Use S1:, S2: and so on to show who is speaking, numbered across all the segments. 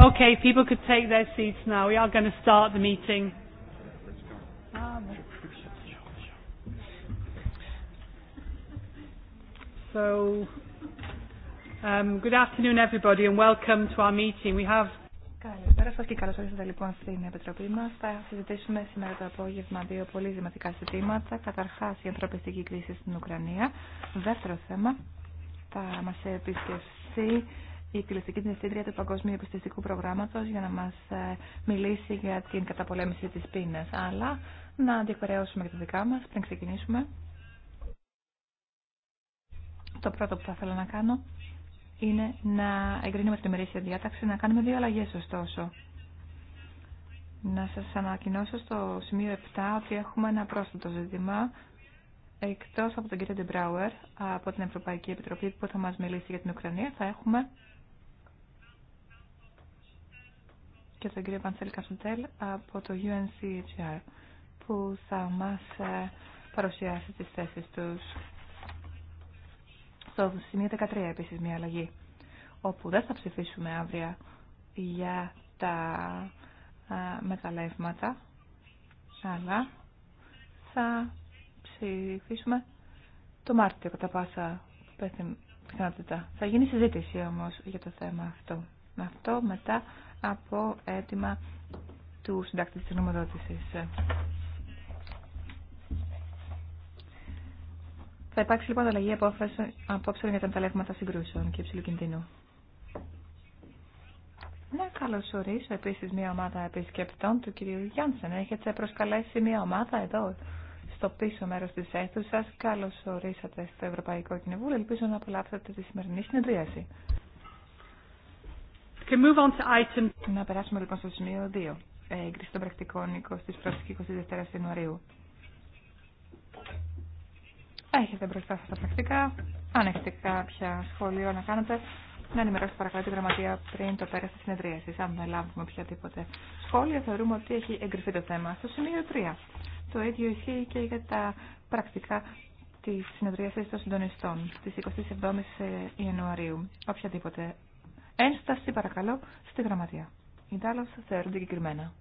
S1: Okay, people could take their seats now. We are going to start the meeting. So, um, good afternoon
S2: everybody and welcome to our meeting. We have
S1: Καλησπέρα σας και καλώς ήρθατε, λοιπόν στην Επιτροπή μας. Θα συζητήσουμε σήμερα το απόγευμα δύο πολύ σημαντικά ζητήματα. Καταρχάς η ανθρωπιστική κρίση στην Ουκρανία. Δεύτερο θέμα, θα μας επισκεφθεί η εκτελεστική διευθύντρια του Παγκόσμιου Επιστημιστικού προγράμματο για να μα ε, μιλήσει για την καταπολέμηση τη πείνα. Αλλά να διεκπαιρεώσουμε και τα δικά μα πριν ξεκινήσουμε. Το πρώτο που θα ήθελα να κάνω είναι να εγκρίνουμε την ημερήσια διάταξη, να κάνουμε δύο αλλαγέ, ωστόσο. Να σα ανακοινώσω στο σημείο 7 ότι έχουμε ένα πρόσθετο ζήτημα εκτό από τον κύριο Ντεμπράουερ από την Ευρωπαϊκή Επιτροπή που θα μα μιλήσει για την Ουκρανία θα έχουμε και τον κύριο Παντσέλ Κασουντέλ από το UNCHR που θα μας ε, παρουσιάσει τις θέσεις τους. Στο σημείο 13 επίσης μια αλλαγή όπου δεν θα ψηφίσουμε αύριο για τα ε, μεταλλεύματα αλλά θα ψηφίσουμε το Μάρτιο κατά πάσα πιθανότητα. Θα γίνει συζήτηση όμως για το θέμα αυτό. Αυτό μετά από αίτημα του συντάκτη της νομοδότησης. Θα υπάρξει λοιπόν αλλαγή απόψεων για τα μεταλλεύματα συγκρούσεων και υψηλού κινδύνου. Να καλωσορίσω επίση μια ομάδα επισκεπτών του κυρίου Γιάνσεν. Έχετε προσκαλέσει μια ομάδα εδώ στο πίσω μέρο τη αίθουσα. Καλωσορίσατε στο Ευρωπαϊκό Κοινοβούλιο. Ελπίζω να απολαύσετε τη σημερινή συνεδρίαση. Να περάσουμε λοιπόν στο σημείο 2. Έγκριση των πρακτικών 20 και 22 Ιανουαρίου. Έχετε μπροστά σα τα πρακτικά. Αν έχετε κάποια σχόλια να κάνετε, να ενημερώσετε παρακαλώ την γραμματεία πριν το πέρα τη συνεδρίαση. Αν δεν λάβουμε οποιαδήποτε σχόλια, θεωρούμε ότι έχει εγκριθεί το θέμα. Στο σημείο 3. Το ίδιο ισχύει και για τα πρακτικά τη συνεδρίαση των συντονιστών τη 27η ε, Ιανουαρίου. Οποιαδήποτε Ένσταση παρακαλώ στη γραμματεία. θα θεωρούνται συγκεκριμένα.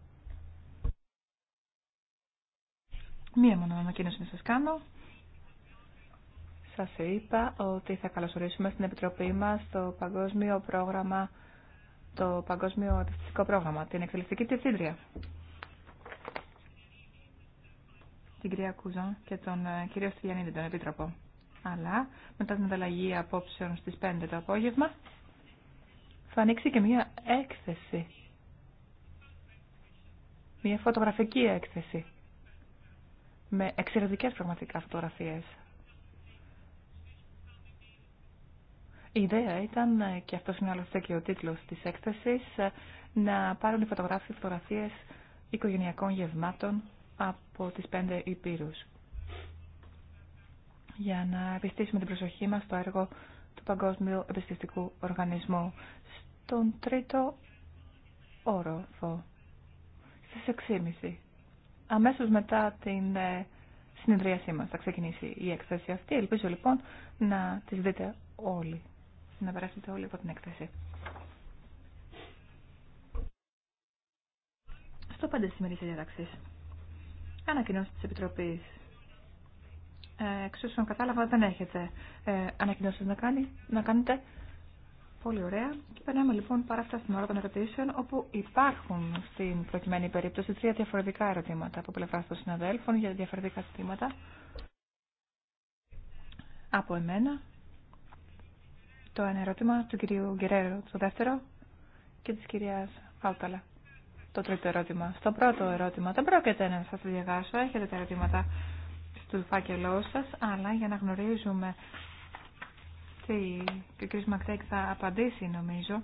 S1: Μία μόνο ανακοίνωση να σας κάνω. Σας είπα ότι θα καλωσορίσουμε στην Επιτροπή μας το Παγκόσμιο Πρόγραμμα, το Παγκόσμιο Αντιστοιχικό Πρόγραμμα, την Εκτελεστική Διευθύντρια. Την κυρία Κούζον και τον ε, κύριο Στυλιανίδη, τον Επίτροπο. Αλλά μετά την ανταλλαγή απόψεων στις 5 το απόγευμα, θα ανοίξει και μια έκθεση. Μια φωτογραφική έκθεση. Με εξαιρετικές πραγματικά φωτογραφίες. Η ιδέα ήταν, και αυτό είναι άλλωστε και ο τίτλος της έκθεσης, να πάρουν οι φωτογράφοι φωτογραφίες οικογενειακών γευμάτων από τις πέντε υπήρους. Για να επιστήσουμε την προσοχή μας στο έργο του Παγκόσμιου Επιστηστικού Οργανισμού τον τρίτο όροφο στις 6.30. Αμέσως μετά την ε, συνεδρίασή μας θα ξεκινήσει η έκθεση αυτή. Ελπίζω λοιπόν να τις δείτε όλοι, να περάσετε όλοι από την έκθεση. Στο πάντα της ημερής διαταξής. Ανακοινώσεις της Επιτροπής. Ε, εξ όσων κατάλαβα δεν έχετε ε, ανακοινώσεις να, κάνει, να κάνετε. Πολύ ωραία. Και περνάμε λοιπόν παρά αυτά στην ώρα των ερωτήσεων, όπου υπάρχουν στην προκειμένη περίπτωση τρία διαφορετικά ερωτήματα από πλευρά των συναδέλφων για διαφορετικά ζητήματα. Από εμένα, το ένα ερώτημα του κυρίου Γκερέρο, το δεύτερο, και τη κυρίας Φάουταλα. Το τρίτο ερώτημα. Στο πρώτο ερώτημα, δεν πρόκειται να σας διαβάσω, έχετε τα ερωτήματα του φάκελό σας, αλλά για να γνωρίζουμε η και ο κ. θα απαντήσει νομίζω,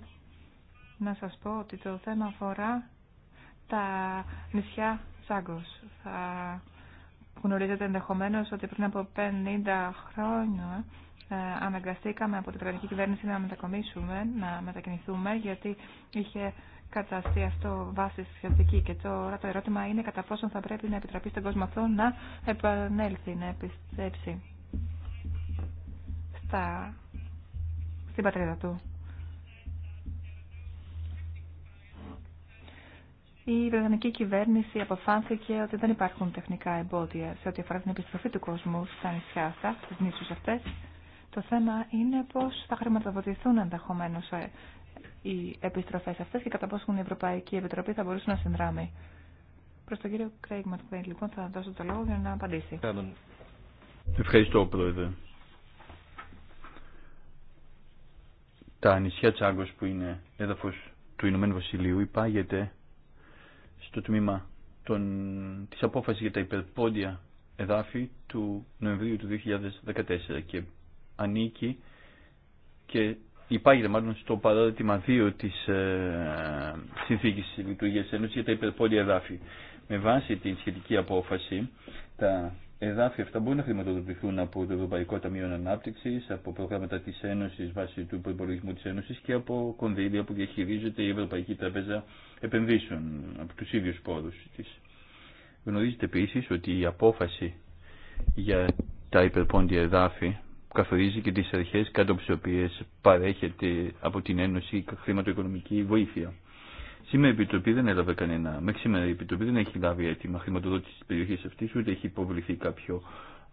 S1: να σας πω ότι το θέμα αφορά τα νησιά Σάγκος. Θα γνωρίζετε ενδεχομένως ότι πριν από 50 χρόνια ε, αναγκαστήκαμε από την κρατική κυβέρνηση να μετακομίσουμε, να μετακινηθούμε, γιατί είχε καταστεί αυτό βάση σχετική. Και τώρα το ερώτημα είναι κατά πόσον θα πρέπει να επιτραπεί στον κόσμο αυτό να επανέλθει, να επιστρέψει στα στην πατρίδα του. Η Βρετανική κυβέρνηση αποφάνθηκε ότι δεν υπάρχουν τεχνικά εμπόδια σε ό,τι αφορά την επιστροφή του κόσμου στα νησιά αυτά, στις νήσους αυτές. Το θέμα είναι πώς θα χρηματοδοτηθούν ενδεχομένω ε, οι επιστροφές αυτές και κατά πόσο η Ευρωπαϊκή Επιτροπή θα μπορούσε να συνδράμει. Προ τον κύριο Κρέιγ Μακβέιν, λοιπόν, θα δώσω το λόγο για να απαντήσει.
S2: Ευχαριστώ, Πρόεδρε. τα νησιά Τσάγκος που είναι έδαφος του Ηνωμένου Βασιλείου υπάγεται στο τμήμα των, της απόφασης για τα υπερπόντια εδάφη του Νοεμβρίου του 2014 και ανήκει και υπάγεται μάλλον στο παράδειγμα 2 της ε, Συνθήκης Λειτουργίας Ένωσης για τα υπερπόντια εδάφη. Με βάση την σχετική απόφαση τα εδάφια αυτά μπορούν να χρηματοδοτηθούν από το Ευρωπαϊκό Ταμείο Ανάπτυξη, από προγράμματα τη Ένωση βάσει του προπολογισμού τη Ένωση και από κονδύλια που διαχειρίζεται η Ευρωπαϊκή Τραπέζα Επενδύσεων από του ίδιου πόρου τη. Γνωρίζετε επίση ότι η απόφαση για τα υπερπόντια εδάφη καθορίζει και τι αρχέ κάτω από τι οποίε παρέχεται από την Ένωση χρηματοοικονομική βοήθεια. Σήμερα η Επιτροπή δεν έλαβε κανένα. Μέχρι σήμερα η Επιτροπή δεν έχει λάβει έτοιμα χρηματοδότηση τη περιοχή αυτή, ούτε έχει υποβληθεί κάποιο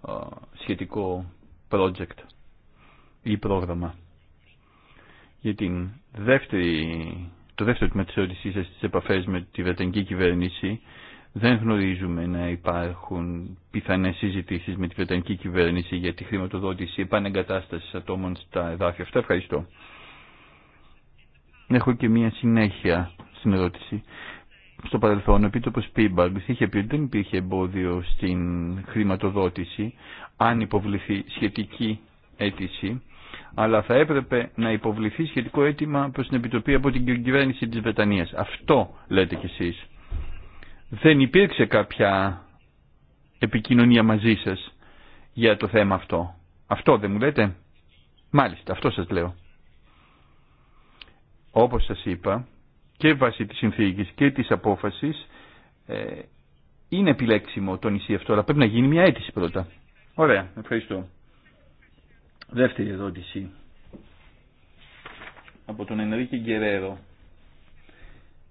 S2: α, σχετικό project ή πρόγραμμα. Για την δεύτερη, το δεύτερο τμήμα τη ερώτησή σα, τι επαφέ με τη Βρετανική κυβέρνηση, δεν γνωρίζουμε να υπάρχουν πιθανέ συζητήσει με τη Βρετανική κυβέρνηση για τη χρηματοδότηση επανεγκατάσταση ατόμων στα εδάφια αυτά. Ευχαριστώ. Έχω και μία συνέχεια στην ερώτηση. Στο παρελθόν, ο Επίτροπος Πίμπαγκ είχε πει ότι δεν υπήρχε εμπόδιο στην χρηματοδότηση αν υποβληθεί σχετική αίτηση, αλλά θα έπρεπε να υποβληθεί σχετικό αίτημα προς την Επιτροπή από την κυβέρνηση τη Βρετανία. Αυτό λέτε κι εσείς. Δεν υπήρξε κάποια επικοινωνία μαζί σα για το θέμα αυτό. Αυτό δεν μου λέτε. Μάλιστα, αυτό σας λέω. Όπως σας είπα, και βάσει της συνθήκης και της απόφασης ε, είναι επιλέξιμο το νησί αυτό, αλλά πρέπει να γίνει μια αίτηση πρώτα. Ωραία, ευχαριστώ. Δεύτερη ερώτηση από τον Ενρίκη Γκερέρο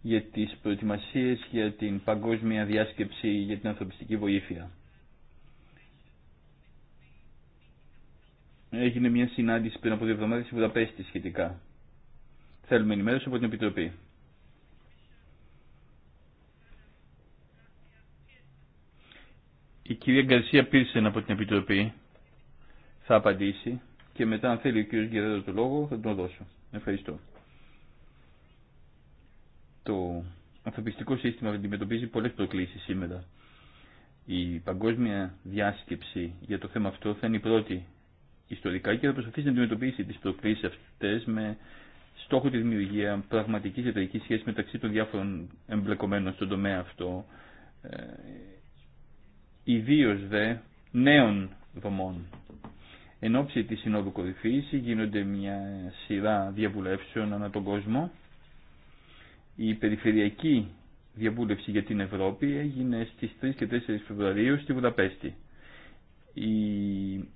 S2: για τις προετοιμασίες για την παγκόσμια διάσκεψη για την ανθρωπιστική βοήθεια. Έγινε μια συνάντηση πριν από δύο εβδομάδες στη Βουδαπέστη σχετικά. Θέλουμε ενημέρωση από την Επιτροπή. η κυρία Γκαρσία Πίρσεν από την Επιτροπή θα απαντήσει και μετά αν θέλει ο κύριος Γκερέρο το λόγο θα τον δώσω. Ευχαριστώ. Το ανθρωπιστικό σύστημα αντιμετωπίζει πολλές προκλήσεις σήμερα. Η παγκόσμια διάσκεψη για το θέμα αυτό θα είναι η πρώτη ιστορικά και θα προσπαθήσει να αντιμετωπίσει τις προκλήσεις αυτές με στόχο τη δημιουργία πραγματικής εταιρικής σχέσης μεταξύ των διάφορων εμπλεκομένων στον τομέα αυτό ε, ιδίως δε νέων δομών. Εν ώψη της Συνόδου Κορυφής γίνονται μια σειρά διαβουλεύσεων ανά τον κόσμο. Η περιφερειακή διαβούλευση για την Ευρώπη έγινε στις 3 και 4 Φεβρουαρίου στη Βουδαπέστη. Η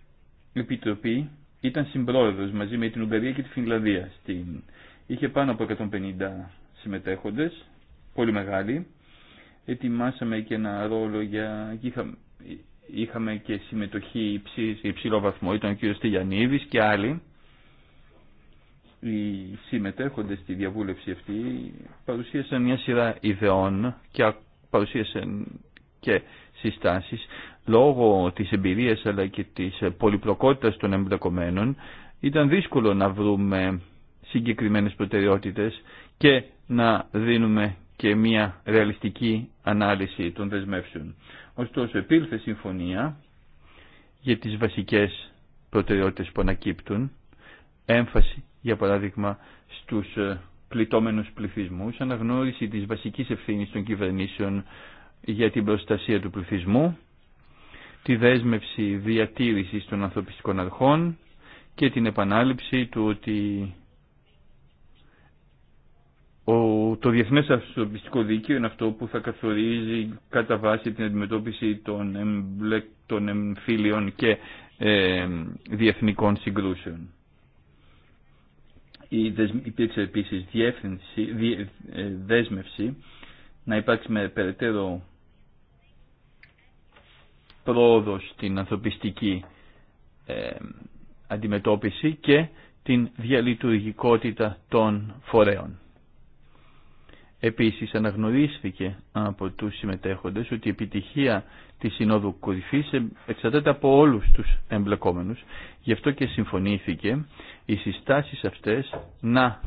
S2: Επιτροπή ήταν συμπρόεδρος μαζί με την Ουγγαρία και τη Φινλανδία. Στην... Είχε πάνω από 150 συμμετέχοντες, πολύ μεγάλη. Ετοιμάσαμε και ένα ρόλο για είχαμε και συμμετοχή σε υψηλό βαθμό, ήταν ο κ. Στυλιανίδης και άλλοι. Οι συμμετέχοντες στη διαβούλευση αυτή παρουσίασαν μια σειρά ιδεών και παρουσίασαν και συστάσεις λόγω της εμπειρίας αλλά και της πολυπλοκότητας των εμπλεκομένων ήταν δύσκολο να βρούμε συγκεκριμένες προτεραιότητες και να δίνουμε και μια ρεαλιστική ανάλυση των δεσμεύσεων. Ωστόσο, επήλθε συμφωνία για τις βασικές προτεραιότητες που ανακύπτουν, έμφαση, για παράδειγμα, στους ε, πληττόμενους πληθυσμούς, αναγνώριση της βασικής ευθύνης των κυβερνήσεων για την προστασία του πληθυσμού, τη δέσμευση διατήρησης των ανθρωπιστικών αρχών και την επανάληψη του ότι ο, το διεθνέ Αυτοπιστικό Δίκαιο είναι αυτό που θα καθορίζει κατά βάση την αντιμετώπιση των, εμπλε, των εμφύλιων και ε, διεθνικών συγκρούσεων. Υπήρξε επίσης διε, ε, δέσμευση να υπάρξει με περαιτέρω πρόοδο στην ανθρωπιστική ε, αντιμετώπιση και την διαλειτουργικότητα των φορέων. Επίσης αναγνωρίστηκε από τους συμμετέχοντες ότι η επιτυχία της Συνόδου Κορυφής εξαρτάται από όλους τους εμπλεκόμενους. Γι' αυτό και συμφωνήθηκε οι συστάσεις αυτές να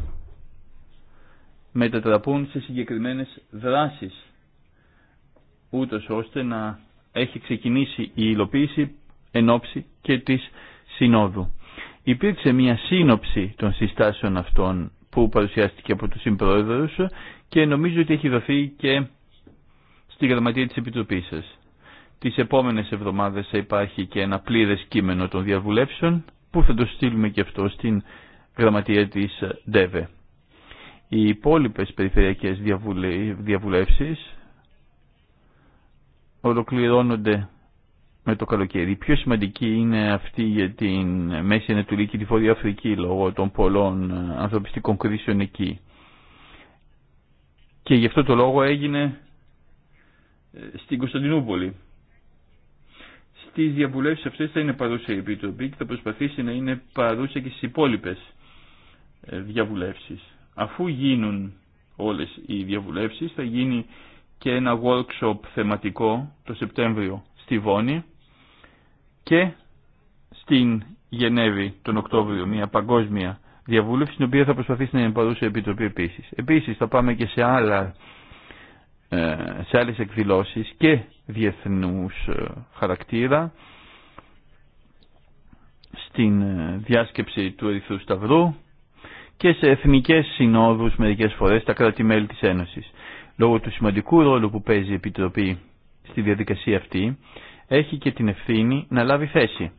S2: μετατραπούν σε συγκεκριμένες δράσεις ούτως ώστε να έχει ξεκινήσει η υλοποίηση εν και της Συνόδου. Υπήρξε μια σύνοψη των συστάσεων αυτών που παρουσιάστηκε από τους συμπρόεδρους και νομίζω ότι έχει δοθεί και στη γραμματεία της Επιτροπής σας. Τις επόμενες εβδομάδες θα υπάρχει και ένα πλήρες κείμενο των διαβουλεύσεων που θα το στείλουμε και αυτό στην γραμματεία της ΔΕΒΕ. Οι υπόλοιπε περιφερειακές διαβουλεύσεις ολοκληρώνονται με το καλοκαίρι. Πιο σημαντική είναι αυτή για τη Μέση Ανατολή και τη Βόρεια Αφρική λόγω των πολλών ε, ανθρωπιστικών κρίσεων εκεί. Και γι' αυτό το λόγο έγινε ε, στην Κωνσταντινούπολη. Στι διαβουλεύσει αυτέ θα είναι παρούσα η Επιτροπή και θα προσπαθήσει να είναι παρούσα και στι υπόλοιπε διαβουλεύσει. Αφού γίνουν όλε οι διαβουλεύσει, θα γίνει και ένα workshop θεματικό το Σεπτέμβριο στη Βόνη και στην Γενέβη τον Οκτώβριο μια παγκόσμια διαβούλευση στην οποία θα προσπαθήσει να είναι παρούσα η Επιτροπή επίσης. Επίσης θα πάμε και σε, άλλα, ε, σε άλλες εκδηλώσεις και διεθνούς ε, χαρακτήρα στην ε, διάσκεψη του Ερυθρού Σταυρού και σε εθνικές συνόδους μερικές φορές στα κράτη-μέλη της Ένωσης. Λόγω του σημαντικού ρόλου που παίζει η Επιτροπή στη διαδικασία αυτή, έχει και την ευθύνη να λάβει θέση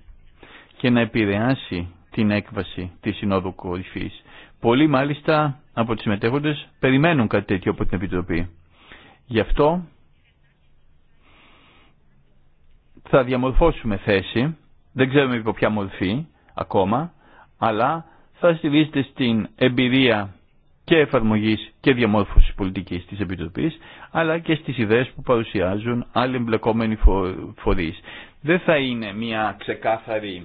S2: και να επηρεάσει την έκβαση της Συνόδου Κορυφής. Πολλοί μάλιστα από τους συμμετέχοντες περιμένουν κάτι τέτοιο από την Επιτροπή. Γι' αυτό θα διαμορφώσουμε θέση, δεν ξέρουμε υπό ποια μορφή ακόμα, αλλά θα στηρίζεται στην εμπειρία και εφαρμογή και διαμόρφωσης πολιτική τη επιτροπή, αλλά και στις ιδέες που παρουσιάζουν άλλοι εμπλεκόμενοι φορεί. Δεν θα είναι μια ξεκάθαρη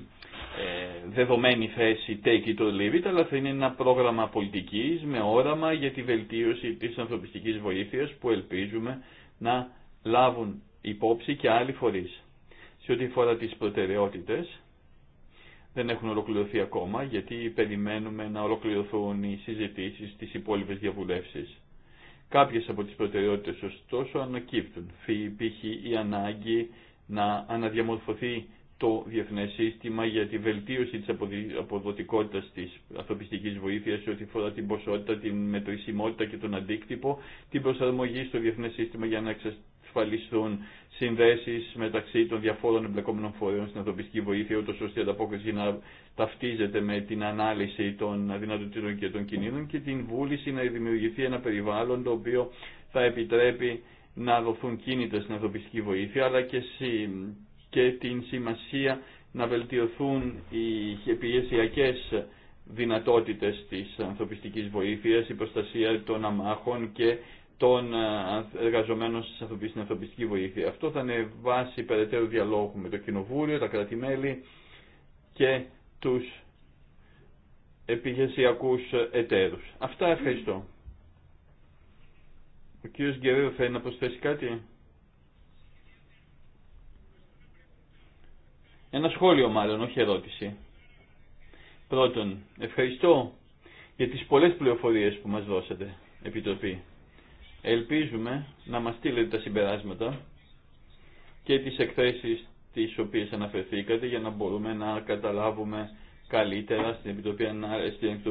S2: ε, δεδομένη θέση take it or leave it, αλλά θα είναι ένα πρόγραμμα πολιτικής με όραμα για τη βελτίωση της ανθρωπιστικής βοήθειας που ελπίζουμε να λάβουν υπόψη και άλλοι φορεί Σε ό,τι αφορά τι προτεραιότητε δεν έχουν ολοκληρωθεί ακόμα γιατί περιμένουμε να ολοκληρωθούν οι συζητήσεις στις υπόλοιπες διαβουλεύσεις. Κάποιες από τις προτεραιότητες ωστόσο ανακύπτουν. Π.χ. η ανάγκη να αναδιαμορφωθεί το διεθνές σύστημα για τη βελτίωση της αποδοτικότητας της ανθρωπιστικής βοήθειας σε ό,τι φορά την ποσότητα, την μετρησιμότητα και τον αντίκτυπο, την προσαρμογή στο διεθνές σύστημα για να εξασφαλιστούν συνδέσει μεταξύ των διαφόρων εμπλεκόμενων φορέων στην ανθρωπιστική βοήθεια, ούτω ώστε η ανταπόκριση να ταυτίζεται με την ανάλυση των δυνατοτήτων και των κινήνων και την βούληση να δημιουργηθεί ένα περιβάλλον το οποίο θα επιτρέπει να δοθούν κίνητα στην ανθρωπιστική βοήθεια, αλλά και, και την σημασία να βελτιωθούν οι επιεσιακές δυνατότητες της ανθρωπιστικής βοήθειας, η προστασία των αμάχων και των ε, εργαζομένων στην ανθρωπιστική βοήθεια. Αυτό θα είναι βάση περαιτέρω διαλόγου με το Κοινοβούλιο, τα κρατη και τους επιχειρησιακούς εταίρους. Αυτά ευχαριστώ. Ο κύριος Γκερέρο θέλει να προσθέσει κάτι. Ένα σχόλιο μάλλον, όχι ερώτηση. Πρώτον, ευχαριστώ για τις πολλές πληροφορίες που μας δώσατε, Επιτροπή. Ελπίζουμε να μας στείλετε τα συμπεράσματα και τις εκθέσεις τις οποίες αναφερθήκατε για να μπορούμε να καταλάβουμε καλύτερα στην Επιτροπή,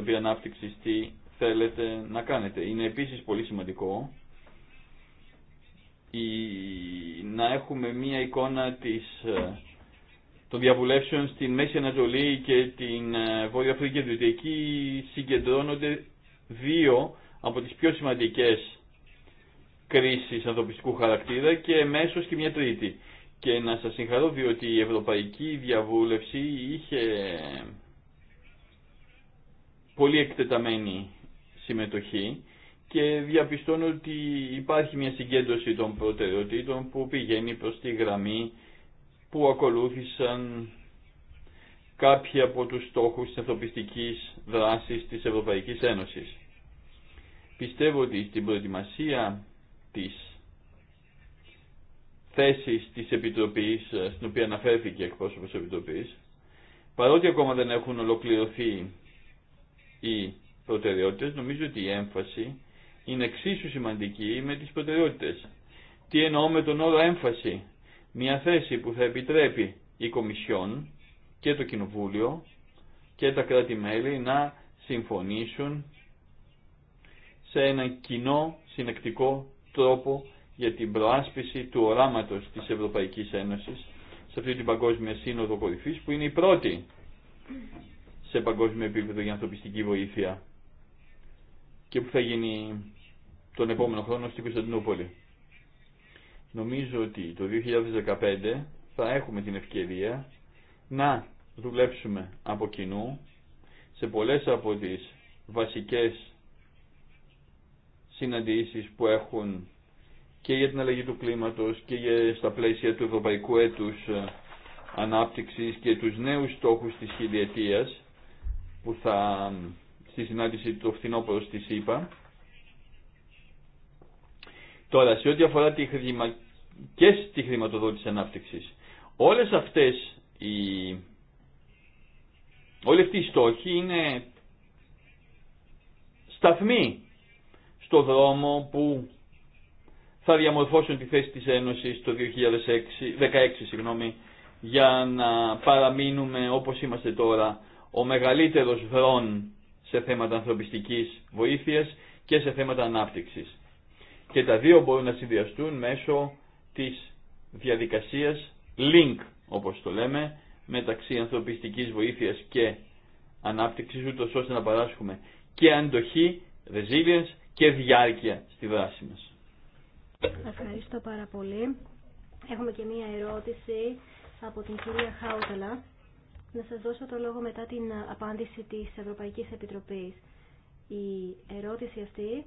S2: στην Ανάπτυξης τι θέλετε να κάνετε. Είναι επίσης πολύ σημαντικό η, να έχουμε μία εικόνα της, ε, των διαβουλεύσεων στην Μέση Ανατολή και την ε, Βόρεια Αφρική Εκεί συγκεντρώνονται δύο από τις πιο σημαντικές κρίση ανθρωπιστικού χαρακτήρα και μέσω και μια τρίτη. Και να σας συγχαρώ διότι η Ευρωπαϊκή Διαβούλευση είχε πολύ εκτεταμένη συμμετοχή και διαπιστώνω ότι υπάρχει μια συγκέντρωση των προτεραιοτήτων που πηγαίνει προς τη γραμμή που ακολούθησαν κάποιοι από τους στόχους της ανθρωπιστικής δράσης της Ευρωπαϊκής Ένωσης. Πιστεύω ότι στην προετοιμασία της θέσης της Επιτροπής, ε, στην οποία αναφέρθηκε εκπρόσωπος της Επιτροπής, παρότι ακόμα δεν έχουν ολοκληρωθεί οι προτεραιότητες, νομίζω ότι η έμφαση είναι εξίσου σημαντική με τις προτεραιότητες. Τι εννοώ με τον όρο έμφαση. Μια θέση που θα επιτρέπει η Κομισιόν και το Κοινοβούλιο και τα κράτη-μέλη να συμφωνήσουν σε ένα κοινό συνεκτικό τρόπο για την προάσπιση του οράματος της Ευρωπαϊκής Ένωσης σε αυτή την Παγκόσμια Σύνοδο Κορυφής που είναι η πρώτη σε παγκόσμιο επίπεδο για ανθρωπιστική βοήθεια και που θα γίνει τον επόμενο χρόνο στην Κωνσταντινούπολη. Νομίζω ότι το 2015 θα έχουμε την ευκαιρία να δουλέψουμε από κοινού σε πολλές από τις βασικές συναντήσεις που έχουν και για την αλλαγή του κλίματος και για, στα πλαίσια του Ευρωπαϊκού Έτους ε, Ανάπτυξης και τους νέους στόχους της χιλιετίας που θα στη συνάντηση του φθινόπωρο στη ΣΥΠΑ. Τώρα, σε ό,τι αφορά τη χρημα... και στη χρηματοδότηση ανάπτυξης, όλες αυτές οι... όλοι αυτοί οι στόχοι είναι σταθμοί το δρόμο που θα διαμορφώσουν τη θέση της Ένωσης το 2016, συγγνώμη, για να παραμείνουμε όπως είμαστε τώρα ο μεγαλύτερος δρόν σε θέματα ανθρωπιστικής βοήθειας και σε θέματα ανάπτυξης. Και τα δύο μπορούν να συνδυαστούν μέσω της διαδικασίας link, όπως το λέμε, μεταξύ ανθρωπιστικής βοήθειας και ανάπτυξης, ούτως ώστε να παράσχουμε και αντοχή, resilience και διάρκεια στη δράση μας.
S3: Ευχαριστώ πάρα πολύ. Έχουμε και μία ερώτηση από την κυρία Χάουταλα. Να σας δώσω το λόγο μετά την απάντηση της Ευρωπαϊκής Επιτροπής. Η ερώτηση αυτή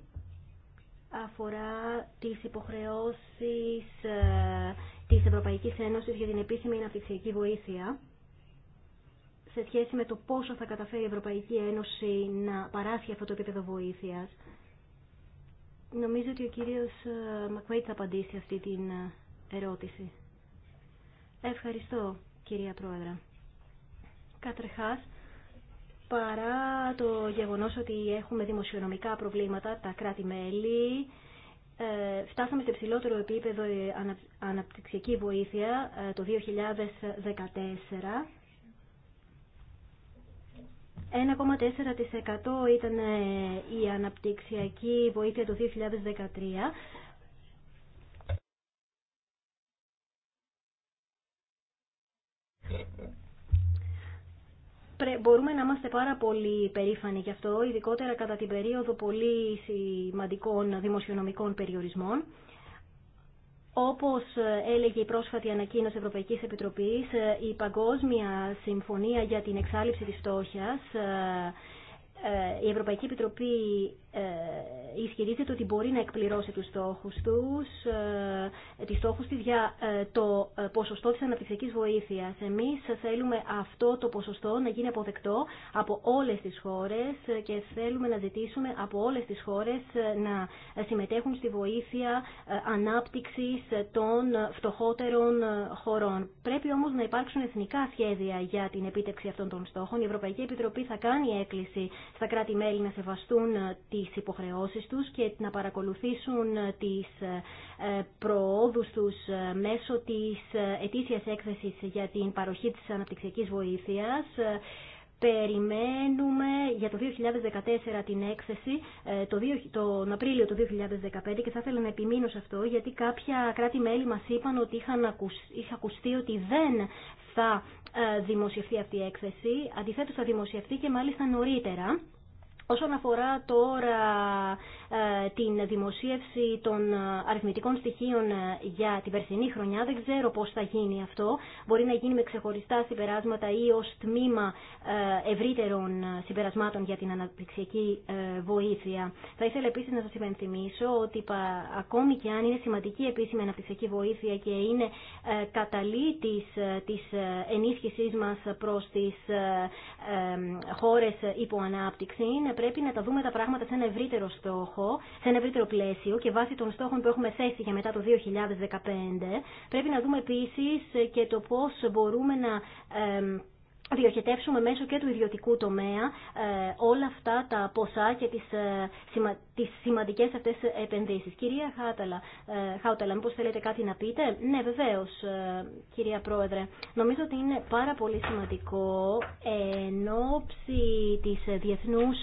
S3: αφορά τις υποχρεώσεις ε, της Ευρωπαϊκής Ένωσης για την επίσημη αναπτυξιακή βοήθεια σε σχέση με το πόσο θα καταφέρει η Ευρωπαϊκή Ένωση να παράσχει αυτό το επίπεδο βοήθειας Νομίζω ότι ο κύριος ε, Μακουέιτ θα απαντήσει αυτή την ε, ερώτηση. Ευχαριστώ, κυρία Πρόεδρα. Κατρεχάς, παρά το γεγονός ότι έχουμε δημοσιονομικά προβλήματα, τα κράτη-μέλη, ε, φτάσαμε σε ψηλότερο επίπεδο αναπτυξιακή βοήθεια το 2014 1,4% ήταν ε, η αναπτυξιακή βοήθεια το 2013. Μπορούμε να είμαστε πάρα πολύ περήφανοι γι' αυτό, ειδικότερα κατά την περίοδο πολύ σημαντικών δημοσιονομικών περιορισμών. Όπως έλεγε η πρόσφατη ανακοίνωση Ευρωπαϊκής Επιτροπής, η Παγκόσμια Συμφωνία για την Εξάλληψη της Στόχιας, ε, ε, η Ευρωπαϊκή Επιτροπή ε, ισχυρίζεται ότι μπορεί να εκπληρώσει τους στόχους, τους, ε, τις στόχους της για ε, το ποσοστό της αναπτυξιακής βοήθειας. Εμείς θέλουμε αυτό το ποσοστό να γίνει αποδεκτό από όλες τις χώρες και θέλουμε να ζητήσουμε από όλες τις χώρες να συμμετέχουν στη βοήθεια ανάπτυξης των φτωχότερων χωρών. Πρέπει όμως να υπάρξουν εθνικά σχέδια για την επίτευξη αυτών των στόχων. Η Ευρωπαϊκή Επιτροπή θα κάνει έκκληση στα κράτη-μέλη να σεβαστούν τις τις υποχρεώσεις τους και να παρακολουθήσουν τις ε, προόδους τους ε, μέσω της ε, ετήσιας έκθεσης για την παροχή της αναπτυξιακής βοήθειας. Περιμένουμε για το 2014 την έκθεση, το, τον Απρίλιο του 2015 και θα ήθελα να επιμείνω σε αυτό γιατί κάποια κράτη-μέλη μας είπαν ότι είχαν είχε ακουστεί ότι δεν θα δημοσιευτεί αυτή η έκθεση. Αντιθέτως θα δημοσιευτεί και μάλιστα νωρίτερα Όσον αφορά τώρα ε, την δημοσίευση των ε, αριθμητικών στοιχείων ε, για την περσινή χρονιά. Δεν ξέρω πώς θα γίνει αυτό. Μπορεί να γίνει με ξεχωριστά συμπεράσματα ή ως τμήμα ευρύτερων συμπερασμάτων για την αναπτυξιακή βοήθεια. Θα ήθελα επίσης να σας υπενθυμίσω ότι ακόμη και αν είναι σημαντική επίσημη αναπτυξιακή βοήθεια και είναι καταλήτης της ενίσχυσής μας προς τις χώρες υποανάπτυξη, πρέπει να τα δούμε τα πράγματα σε ένα ευρύτερο στόχο στόχο, σε ένα ευρύτερο πλαίσιο και βάσει των στόχων που έχουμε θέσει για μετά το 2015. Πρέπει να δούμε επίση και το πώ μπορούμε να διοχετεύσουμε μέσω και του ιδιωτικού τομέα ε, όλα αυτά τα ποσά και τις, ε, σημα, τις σημαντικές αυτές επενδύσεις. Κυρία Χάταλα, ε, Χάουταλα, μήπως θέλετε κάτι να πείτε. Ναι, βεβαίως, κυρία Πρόεδρε. Νομίζω ότι είναι πάρα πολύ σημαντικό εν ώψη της διεθνούς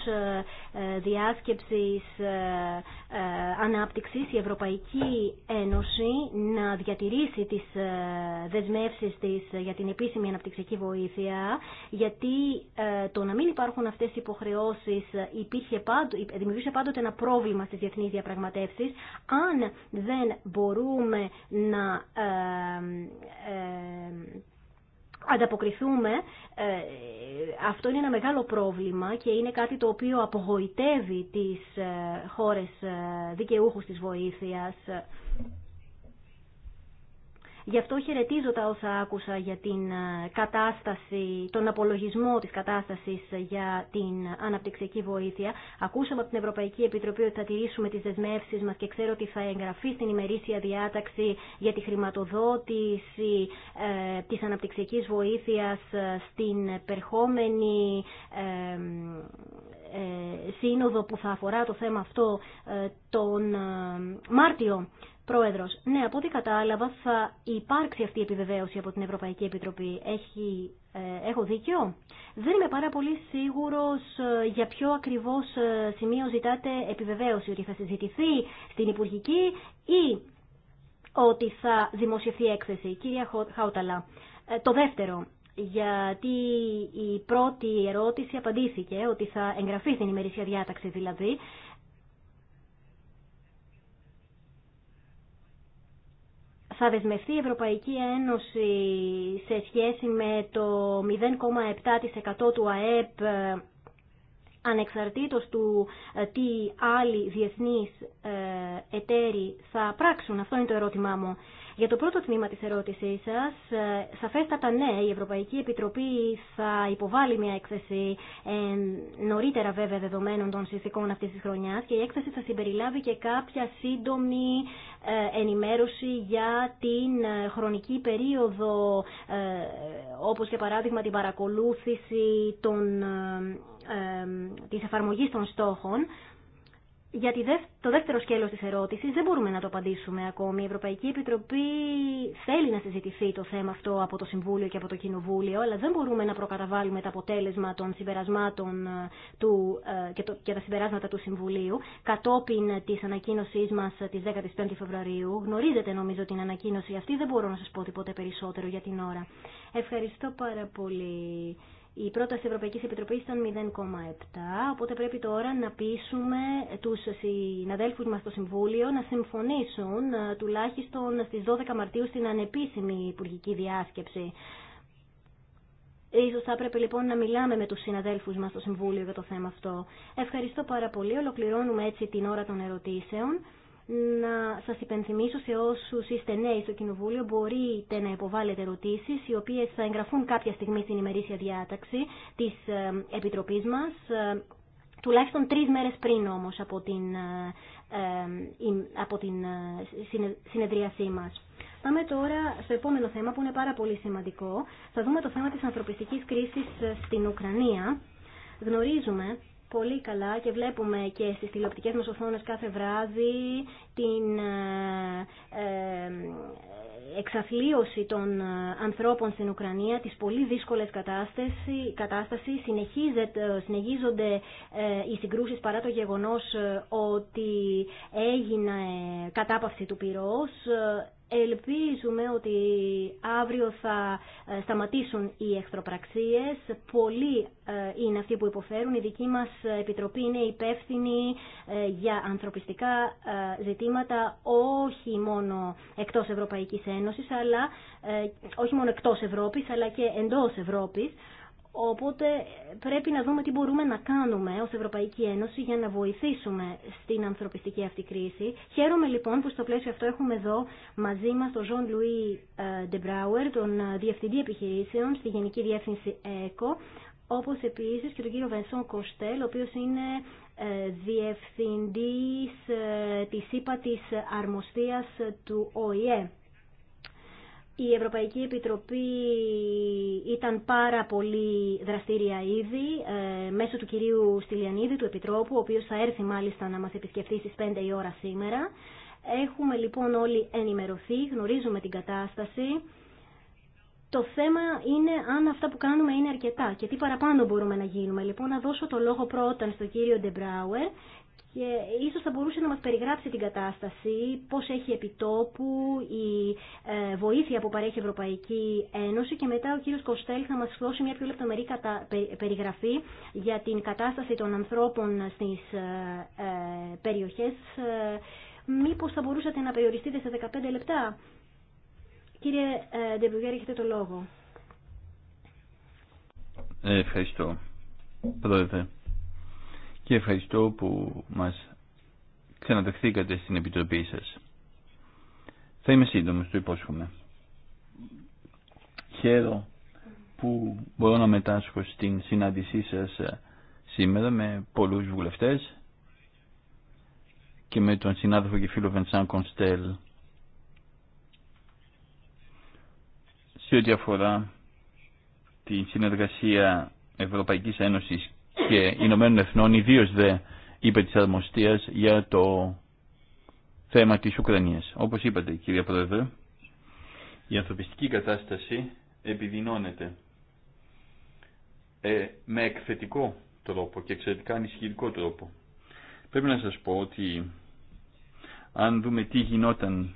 S3: διάσκεψης ε, ανάπτυξης η Ευρωπαϊκή Ένωση να διατηρήσει τις ε, δεσμεύσεις της για την επίσημη αναπτυξιακή βοήθεια γιατί ε, το να μην υπάρχουν αυτές οι υποχρεώσεις υπήρχε πάντο, πάντοτε ένα πρόβλημα στις διεθνείς διαπραγματεύσεις αν δεν μπορούμε να ανταποκριθούμε, ε, αυτό είναι ένα μεγάλο πρόβλημα και είναι κάτι το οποίο απογοητεύει τις ε, χώρες ε, δικαιούχους της βοήθειας Γι' αυτό χαιρετίζω τα όσα άκουσα για την ε, κατάσταση, τον απολογισμό της κατάστασης ε, για την αναπτυξιακή βοήθεια. Ακούσαμε από την Ευρωπαϊκή Επιτροπή ότι θα τηρήσουμε τις δεσμεύσεις μας και ξέρω ότι θα εγγραφεί στην ημερήσια διάταξη για τη χρηματοδότηση ε, της αναπτυξιακής βοήθειας ε, στην περχόμενη σύνοδο που θα αφορά το θέμα αυτό τον Μάρτιο Πρόεδρος, ναι, από ό,τι κατάλαβα θα υπάρξει αυτή η επιβεβαίωση από την Ευρωπαϊκή Επιτροπή. Έχει, ε, έχω δίκιο. Δεν είμαι πάρα πολύ σίγουρος ε, για ποιο ακριβώς ε, σημείο ζητάτε επιβεβαίωση, ότι θα συζητηθεί στην Υπουργική ή ότι θα δημοσιευθεί έκθεση. Κυρία Χάουταλα, το δεύτερο, γιατί η πρώτη ερώτηση απαντήθηκε ότι θα εγγραφεί στην ημερήσια διάταξη δηλαδή. θα δεσμευτεί η Ευρωπαϊκή Ένωση σε σχέση με το 0,7% του ΑΕΠ ε, ανεξαρτήτως του ε, τι άλλοι διεθνείς ε, εταίροι θα πράξουν. Αυτό είναι το ερώτημά μου. Για το πρώτο τμήμα της ερώτησής σας, ε, σαφέστατα ναι, η Ευρωπαϊκή Επιτροπή θα υποβάλει μια έκθεση ε, νωρίτερα βέβαια δεδομένων των συνθηκών αυτής της χρονιάς και η έκθεση θα συμπεριλάβει και κάποια σύντομη ε, ενημέρωση για την χρονική περίοδο, όπως για παράδειγμα την παρακολούθηση των, της εφαρμογής των στόχων, για το δεύτερο σκέλος της ερώτησης δεν μπορούμε να το απαντήσουμε ακόμη. Η Ευρωπαϊκή Επιτροπή θέλει να συζητηθεί το θέμα αυτό από το Συμβούλιο και από το Κοινοβούλιο, αλλά δεν μπορούμε να προκαταβάλουμε τα αποτέλεσμα των συμπερασμάτων ε, του, ε, και, το, και τα συμπεράσματα του Συμβουλίου κατόπιν της ανακοίνωσής μας τη 15 η Φεβρουαρίου. Γνωρίζετε νομίζω την ανακοίνωση αυτή, δεν μπορώ να σας πω τίποτε περισσότερο για την ώρα. Ευχαριστώ πάρα πολύ η πρόταση της Ευρωπαϊκής Επιτροπής ήταν 0,7, οπότε πρέπει τώρα να πείσουμε τους συναδέλφους μας στο Συμβούλιο να συμφωνήσουν ε, τουλάχιστον στις 12 Μαρτίου στην ανεπίσημη υπουργική διάσκεψη. Ίσως θα έπρεπε λοιπόν να μιλάμε με τους συναδέλφους μας στο Συμβούλιο για το θέμα αυτό. Ευχαριστώ πάρα πολύ. Ολοκληρώνουμε έτσι την ώρα των ερωτήσεων να σας υπενθυμίσω σε όσους είστε νέοι στο Κοινοβούλιο μπορείτε να υποβάλλετε ερωτήσεις οι οποίες θα εγγραφούν κάποια στιγμή στην ημερήσια διάταξη της ε, Επιτροπής μας ε, τουλάχιστον τρεις μέρες πριν όμως από την, ε, από την συνεδρίασή μας. Πάμε τώρα στο επόμενο θέμα που είναι πάρα πολύ σημαντικό. Θα δούμε το θέμα της ανθρωπιστικής κρίσης στην Ουκρανία. Γνωρίζουμε πολύ καλά και βλέπουμε και στις τηλεοπτικές μας οθόνες κάθε βράδυ την ε, ε, εξαθλίωση των ε, ανθρώπων στην Ουκρανία, της πολύ δύσκολες κατάσταση, κατάσταση συνεχίζονται οι συγκρούσεις παρά το γεγονός ότι έγινε κατάπαυση του πυρός, Ελπίζουμε ότι αύριο θα ε, σταματήσουν οι εχθροπραξίες. Πολλοί ε, είναι αυτοί που υποφέρουν. Η δική μας Επιτροπή είναι υπεύθυνη ε, για ανθρωπιστικά ζητήματα όχι μόνο εκτός Ευρωπαϊκής Ένωσης, αλλά όχι μόνο εκτός Ευρώπης, αλλά και εντός Ευρώπης. Οπότε πρέπει να δούμε τι μπορούμε να κάνουμε ως Ευρωπαϊκή Ένωση για να βοηθήσουμε στην ανθρωπιστική αυτή κρίση. Χαίρομαι λοιπόν που στο πλαίσιο αυτό έχουμε εδώ μαζί μας τον Ζων Λουί ε, Ντεμπράουερ, τον ε, Διευθυντή Επιχειρήσεων στη Γενική Διεύθυνση ΕΚΟ, όπως επίσης και τον κύριο Βενσόν Κοστέλ, ο οποίος είναι ε, Διευθυντής της ΥΠΑ της Αρμοστίας του ΟΗΕ. Η Ευρωπαϊκή Επιτροπή ήταν πάρα πολύ δραστήρια ήδη ε, μέσω του κυρίου Στυλιανίδη, του Επιτρόπου, ο οποίος θα έρθει μάλιστα να μας επισκεφθεί στις 5 η ώρα σήμερα. Έχουμε λοιπόν όλοι ενημερωθεί, γνωρίζουμε την κατάσταση. Το θέμα είναι αν αυτά που κάνουμε είναι αρκετά και τι παραπάνω μπορούμε να γίνουμε. Λοιπόν, να δώσω το λόγο πρώτα στον κύριο Ντεμπράουερ και ίσως θα μπορούσε να μας περιγράψει την κατάσταση, πώς έχει επιτόπου η ε, βοήθεια που παρέχει η Ευρωπαϊκή Ένωση και μετά ο κύριος Κοστέλ θα μας δώσει μια πιο λεπτομερή περιγραφή για την κατάσταση των ανθρώπων στις ε, ε, περιοχές. Μήπως θα μπορούσατε να περιοριστείτε σε 15 λεπτά. Κύριε δεν έχετε το λόγο.
S2: Ευχαριστώ, Πρόεδρε και ευχαριστώ που μας ξαναδεχθήκατε στην Επιτροπή σας. Θα είμαι σύντομος, το υπόσχομαι. Χαίρο που μπορώ να μετάσχω στην συνάντησή σας ε, σήμερα με πολλούς βουλευτές και με τον συνάδελφο και φίλο Βενσάν Κονστέλ σε ό,τι αφορά τη συνεργασία Ευρωπαϊκής Ένωσης και Ηνωμένων Εθνών, ιδίω δε είπε τη αρμοστίας για το θέμα τη Ουκρανίας. Όπως είπατε κύριε Πρόεδρε, η ανθρωπιστική κατάσταση επιδεινώνεται ε, με εκθετικό τρόπο και εξαιρετικά ανησυχητικό τρόπο. Πρέπει να σας πω ότι αν δούμε τι γινόταν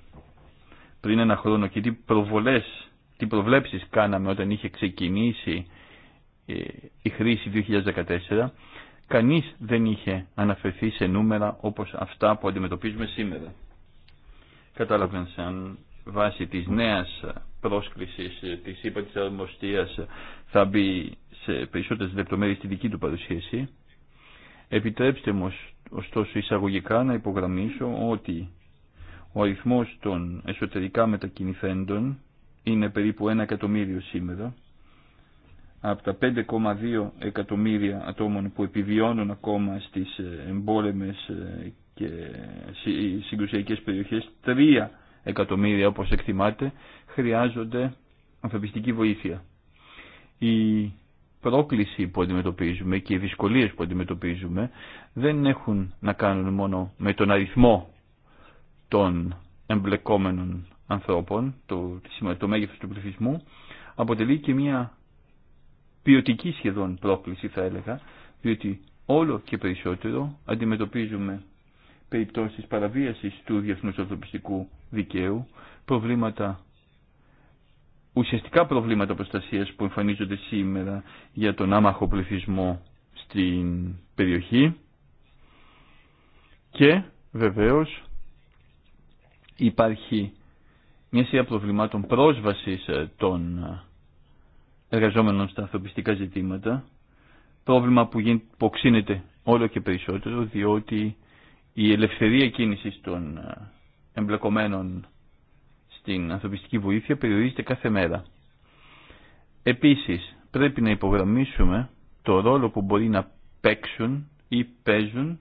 S2: πριν ένα χρόνο και τι προβολές, τι προβλέψεις κάναμε όταν είχε ξεκινήσει ε, η χρήση 2014, κανείς δεν είχε αναφερθεί σε νούμερα όπως αυτά που αντιμετωπίζουμε σήμερα. Κατάλαβαν σαν βάση της νέας πρόσκλησης ε, της ΥΠΑ της Αρμοστίας θα μπει σε περισσότερες λεπτομέρειες στη δική του παρουσίαση. Επιτρέψτε μου ωστόσο εισαγωγικά να υπογραμμίσω ότι ο αριθμός των εσωτερικά μετακινηθέντων είναι περίπου ένα εκατομμύριο σήμερα από τα 5,2 εκατομμύρια ατόμων που επιβιώνουν ακόμα στις ε, εμπόλεμες ε, και ε, συγκρουσιακές περιοχές, 3 εκατομμύρια όπως εκτιμάται, χρειάζονται ανθρωπιστική βοήθεια. Η πρόκληση που αντιμετωπίζουμε και οι δυσκολίες που αντιμετωπίζουμε δεν έχουν να κάνουν μόνο με τον αριθμό των εμπλεκόμενων ανθρώπων, το, το μέγεθος του πληθυσμού, αποτελεί και μια ποιοτική σχεδόν πρόκληση θα έλεγα, διότι όλο και περισσότερο αντιμετωπίζουμε περιπτώσεις παραβίασης του διεθνούς ανθρωπιστικού δικαίου, προβλήματα, ουσιαστικά προβλήματα προστασίας που εμφανίζονται σήμερα για τον άμαχο πληθυσμό στην περιοχή και βεβαίως υπάρχει μια σειρά προβλημάτων πρόσβασης ε, των ε, εργαζόμενων στα ανθρωπιστικά ζητήματα, πρόβλημα που, γίνεται, όλο και περισσότερο, διότι η ελευθερία κίνησης των ε, εμπλεκομένων στην ανθρωπιστική βοήθεια περιορίζεται κάθε μέρα. Επίσης, πρέπει να υπογραμμίσουμε το ρόλο που μπορεί να παίξουν ή παίζουν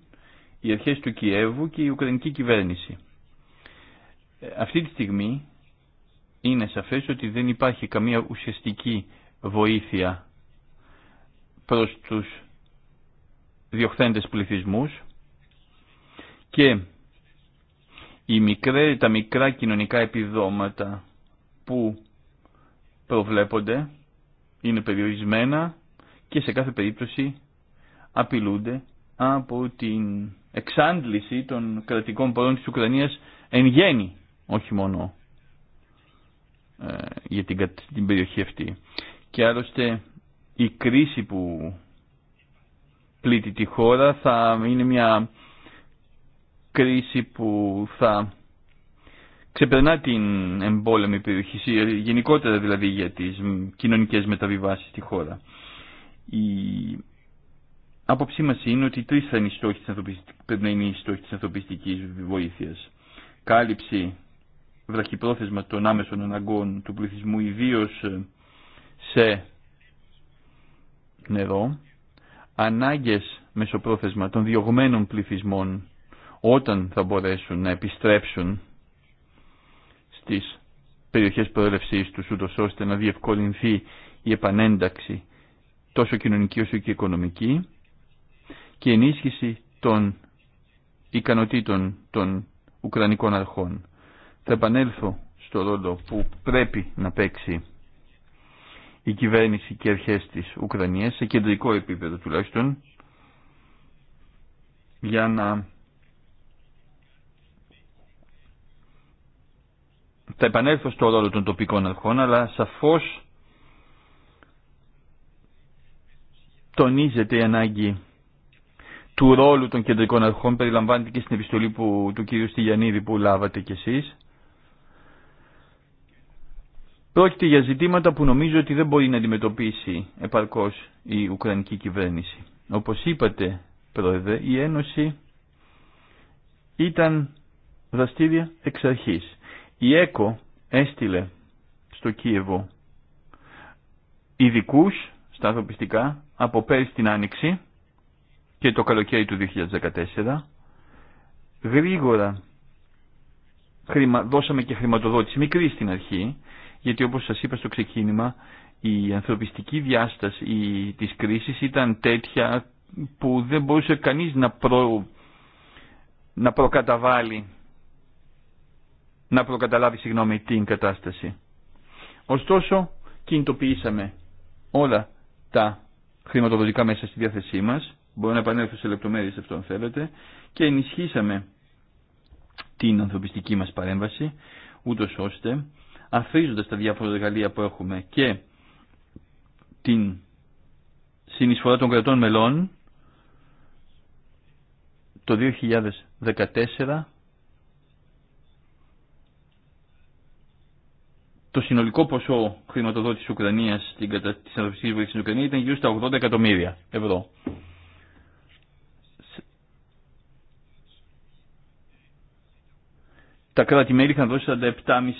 S2: οι αρχές του Κιέβου και η Ουκρανική κυβέρνηση. Ε, αυτή τη στιγμή είναι σαφές ότι δεν υπάρχει καμία ουσιαστική βοήθεια προς τους διοχθέντες πληθυσμούς και οι μικρέ τα μικρά κοινωνικά επιδόματα που προβλέπονται είναι περιορισμένα και σε κάθε περίπτωση απειλούνται από την εξάντληση των κρατικών πορών της Ουκρανίας εν γέννη, όχι μόνο ε, για την περιοχή αυτή. Και άλλωστε η κρίση που πλήττει τη χώρα θα είναι μια κρίση που θα ξεπερνά την εμπόλεμη περιοχή, γενικότερα δηλαδή για τις κοινωνικές μεταβιβάσεις στη χώρα. Η άποψή μας είναι ότι τρεις θα είναι οι στόχοι της να ανθρωπιστικής βοήθειας. Κάλυψη βραχυπρόθεσμα των άμεσων αναγκών του πληθυσμού, ιδίως ε, σε νερό, ανάγκες μεσοπρόθεσμα των διωγμένων πληθυσμών όταν θα μπορέσουν να επιστρέψουν στις περιοχές προέλευσής τους ούτως ώστε να διευκολυνθεί η επανένταξη τόσο κοινωνική όσο και οικονομική και ενίσχυση των ικανοτήτων των Ουκρανικών αρχών. Θα επανέλθω στο ρόλο που πρέπει να παίξει η κυβέρνηση και αρχές της Ουκρανίας, σε κεντρικό επίπεδο τουλάχιστον, για να θα επανέλθω στο ρόλο των τοπικών αρχών, αλλά σαφώς τονίζεται η ανάγκη του ρόλου των κεντρικών αρχών, περιλαμβάνεται και στην επιστολή που, του κύριου Στυλιανίδη που λάβατε κι εσείς, Πρόκειται για ζητήματα που νομίζω ότι δεν μπορεί να αντιμετωπίσει επαρκώς η Ουκρανική κυβέρνηση. Όπως είπατε, Πρόεδρε, η Ένωση ήταν δραστήρια εξ αρχής. Η ΕΚΟ έστειλε στο Κίεβο ειδικού στα ανθρωπιστικά από πέρυσι την Άνοιξη και το καλοκαίρι του 2014. Γρήγορα δώσαμε και χρηματοδότηση, μικρή στην αρχή, γιατί όπως σας είπα στο ξεκίνημα η ανθρωπιστική διάσταση της κρίσης ήταν τέτοια που δεν μπορούσε κανείς να, προ, να προκαταβάλει να προκαταλάβει συγγνώμη την κατάσταση. Ωστόσο κινητοποιήσαμε όλα τα χρηματοδοτικά μέσα στη διάθεσή μας μπορώ να επανέλθω σε λεπτομέρειες αυτό αν θέλετε και ενισχύσαμε την ανθρωπιστική μας παρέμβαση ούτως ώστε αφήνοντας τα διάφορα εργαλεία που έχουμε και την συνεισφορά των κρατών μελών το 2014 το συνολικό ποσό χρηματοδότησης της Ουκρανίας στην κατα... της βοήθειας στην Ουκρανία ήταν γύρω στα 80 εκατομμύρια ευρώ. τα κράτη-μέλη είχαν δώσει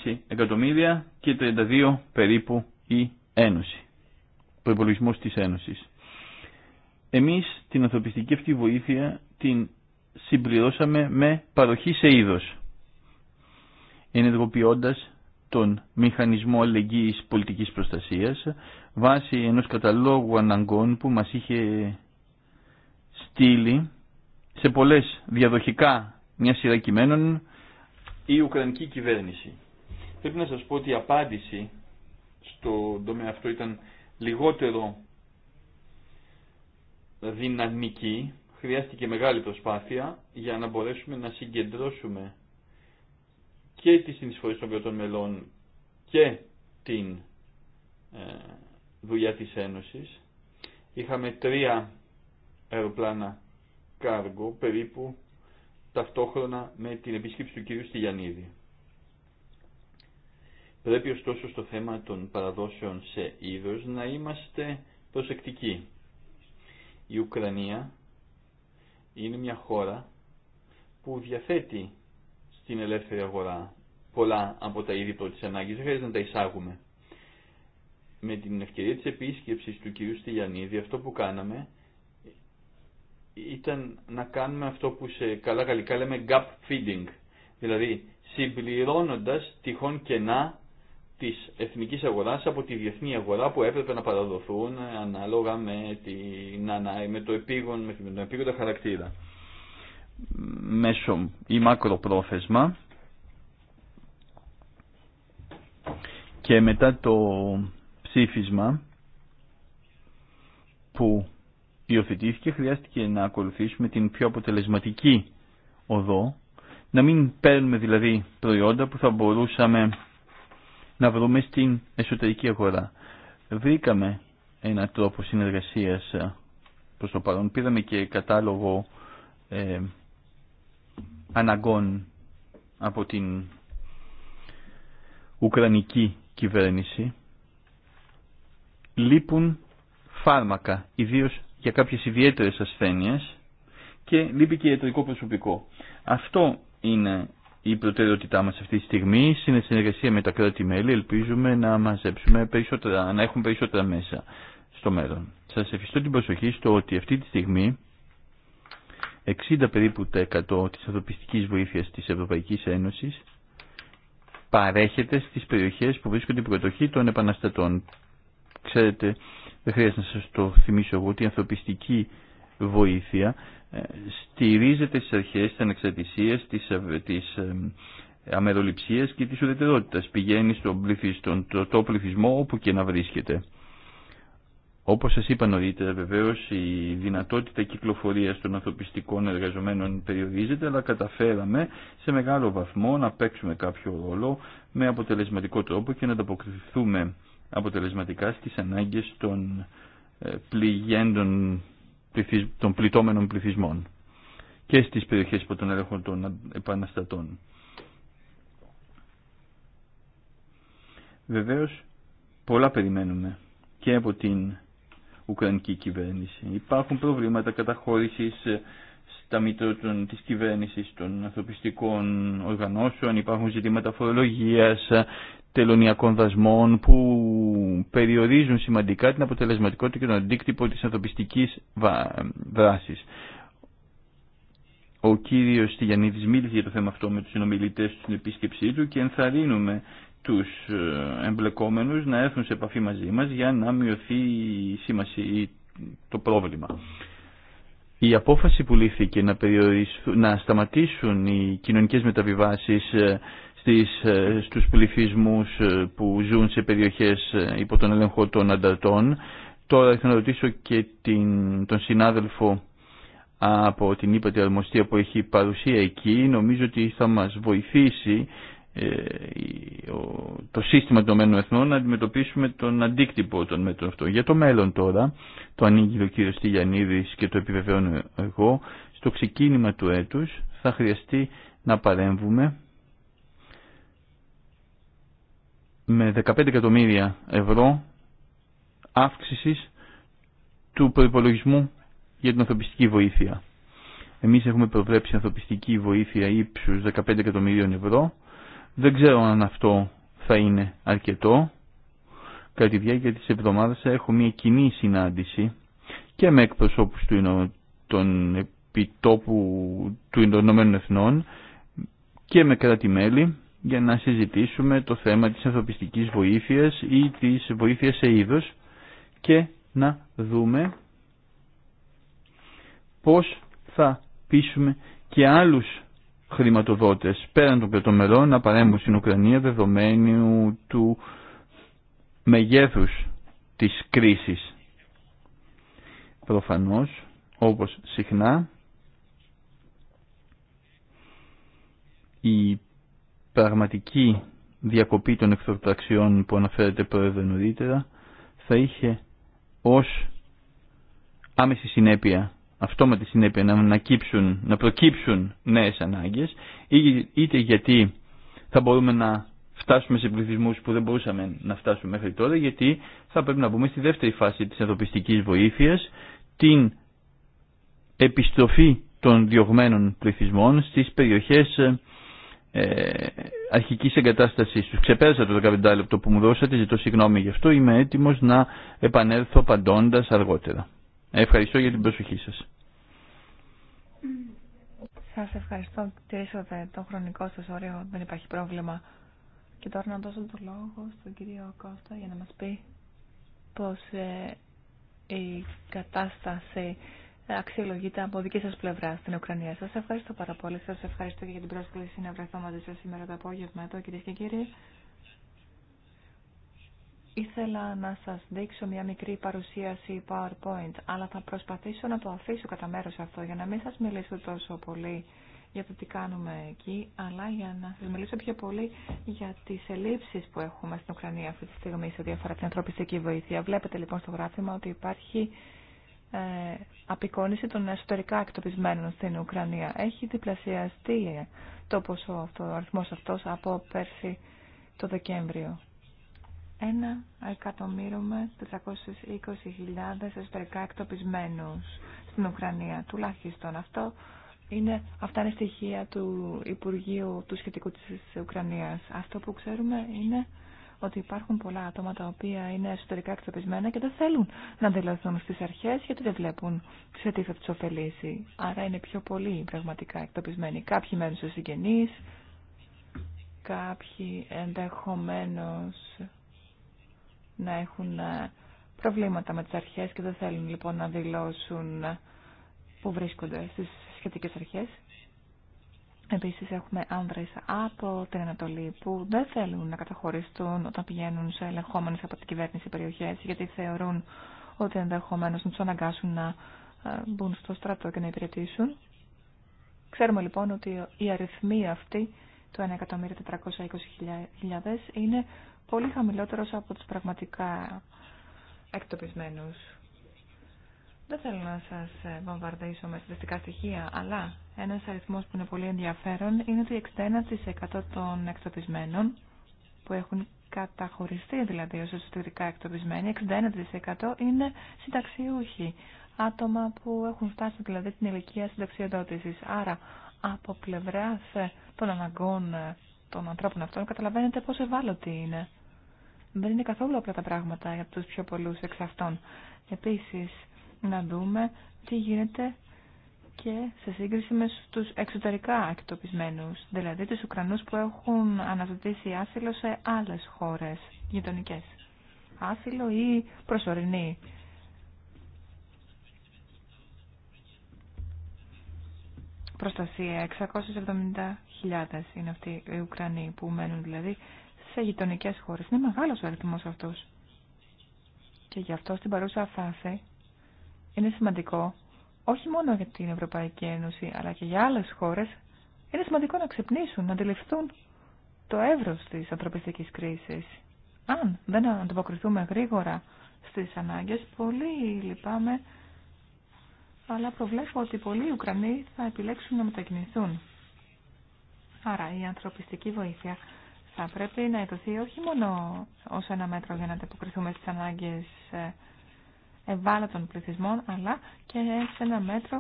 S2: 47,5 εκατομμύρια και 32 περίπου η Ένωση. Προπολογισμό της Ένωσης. Εμείς την ανθρωπιστική αυτή βοήθεια την συμπληρώσαμε με παροχή σε είδο ενεργοποιώντας τον μηχανισμό αλληλεγγύη πολιτικής προστασίας βάσει ενός καταλόγου αναγκών που μα είχε στείλει σε πολλές διαδοχικά μια σειρά κειμένων η Ουκρανική κυβέρνηση. Πρέπει να σας πω ότι η απάντηση στο τομέα αυτό ήταν λιγότερο δυναμική, χρειάστηκε μεγάλη προσπάθεια για να μπορέσουμε να συγκεντρώσουμε και τις συνεισφορές των κρατών μελών και την ε, δουλειά της Ένωσης. Είχαμε τρία αεροπλάνα κάργο, περίπου ταυτόχρονα με την επίσκεψη του κυρίου Στυλιανίδη. Πρέπει ωστόσο στο θέμα των παραδόσεων σε είδο να είμαστε προσεκτικοί. Η Ουκρανία είναι μια χώρα που διαθέτει στην ελεύθερη αγορά πολλά από τα είδη πρώτης ανάγκης, δεν χρειάζεται να τα εισάγουμε. Με την ευκαιρία της επίσκεψης του κυρίου Στυλιανίδη αυτό που κάναμε ήταν να κάνουμε αυτό που σε καλά γαλλικά λέμε gap feeding, δηλαδή συμπληρώνοντας τυχόν κενά της εθνικής αγοράς από τη διεθνή αγορά που έπρεπε να παραδοθούν ανάλογα με, την, με, το επίγον, με τον επίγοντα χαρακτήρα. Μέσω ή μακροπρόθεσμα και μετά το ψήφισμα που υιοθετήθηκε χρειάστηκε να ακολουθήσουμε την πιο αποτελεσματική οδό, να μην παίρνουμε δηλαδή προϊόντα που θα μπορούσαμε να βρούμε στην εσωτερική αγορά. Βρήκαμε ένα τρόπο συνεργασίας ε, προς το παρόν. Πήραμε και κατάλογο ε, αναγκών από την Ουκρανική κυβέρνηση. Λείπουν φάρμακα, ιδίως για κάποιες ιδιαίτερες ασθένειες και λείπει και ιατρικό προσωπικό. Αυτό είναι η προτεραιότητά μας αυτή τη στιγμή. Στην συνεργασία με τα κράτη-μέλη ελπίζουμε να μαζέψουμε περισσότερα, να έχουμε περισσότερα μέσα στο μέλλον. Σας ευχαριστώ την προσοχή στο ότι αυτή τη στιγμή 60 περίπου τα 100 της ανθρωπιστικής βοήθειας της Ευρωπαϊκής Ένωσης παρέχεται στις περιοχές που βρίσκονται υποκατοχή προτοχή των επαναστατών. Ξέρετε δεν χρειάζεται να σας το θυμίσω εγώ ότι η ανθρωπιστική βοήθεια ε, στηρίζεται στις αρχές της ανεξαρτησίας, της, ε, της ε, αμεροληψίας και της ουδετερότητας. Πηγαίνει στον πληθυσμό, το πληθυσμό όπου και να βρίσκεται. Όπως σας είπα νωρίτερα βεβαίως η δυνατότητα κυκλοφορίας των ανθρωπιστικών εργαζομένων περιορίζεται αλλά καταφέραμε σε μεγάλο βαθμό να παίξουμε κάποιο ρόλο με αποτελεσματικό τρόπο και να ανταποκριθούμε αποτελεσματικά στις ανάγκες των ε, πληγέντων των πληττόμενων πληθυσμών και στις περιοχές που τον έλεγχο των επαναστατών. Βεβαίως πολλά περιμένουμε και από την Ουκρανική κυβέρνηση. Υπάρχουν προβλήματα καταχώρησης ε, τα μήτρα τη της κυβέρνησης των ανθρωπιστικών οργανώσεων, υπάρχουν ζητήματα φορολογίας, τελωνιακών δασμών που περιορίζουν σημαντικά την αποτελεσματικότητα και τον αντίκτυπο της ανθρώπιστική δράσης. Ο κύριος Στυγιαννίδης μίλησε για το θέμα αυτό με τους συνομιλητές στην επίσκεψή του και ενθαρρύνουμε του ε, εμπλεκόμενου να έρθουν σε επαφή μαζί μα για να μειωθεί η σήμαση το πρόβλημα η απόφαση που λήφθηκε να, να σταματήσουν οι κοινωνικές μεταβιβάσεις ε, στις, ε, στους πληθυσμούς ε, που ζουν σε περιοχές υπό τον έλεγχο των ανταρτών. Τώρα θα ρωτήσω και την, τον συνάδελφο από την ύπατη αρμοστία που έχει παρουσία εκεί. Νομίζω ότι θα μας βοηθήσει ε, το σύστημα των μένων εθνών να αντιμετωπίσουμε τον αντίκτυπο των μέτρων αυτό. Για το μέλλον τώρα, το ανοίγει ο κύριο Τηλιανίδη και το επιβεβαιώνω εγώ, στο ξεκίνημα του έτους θα χρειαστεί να παρέμβουμε με 15 εκατομμύρια ευρώ αύξησης του προϋπολογισμού για την ανθρωπιστική βοήθεια. Εμείς έχουμε προβλέψει ανθρωπιστική βοήθεια ύψους 15 εκατομμυρίων ευρώ δεν ξέρω αν αυτό θα είναι αρκετό. Κατά τη διάρκεια της εβδομάδας θα έχω μια κοινή συνάντηση και με εκπροσώπους του, των επιτόπου του Ηνωμένων Εθνών και με κράτη-μέλη για να συζητήσουμε το θέμα της ανθρωπιστικής βοήθειας ή της βοήθειας σε είδος και να δούμε πώς θα πείσουμε και άλλους χρηματοδότες πέραν των πρωτομερών να παρέμβουν στην Ουκρανία δεδομένου του μεγέθους της κρίσης. Προφανώς, όπως συχνά, η πραγματική διακοπή των εχθροπραξιών που αναφέρεται πρόεδρε νωρίτερα θα είχε ως άμεση συνέπεια αυτό συνέπεια να, συνέπεια να προκύψουν νέες ανάγκες είτε γιατί θα μπορούμε να φτάσουμε σε πληθυσμού που δεν μπορούσαμε να φτάσουμε μέχρι τώρα γιατί θα πρέπει να μπούμε στη δεύτερη φάση της ανθρωπιστικής βοήθειας την επιστροφή των διωγμένων πληθυσμών στις περιοχές ε, αρχικής εγκατάστασής τους. Ξεπέρασα το 15 λεπτό που μου δώσατε, ζητώ συγγνώμη γι' αυτό, είμαι έτοιμος να επανέλθω παντώντας αργότερα. Ευχαριστώ για την προσοχή σας.
S1: Σας ευχαριστώ. Τηρήσατε το χρονικό σας όριο. Δεν υπάρχει πρόβλημα. Και τώρα να δώσω το λόγο στον κύριο Κώστα για να μας πει πως ε, η κατάσταση αξιολογείται από δική σας πλευρά στην Ουκρανία. Σας ευχαριστώ πάρα πολύ. Σας ευχαριστώ και για την πρόσκληση να βρεθώ μαζί σήμερα το απόγευμα εδώ κυρίες και κύριοι. Ήθελα να σας δείξω μια μικρή παρουσίαση PowerPoint, αλλά θα προσπαθήσω να το αφήσω κατά μέρος αυτό για να μην σας μιλήσω τόσο πολύ για το τι κάνουμε εκεί, αλλά για να σας μιλήσω πιο πολύ για τις ελλείψεις που έχουμε στην Ουκρανία αυτή τη στιγμή σε διάφορα την ανθρωπιστική βοήθεια. Βλέπετε λοιπόν στο γράφημα ότι υπάρχει ε, απεικόνιση των εσωτερικά εκτοπισμένων στην Ουκρανία. Έχει διπλασιαστεί το ποσό αυτό, ο αριθμός αυτός από πέρσι το Δεκέμβριο ένα εκατομμύριο με 420.000 εσωτερικά εκτοπισμένου στην Ουκρανία. Τουλάχιστον αυτό είναι, αυτά είναι στοιχεία του Υπουργείου του σχετικού της Ουκρανίας. Αυτό που ξέρουμε είναι ότι υπάρχουν πολλά άτομα τα οποία είναι εσωτερικά εκτοπισμένα και δεν θέλουν να αντιλαθούν στις αρχές γιατί δεν βλέπουν σε τι θα τους ωφελήσει. Άρα είναι πιο πολλοί πραγματικά εκτοπισμένοι. Κάποιοι μένουν στους συγγενείς, κάποιοι ενδεχομένως να έχουν ε, προβλήματα με τις αρχές και δεν θέλουν λοιπόν να δηλώσουν ε, που βρίσκονται στις σχετικές αρχές. Επίσης έχουμε άνδρες από την Ανατολή που δεν θέλουν να καταχωριστούν όταν πηγαίνουν σε ελεγχόμενες από την κυβέρνηση περιοχές γιατί θεωρούν ότι ενδεχομένως να τους αναγκάσουν να ε, μπουν στο στρατό και να υπηρετήσουν. Ξέρουμε λοιπόν ότι η αριθμοί αυτή το 1.420.000, είναι πολύ χαμηλότερος από τους πραγματικά εκτοπισμένους. Δεν θέλω να σας ε, βομβαρδίσω με στατιστικά στοιχεία, αλλά ένας αριθμός που είναι πολύ ενδιαφέρον είναι ότι 61% των εκτοπισμένων που έχουν καταχωριστεί δηλαδή ως εσωτερικά εκτοπισμένοι, 61% είναι συνταξιούχοι, άτομα που έχουν φτάσει δηλαδή την ηλικία συνταξιοδότησης. Άρα από πλευράς των αναγκών ε, των ανθρώπων αυτών καταλαβαίνετε πόσο ευάλωτοι είναι. Δεν είναι καθόλου απλά τα πράγματα για τους πιο πολλούς εξ αυτών. Επίσης, να δούμε τι γίνεται και σε σύγκριση με τους εξωτερικά εκτοπισμένους, δηλαδή τους Ουκρανούς που έχουν αναζητήσει άσυλο σε άλλες χώρες γειτονικέ. Άσυλο ή προσωρινή. Προστασία 670.000 είναι αυτοί οι Ουκρανοί που μένουν δηλαδή σε γειτονικέ χώρε. Είναι μεγάλο ο αριθμό αυτό. Και γι' αυτό στην παρούσα φάση είναι σημαντικό όχι μόνο για την Ευρωπαϊκή Ένωση αλλά και για άλλε χώρε. Είναι σημαντικό να ξυπνήσουν, να αντιληφθούν το εύρο τη ανθρωπιστική κρίση. Αν δεν ανταποκριθούμε γρήγορα στι ανάγκε, πολύ λυπάμαι, αλλά προβλέπω ότι πολλοί Ουκρανοί θα επιλέξουν να μετακινηθούν. Άρα η ανθρωπιστική βοήθεια θα πρέπει να ειδωθεί όχι μόνο ως ένα μέτρο για να ανταποκριθούμε στις ανάγκες ε, ευάλωτων πληθυσμών, αλλά και σε ένα μέτρο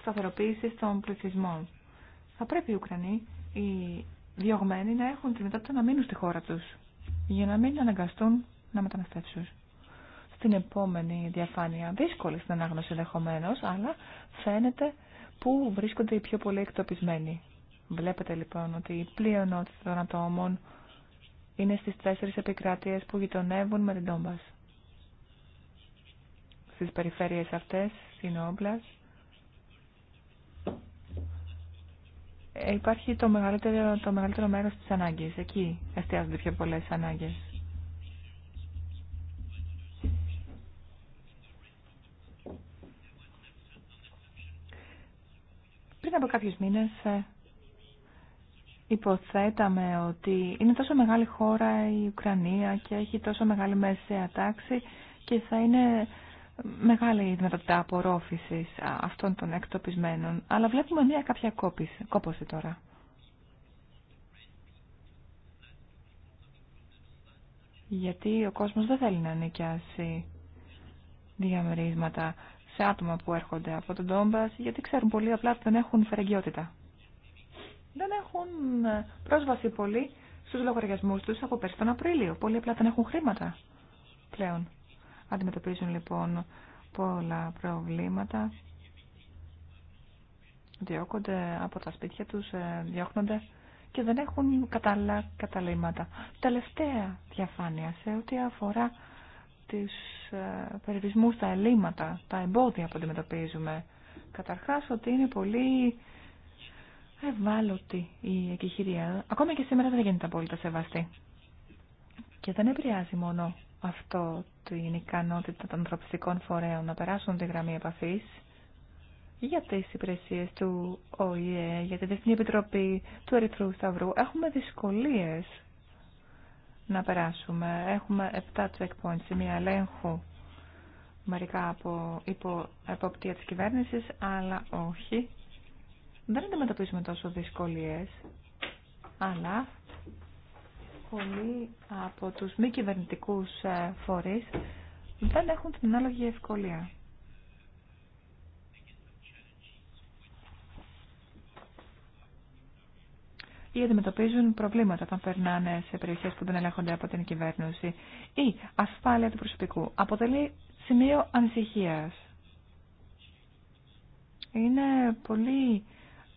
S1: σταθεροποίησης των πληθυσμών. Θα πρέπει οι Ουκρανοί, οι διωγμένοι, να έχουν τη δυνατότητα να μείνουν στη χώρα τους, για να μην αναγκαστούν να μεταναστεύσουν. Στην επόμενη διαφάνεια, δύσκολη στην ανάγνωση ενδεχομένω, αλλά φαίνεται που βρίσκονται οι πιο πολύ εκτοπισμένοι. Βλέπετε λοιπόν ότι η πλειονότητα των ατόμων είναι στις τέσσερις επικράτειες που γειτονεύουν με την Τόμπας. Στις περιφέρειες αυτές, στην Όμπλας, ε, υπάρχει το μεγαλύτερο, το μεγαλύτερο μέρος της ανάγκης. Εκεί εστιάζονται πιο πολλές ανάγκες. Πριν από κάποιους μήνες ε, υποθέταμε ότι είναι τόσο μεγάλη χώρα η Ουκρανία και έχει τόσο μεγάλη μεσαία τάξη και θα είναι μεγάλη η δυνατότητα απορρόφησης αυτών των εκτοπισμένων. Αλλά βλέπουμε μια κάποια κόπηση, κόπωση τώρα. Γιατί ο κόσμος δεν θέλει να νοικιάσει διαμερίσματα σε άτομα που έρχονται από τον Τόμπας, γιατί ξέρουν πολύ απλά ότι δεν έχουν φερεγγιότητα δεν έχουν ε, πρόσβαση πολύ στους λογαριασμούς τους από πέρσι τον Απρίλιο. Πολλοί απλά δεν έχουν χρήματα πλέον. Αντιμετωπίζουν λοιπόν πολλά προβλήματα. Διώκονται από τα σπίτια τους, ε, διώχνονται και δεν έχουν κατάλληλα καταλήματα. Τελευταία διαφάνεια σε ό,τι αφορά τις ε, περιορισμούς, τα ελλείμματα, τα εμπόδια που αντιμετωπίζουμε. Καταρχάς ότι είναι πολύ ευάλωτη η εκεχηρία. Ακόμα και σήμερα δεν γίνεται απόλυτα σεβαστή. Και δεν επηρεάζει μόνο αυτό την ικανότητα των ανθρωπιστικών φορέων να περάσουν τη γραμμή επαφής για τις υπηρεσίες του ΟΗΕ, για τη Διεθνή Επιτροπή του Ερυθρού Σταυρού. Έχουμε δυσκολίες να περάσουμε. Έχουμε 7 checkpoints, σημεία ελέγχου, μερικά από υπό εποπτεία της κυβέρνησης, αλλά όχι δεν αντιμετωπίζουμε τόσο δυσκολίες, αλλά πολλοί από τους μη κυβερνητικού ε, φορείς δεν έχουν την ανάλογη ευκολία. ή αντιμετωπίζουν προβλήματα όταν περνάνε σε περιοχέ που δεν ελέγχονται από την κυβέρνηση. Η ασφάλεια του προσωπικού αποτελεί σημείο ανησυχία. Είναι πολύ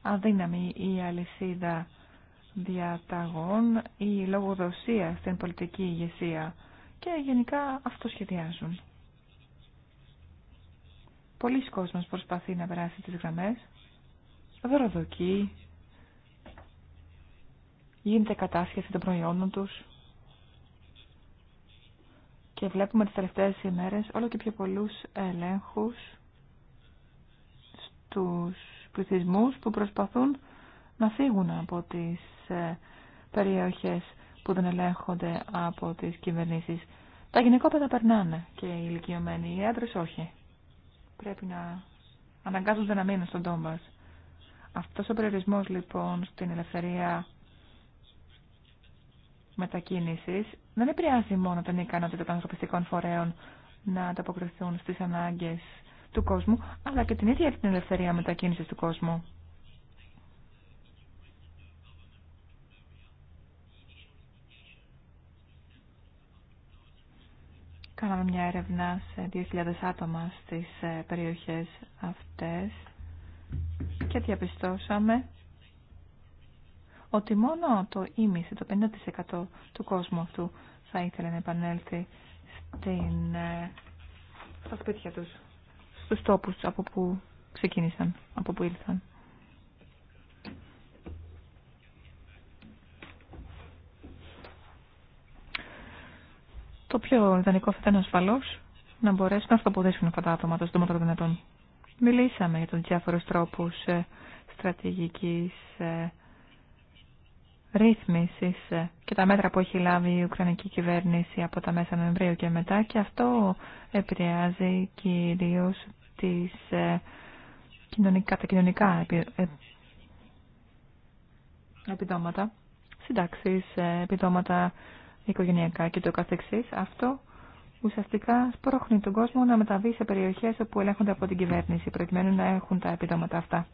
S1: αδύναμη η αλυσίδα διαταγών, η λογοδοσία στην πολιτική ηγεσία και γενικά αυτοσχεδιάζουν. Πολλοί κόσμος προσπαθεί να περάσει τις γραμμές, δωροδοκεί, γίνεται κατάσχεση των προϊόντων τους και βλέπουμε τις τελευταίες ημέρες όλο και πιο πολλούς ελέγχους στους πληθυσμούς που προσπαθούν να φύγουν από τις ε, περιοχές που δεν ελέγχονται από τις κυβερνήσεις. Τα γυναικόπαιδα περνάνε και οι ηλικιωμένοι, οι άντρες όχι. Πρέπει να αναγκάζονται να μείνουν στον Τόμπας. Αυτός ο περιορισμός λοιπόν στην ελευθερία μετακίνησης δεν επηρεάζει μόνο την ικανότητα των ανθρωπιστικών φορέων να ανταποκριθούν στις ανάγκες του κόσμου, αλλά και την ίδια την ελευθερία μετακίνηση του κόσμου. Κάναμε μια έρευνα σε 2.000 άτομα στις ε, περιοχές αυτές και διαπιστώσαμε ότι μόνο το ίμιση, το 50% του κόσμου αυτού θα ήθελε να επανέλθει στην, ε, στα σπίτια τους στους τόπους από που ξεκίνησαν, από που ήλθαν. Το πιο ιδανικό θα ήταν ασφαλώς να μπορέσουν να αυτοποδέσουν αυτά τα άτομα το σύντομο των δυνατών. Μιλήσαμε για τον διάφορους τρόπους ε, στρατηγικής ε, ρύθμισης ε, και τα μέτρα που έχει λάβει η Ουκρανική κυβέρνηση από τα μέσα Νοεμβρίου και μετά και αυτό επηρεάζει κυρίως τις, ε, κοινωνικά, τα κοινωνικά ε, επιδόματα, συντάξεις, ε, επιδόματα οικογενειακά και το καθεξής. Αυτό ουσιαστικά σπρώχνει τον κόσμο να μεταβεί σε περιοχές όπου ελέγχονται από την κυβέρνηση προκειμένου να έχουν τα επιδόματα αυτά.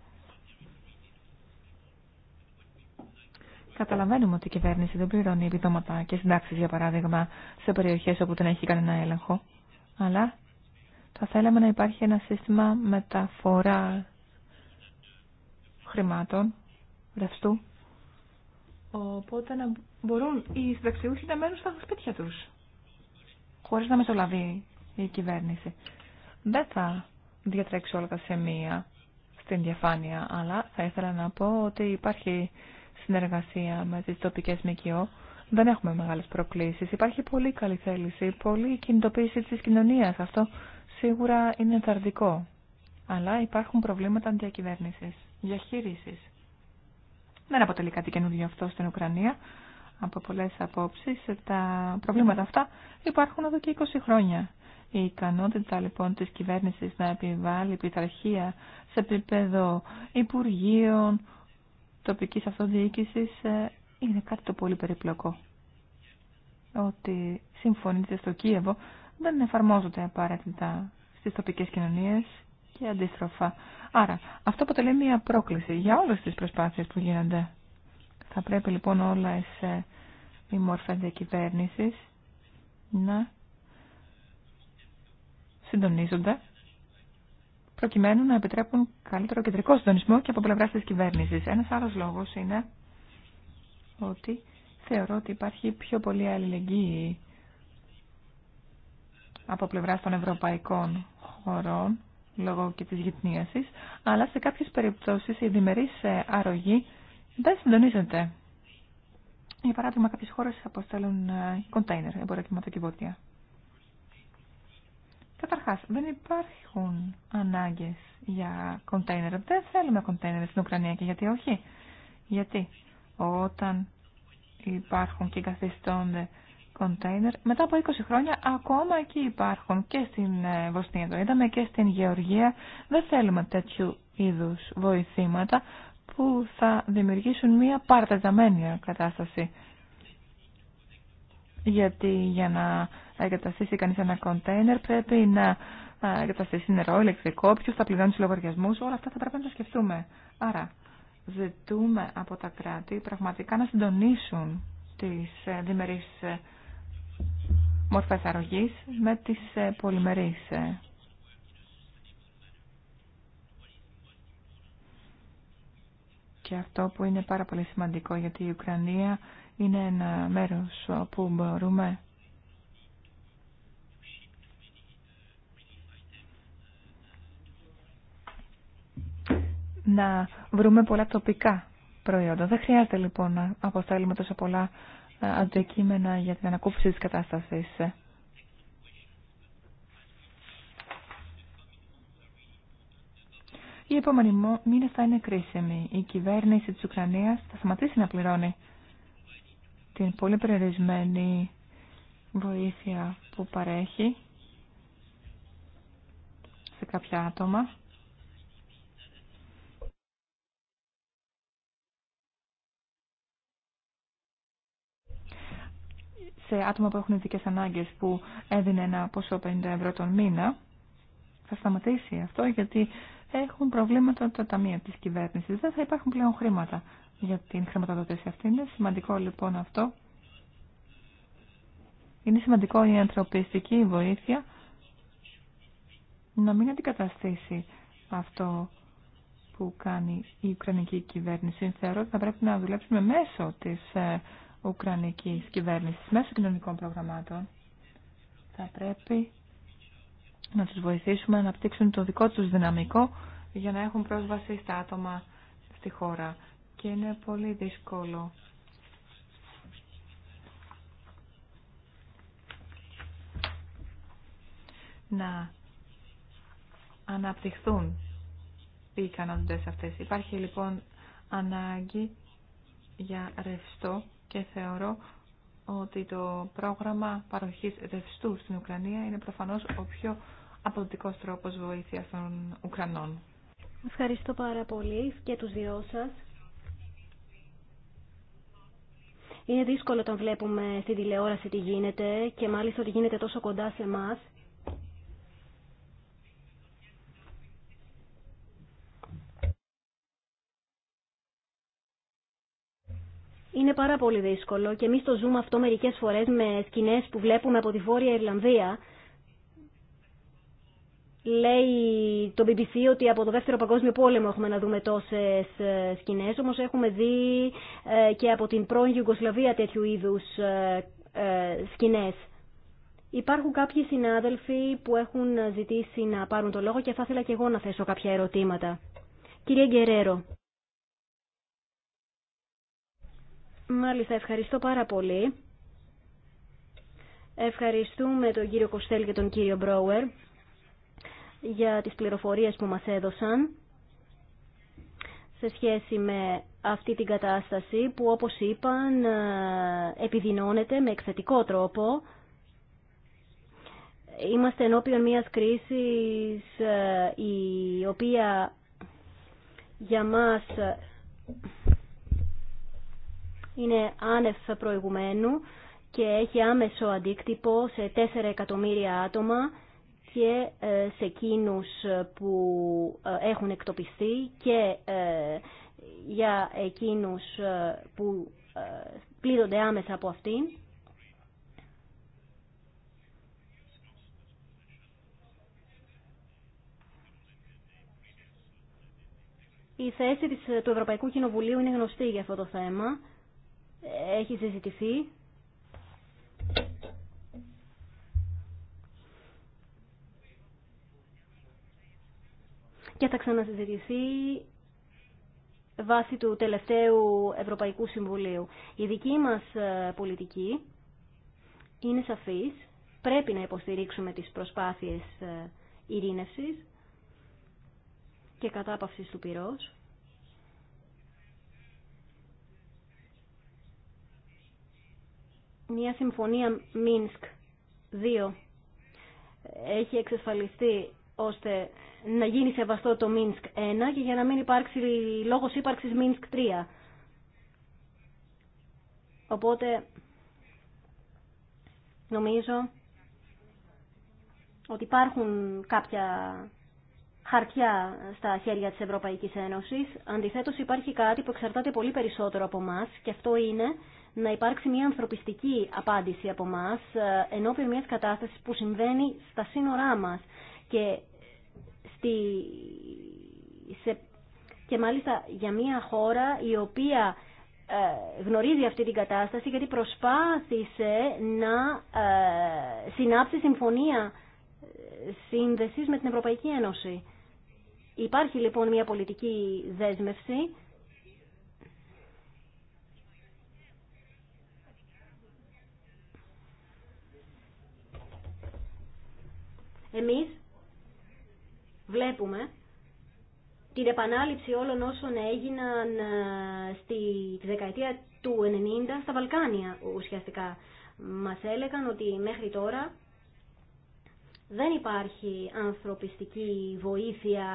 S1: Καταλαβαίνουμε ότι η κυβέρνηση δεν πληρώνει επιδόματα και συντάξει για παράδειγμα, σε περιοχέ όπου δεν έχει κανένα έλεγχο. Αλλά θα θέλαμε να υπάρχει ένα σύστημα μεταφορά χρημάτων, ρευστού, οπότε να μπορούν οι συνταξιούχοι να μένουν στα σπίτια τους, χωρίς να μεσολαβεί η κυβέρνηση. Δεν θα διατρέξω όλα τα σημεία στην διαφάνεια, αλλά θα ήθελα να πω ότι υπάρχει συνεργασία με τις τοπικές ΜΚΟ. Δεν έχουμε μεγάλες προκλήσεις. Υπάρχει πολύ καλή θέληση, πολύ κινητοποίηση της κοινωνίας. Αυτό σίγουρα είναι ενθαρρυντικό. Αλλά υπάρχουν προβλήματα διακυβέρνηση, διαχείριση. Δεν αποτελεί κάτι καινούργιο αυτό στην Ουκρανία. Από πολλέ απόψει, τα προβλήματα αυτά υπάρχουν εδώ και 20 χρόνια. Η ικανότητα λοιπόν τη κυβέρνηση να επιβάλλει πειθαρχία σε επίπεδο Υπουργείων, τοπικής αυτοδιοίκηση, ε, είναι κάτι το πολύ περιπλοκό. Ότι συμφωνείτε στο Κίεβο δεν εφαρμόζονται απαραίτητα στις τοπικές κοινωνίες και αντίστροφα. Άρα, αυτό αποτελεί μια πρόκληση για όλες τις προσπάθειες που γίνονται. Θα πρέπει λοιπόν σε οι μόρφες διακυβέρνησης να συντονίζονται προκειμένου να επιτρέπουν καλύτερο κεντρικό συντονισμό και από πλευρά τη κυβέρνηση. Ένα άλλο λόγο είναι ότι θεωρώ ότι υπάρχει πιο πολύ αλληλεγγύη από πλευράς των ευρωπαϊκών χωρών λόγω και της γυπνίασης αλλά σε κάποιες περιπτώσεις η διμερής ε, αρρωγή δεν συντονίζεται. Για παράδειγμα, κάποιες χώρες αποστέλουν ε, κοντέινερ, εμπορεύματα και Καταρχάς, δεν υπάρχουν ανάγκες για κοντέινερ. Δεν θέλουμε κοντέινερ στην Ουκρανία και γιατί όχι. Γιατί όταν υπάρχουν και καθιστώνται μετά από 20 χρόνια ακόμα εκεί υπάρχουν και στην ε, Βοσνία το είδαμε και στην Γεωργία. Δεν θέλουμε τέτοιου είδους βοηθήματα που θα δημιουργήσουν μια παρατεταμένη κατάσταση. Γιατί για να εγκαταστήσει κανείς ένα κοντέινερ πρέπει να ε, εγκαταστήσει νερό, ηλεκτρικό, ποιος θα πληρώνει τους λογαριασμούς, όλα αυτά θα πρέπει να τα σκεφτούμε. Άρα ζητούμε από τα κράτη πραγματικά να συντονίσουν τις ε, διμερείς μορφές αρρωγής με τις ε, πολυμερείς. Ε. Και αυτό που είναι πάρα πολύ σημαντικό γιατί η Ουκρανία είναι ένα μέρος όπου μπορούμε να βρούμε πολλά τοπικά προϊόντα. Δεν χρειάζεται λοιπόν να αποστέλουμε τόσο πολλά αντικείμενα για την ανακούφιση της κατάστασης. Οι επόμενοι μήνε θα είναι κρίσιμοι. Η κυβέρνηση της Ουκρανίας θα σταματήσει να πληρώνει την πολύ περιορισμένη βοήθεια που παρέχει σε κάποια άτομα σε άτομα που έχουν ειδικέ ανάγκε που έδινε ένα ποσό 50 ευρώ τον μήνα. Θα σταματήσει αυτό γιατί έχουν προβλήματα τα ταμεία τη κυβέρνηση. Δεν θα υπάρχουν πλέον χρήματα για την χρηματοδότηση αυτή. Είναι σημαντικό λοιπόν αυτό. Είναι σημαντικό η ανθρωπιστική βοήθεια να μην αντικαταστήσει αυτό που κάνει η Ουκρανική κυβέρνηση. Θεωρώ ότι θα πρέπει να δουλέψουμε μέσω της ε, Ουκρανικής κυβέρνησης μέσω κοινωνικών προγραμμάτων θα πρέπει να τους βοηθήσουμε να αναπτύξουν το δικό τους δυναμικό για να έχουν πρόσβαση στα άτομα στη χώρα. Και είναι πολύ δύσκολο. να αναπτυχθούν οι ικανότητες αυτές. Υπάρχει λοιπόν ανάγκη για ρευστό και θεωρώ ότι το πρόγραμμα παροχής ρευστού στην Ουκρανία είναι προφανώς ο πιο αποδοτικός τρόπος βοήθειας
S3: των Ουκρανών. Ευχαριστώ πάρα πολύ και τους δυο σας. Είναι δύσκολο όταν βλέπουμε στη τηλεόραση τι γίνεται και μάλιστα ότι γίνεται τόσο κοντά σε εμά. είναι πάρα πολύ δύσκολο και εμεί το ζούμε αυτό μερικές φορές με σκηνές που βλέπουμε από τη Βόρεια Ιρλανδία. Λέει το BBC ότι από το Δεύτερο Παγκόσμιο Πόλεμο έχουμε να δούμε τόσες ε, σκηνές, όμως έχουμε δει ε, και από την πρώην Ιουγκοσλαβία τέτοιου είδους ε, σκηνές. Υπάρχουν κάποιοι συνάδελφοι που έχουν ζητήσει να πάρουν το λόγο και θα ήθελα και εγώ να θέσω κάποια ερωτήματα. Κύριε Γκερέρο. Μάλιστα, ευχαριστώ πάρα πολύ. Ευχαριστούμε τον κύριο Κοστέλ και τον κύριο Μπρόουερ για τις πληροφορίες που μας έδωσαν σε σχέση με αυτή την κατάσταση που όπως είπαν επιδεινώνεται με εκθετικό τρόπο. Είμαστε ενώπιον μιας κρίσης ε, η οποία για μας είναι άνευ προηγουμένου και έχει άμεσο αντίκτυπο σε 4 εκατομμύρια άτομα και ε, σε εκείνους ε, που ε, έχουν εκτοπιστεί και για εκείνους που πλήττονται άμεσα από αυτήν. Η θέση του Ευρωπαϊκού Κοινοβουλίου είναι γνωστή για αυτό το θέμα έχει συζητηθεί. Και θα ξανασυζητηθεί βάσει του τελευταίου Ευρωπαϊκού Συμβουλίου. Η δική μας ε, πολιτική είναι σαφής. Πρέπει να υποστηρίξουμε τις προσπάθειες ε, ειρήνευσης και κατάπαυσης του πυρός. μια συμφωνία Μίνσκ 2 έχει εξασφαλιστεί ώστε να γίνει σεβαστό το Μίνσκ 1 και για να μην υπάρξει λόγος ύπαρξης Μίνσκ 3. Οπότε νομίζω ότι υπάρχουν κάποια χαρτιά στα χέρια της Ευρωπαϊκής Ένωσης. Αντιθέτως υπάρχει κάτι που εξαρτάται πολύ περισσότερο από μας και αυτό είναι να υπάρξει μια ανθρωπιστική απάντηση από εμά ενώπιον μιας κατάστασης που συμβαίνει στα σύνορά μας και, στη... και μάλιστα για μια χώρα η οποία ε, γνωρίζει αυτή την κατάσταση γιατί προσπάθησε να ε, συνάψει συμφωνία ε, σύνδεσης με την Ευρωπαϊκή Ένωση. Υπάρχει λοιπόν μια πολιτική δέσμευση Εμείς βλέπουμε την επανάληψη όλων όσων έγιναν ε, στη δεκαετία του 90 στα Βαλκάνια ουσιαστικά. Μας έλεγαν ότι μέχρι τώρα δεν υπάρχει ανθρωπιστική βοήθεια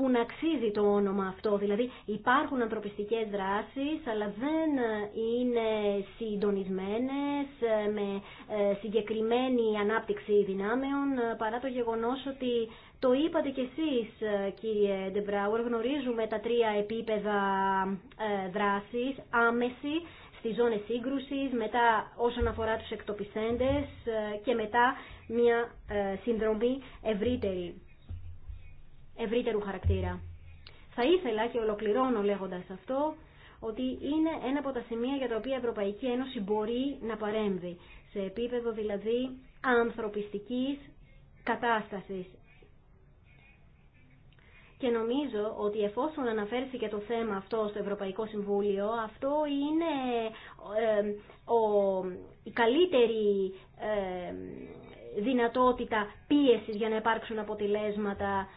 S3: που να αξίζει το όνομα αυτό. Δηλαδή υπάρχουν ανθρωπιστικές δράσεις αλλά δεν ε, είναι συντονισμένες ε, με ε, συγκεκριμένη ανάπτυξη δυνάμεων παρά το γεγονός ότι το είπατε κι εσείς κύριε Ντεμπράουερ, γνωρίζουμε τα τρία επίπεδα δράσης, άμεση, στις ζώνες σύγκρουσης, μετά όσον αφορά τους εκτοπισέντες και μετά μια συνδρομή ευρύτερη ευρύτερου χαρακτήρα. Θα ήθελα και ολοκληρώνω λέγοντας αυτό ότι είναι ένα από τα σημεία για τα οποία η Ευρωπαϊκή Ένωση μπορεί να παρέμβει σε επίπεδο δηλαδή ανθρωπιστικής κατάστασης. Και νομίζω ότι εφόσον αναφέρθηκε το θέμα αυτό στο Ευρωπαϊκό Συμβούλιο, αυτό είναι ε, ο, η καλύτερη ε, δυνατότητα πίεσης για να υπάρξουν αποτελέσματα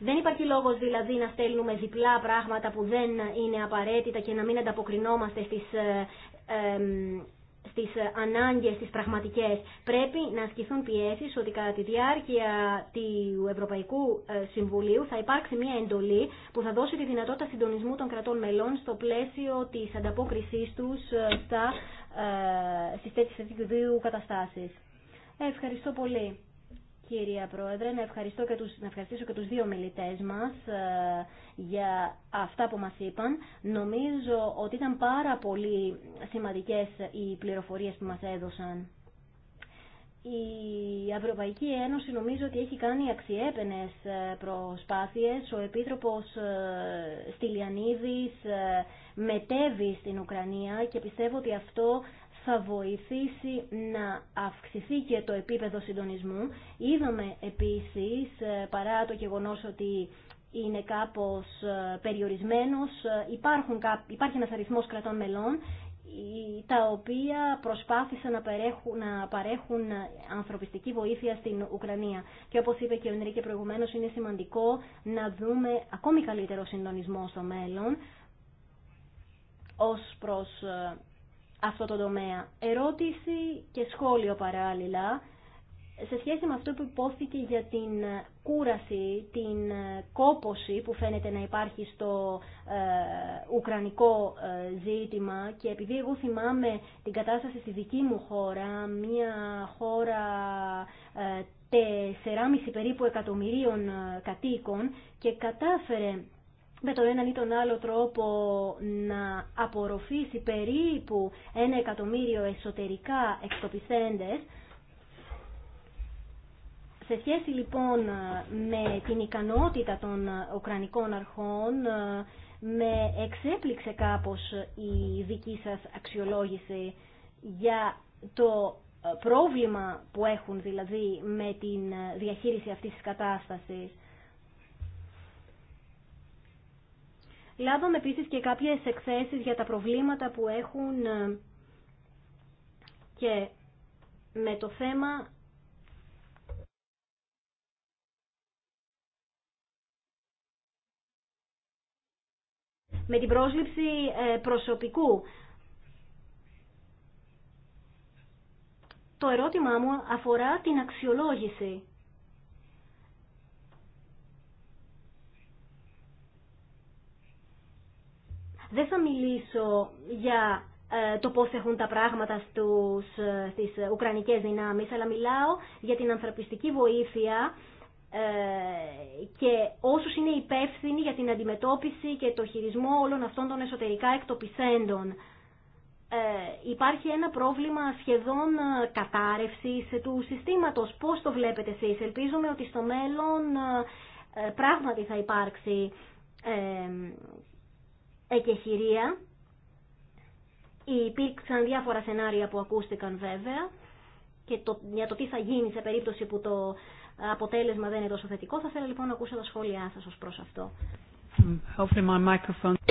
S3: Δεν υπάρχει λόγο δηλαδή να στέλνουμε διπλά πράγματα που δεν είναι απαραίτητα και να μην ανταποκρινόμαστε στις, ε, στις ανάγκες, πραγματικές. Πρέπει να ασκηθούν πιέσεις ότι κατά τη διάρκεια του Ευρωπαϊκού ε, Συμβουλίου θα υπάρξει μια εντολή που θα δώσει τη δυνατότητα συντονισμού των κρατών μελών στο πλαίσιο τη ανταπόκρισής τους ε, στα, ε, στις τέτοιες καταστάσεις. ευχαριστώ πολύ. Κυρία Πρόεδρε, να, ευχαριστώ και τους, να ευχαριστήσω και τους δύο μιλητές μας ε, για αυτά που μας είπαν. Νομίζω ότι ήταν πάρα πολύ σημαντικές οι πληροφορίες που μας έδωσαν. Η Ευρωπαϊκή Ένωση νομίζω ότι έχει κάνει αξιέπαινες ε, προσπάθειες. Ο Επίτροπος ε, Στυλιανίδης μετέβη στην Ουκρανία και πιστεύω ότι αυτό θα βοηθήσει να αυξηθεί και το επίπεδο συντονισμού. Είδαμε επίσης, ε, παρά το γεγονός ότι είναι κάπως ε, περιορισμένος, ε, υπάρχουν, υπάρχει ένας αριθμός κρατών μελών τα οποία προσπάθησαν να, παρέχουν, να παρέχουν ανθρωπιστική βοήθεια στην Ουκρανία. Και όπως είπε και ο Ενρίκε προηγουμένως, είναι σημαντικό να δούμε ακόμη καλύτερο συντονισμό στο μέλλον ως προς αυτό το τομέα. Ερώτηση και σχόλιο παράλληλα σε σχέση με αυτό που υπόθηκε για την κούραση, την κόποση που φαίνεται να υπάρχει στο ε, ουκρανικό ε, ζήτημα και επειδή εγώ θυμάμαι την κατάσταση στη δική μου χώρα, μια χώρα ε, 4,5 περίπου εκατομμυρίων ε, κατοίκων και κατάφερε με τον έναν ή τον άλλο τρόπο να απορροφήσει περίπου ένα εκατομμύριο εσωτερικά εκτοπισθέντες. Σε σχέση λοιπόν με την ικανότητα των Ουκρανικών αρχών, με εξέπληξε κάπως η δική σας αξιολόγηση για το πρόβλημα που έχουν δηλαδή με την διαχείριση αυτής της κατάστασης. Λάβαμε επίσης και κάποιες εκθέσεις για τα προβλήματα που έχουν ε, και με το θέμα με την πρόσληψη ε, προσωπικού. Το ερώτημά μου αφορά την αξιολόγηση. Δεν θα μιλήσω για ε, το πώς έχουν τα πράγματα στους, ε, στις Ουκρανικές δυνάμεις, αλλά μιλάω για την ανθρωπιστική βοήθεια ε, και όσους είναι υπεύθυνοι για την αντιμετώπιση και το χειρισμό όλων αυτών των εσωτερικά εκτοπισέντων. υπάρχει ένα πρόβλημα σχεδόν κατάρρευσης του συστήματος. Πώς το βλέπετε εσείς. Ελπίζουμε ότι στο μέλλον πράγματι θα υπάρξει εκεχηρία. Υπήρξαν διάφορα σενάρια που ακούστηκαν βέβαια και το, για το τι θα γίνει σε περίπτωση που το αποτέλεσμα δεν είναι τόσο θετικό. Θα ήθελα λοιπόν να ακούσω τα σχόλιά σας ως προς αυτό.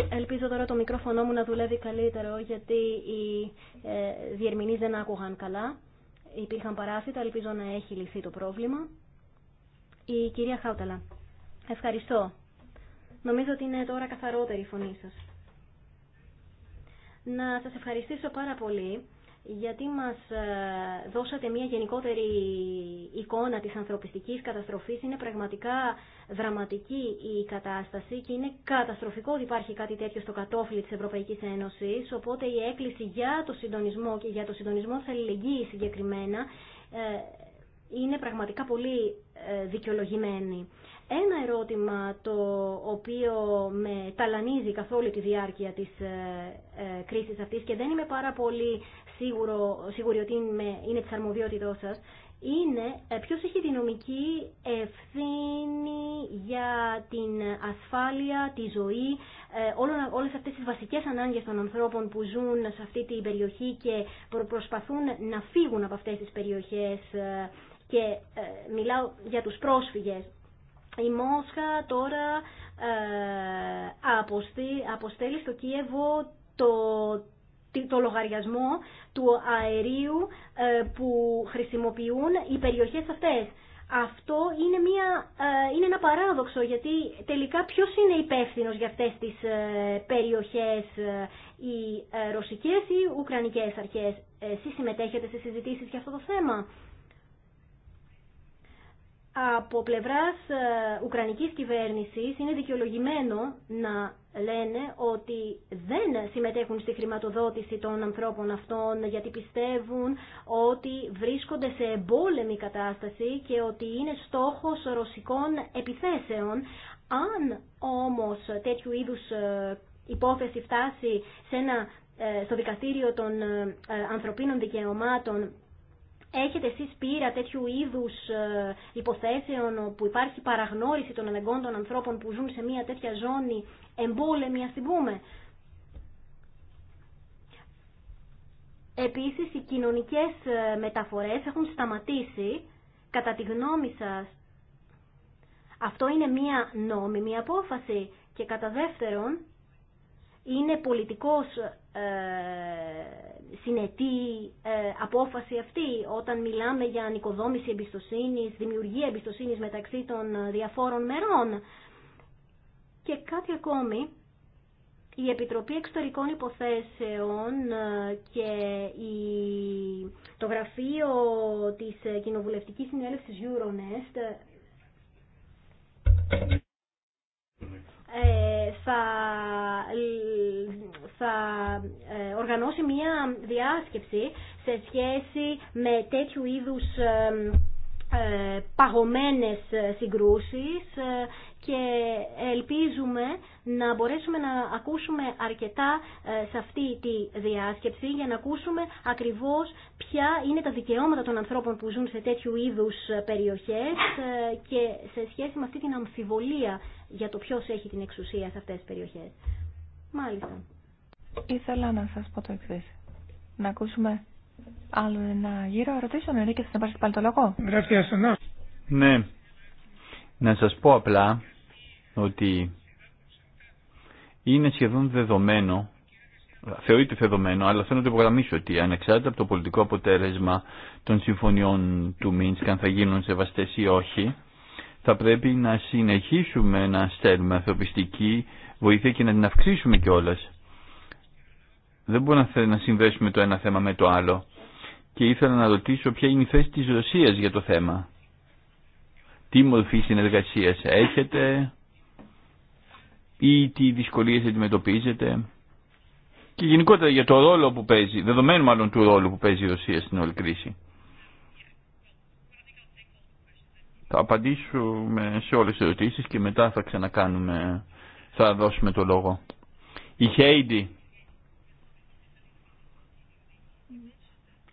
S3: Ελπίζω τώρα το μικρόφωνο μου να δουλεύει καλύτερο γιατί οι ε, διερμηνείς δεν άκουγαν καλά. Υπήρχαν παράθυτα, ελπίζω να έχει λυθεί το πρόβλημα. Η κυρία Χάουταλα, ευχαριστώ. Νομίζω ότι είναι τώρα καθαρότερη η φωνή σας να σας ευχαριστήσω πάρα πολύ γιατί μας ε, δώσατε μια γενικότερη εικόνα της ανθρωπιστικής καταστροφής. Είναι πραγματικά δραματική η κατάσταση και είναι καταστροφικό ότι υπάρχει κάτι τέτοιο στο κατόφλι της Ευρωπαϊκής Ένωσης, οπότε η έκκληση για το συντονισμό και για το συντονισμό της αλληλεγγύης συγκεκριμένα ε, είναι πραγματικά πολύ ε, δικαιολογημένη. Ένα ερώτημα το οποίο με ταλανίζει καθ' όλη τη διάρκεια της ε, ε, κρίσης αυτής και δεν είμαι πάρα πολύ σίγουρο, σίγουρη ότι είναι, είναι της αρμοδιότητός σας, είναι ε, ποιος έχει τη νομική ευθύνη για την ασφάλεια, τη ζωή, όλες αυτές τις βασικές ανάγκες των ανθρώπων που ζουν σε αυτή την περιοχή και προσπαθούν να φύγουν από αυτές τις περιοχές και μιλάω για τους πρόσφυγες. Η Μόσχα τώρα ε, αποστέλει στο Κίεβο το, το λογαριασμό του αερίου ε, που χρησιμοποιούν οι περιοχές αυτές. Αυτό είναι, μια, ε, είναι ένα παράδοξο γιατί τελικά ποιος είναι υπεύθυνο για αυτές τις περιοχές οι ρωσικές ή ουκρανικές αρχές. Εσείς συμμετέχετε σε συζητήσεις για αυτό το θέμα από πλευράς ε, Ουκρανικής κυβέρνησης είναι δικαιολογημένο να λένε ότι δεν συμμετέχουν στη χρηματοδότηση των ανθρώπων αυτών γιατί πιστεύουν ότι βρίσκονται σε εμπόλεμη κατάσταση και ότι είναι στόχος ρωσικών επιθέσεων. Αν όμως τέτοιου είδους ε, υπόθεση φτάσει σε ένα, ε, στο δικαστήριο των ανθρωπίνων δικαιωμάτων Έχετε εσείς πείρα τέτοιου είδους ε, υποθέσεων που υπάρχει παραγνώριση των αναγκών των ανθρώπων που ζουν σε μια τέτοια ζώνη εμπόλεμη, ας την πούμε. Επίσης, οι κοινωνικές ε, μεταφορές έχουν σταματήσει. Κατά τη γνώμη σας, αυτό είναι μία νόμιμη απόφαση. Και κατά δεύτερον, είναι πολιτικός ε, συνετή ε, απόφαση αυτή όταν μιλάμε για ανοικοδόμηση εμπιστοσύνης, δημιουργία εμπιστοσύνης μεταξύ των ε, διαφόρων μερών. Και κάτι ακόμη, η Επιτροπή Εξωτερικών Υποθέσεων ε, και το γραφείο της Κοινοβουλευτικής Συνέλευσης Euronest ε, θα, θα ε, οργανώσει μια διάσκεψη σε σχέση με τέτοιου είδους ε, παγωμένες συγκρούσεις και ελπίζουμε να μπορέσουμε να ακούσουμε αρκετά σε αυτή τη διάσκεψη για να ακούσουμε ακριβώς ποια είναι τα δικαιώματα των ανθρώπων που ζουν σε τέτοιου είδους περιοχές και σε σχέση με αυτή την αμφιβολία για το ποιο έχει την εξουσία σε αυτέ τι περιοχέ. Μάλιστα. Ήθελα
S1: να σα πω το εξή. Να ακούσουμε άλλο ένα γύρο ερωτήσεων, Ενρίκε, θα πάρει πάλι το λόγο. Ναι.
S2: ναι. Να σα πω απλά ότι είναι σχεδόν δεδομένο, θεωρείται δεδομένο, αλλά θέλω να το υπογραμμίσω ότι ανεξάρτητα από το πολιτικό αποτέλεσμα των συμφωνιών του Μίνσκ, αν θα γίνουν σεβαστέ ή όχι, θα πρέπει να συνεχίσουμε να στέλνουμε ανθρωπιστική βοήθεια και να την αυξήσουμε κιόλα. Δεν μπορούμε να συνδέσουμε το ένα θέμα με το άλλο. Και ήθελα να ρωτήσω ποια είναι η θέση της Ρωσίας για το θέμα. Τι μορφή συνεργασίας έχετε ή τι δυσκολίες αντιμετωπίζετε και γενικότερα για το ρόλο που παίζει, δεδομένου μάλλον του ρόλου που παίζει η Ρωσία στην όλη κρίση. Θα απαντήσουμε σε όλες τις ερωτήσεις και μετά θα ξανακάνουμε, θα δώσουμε το λόγο. Η Χέιντι,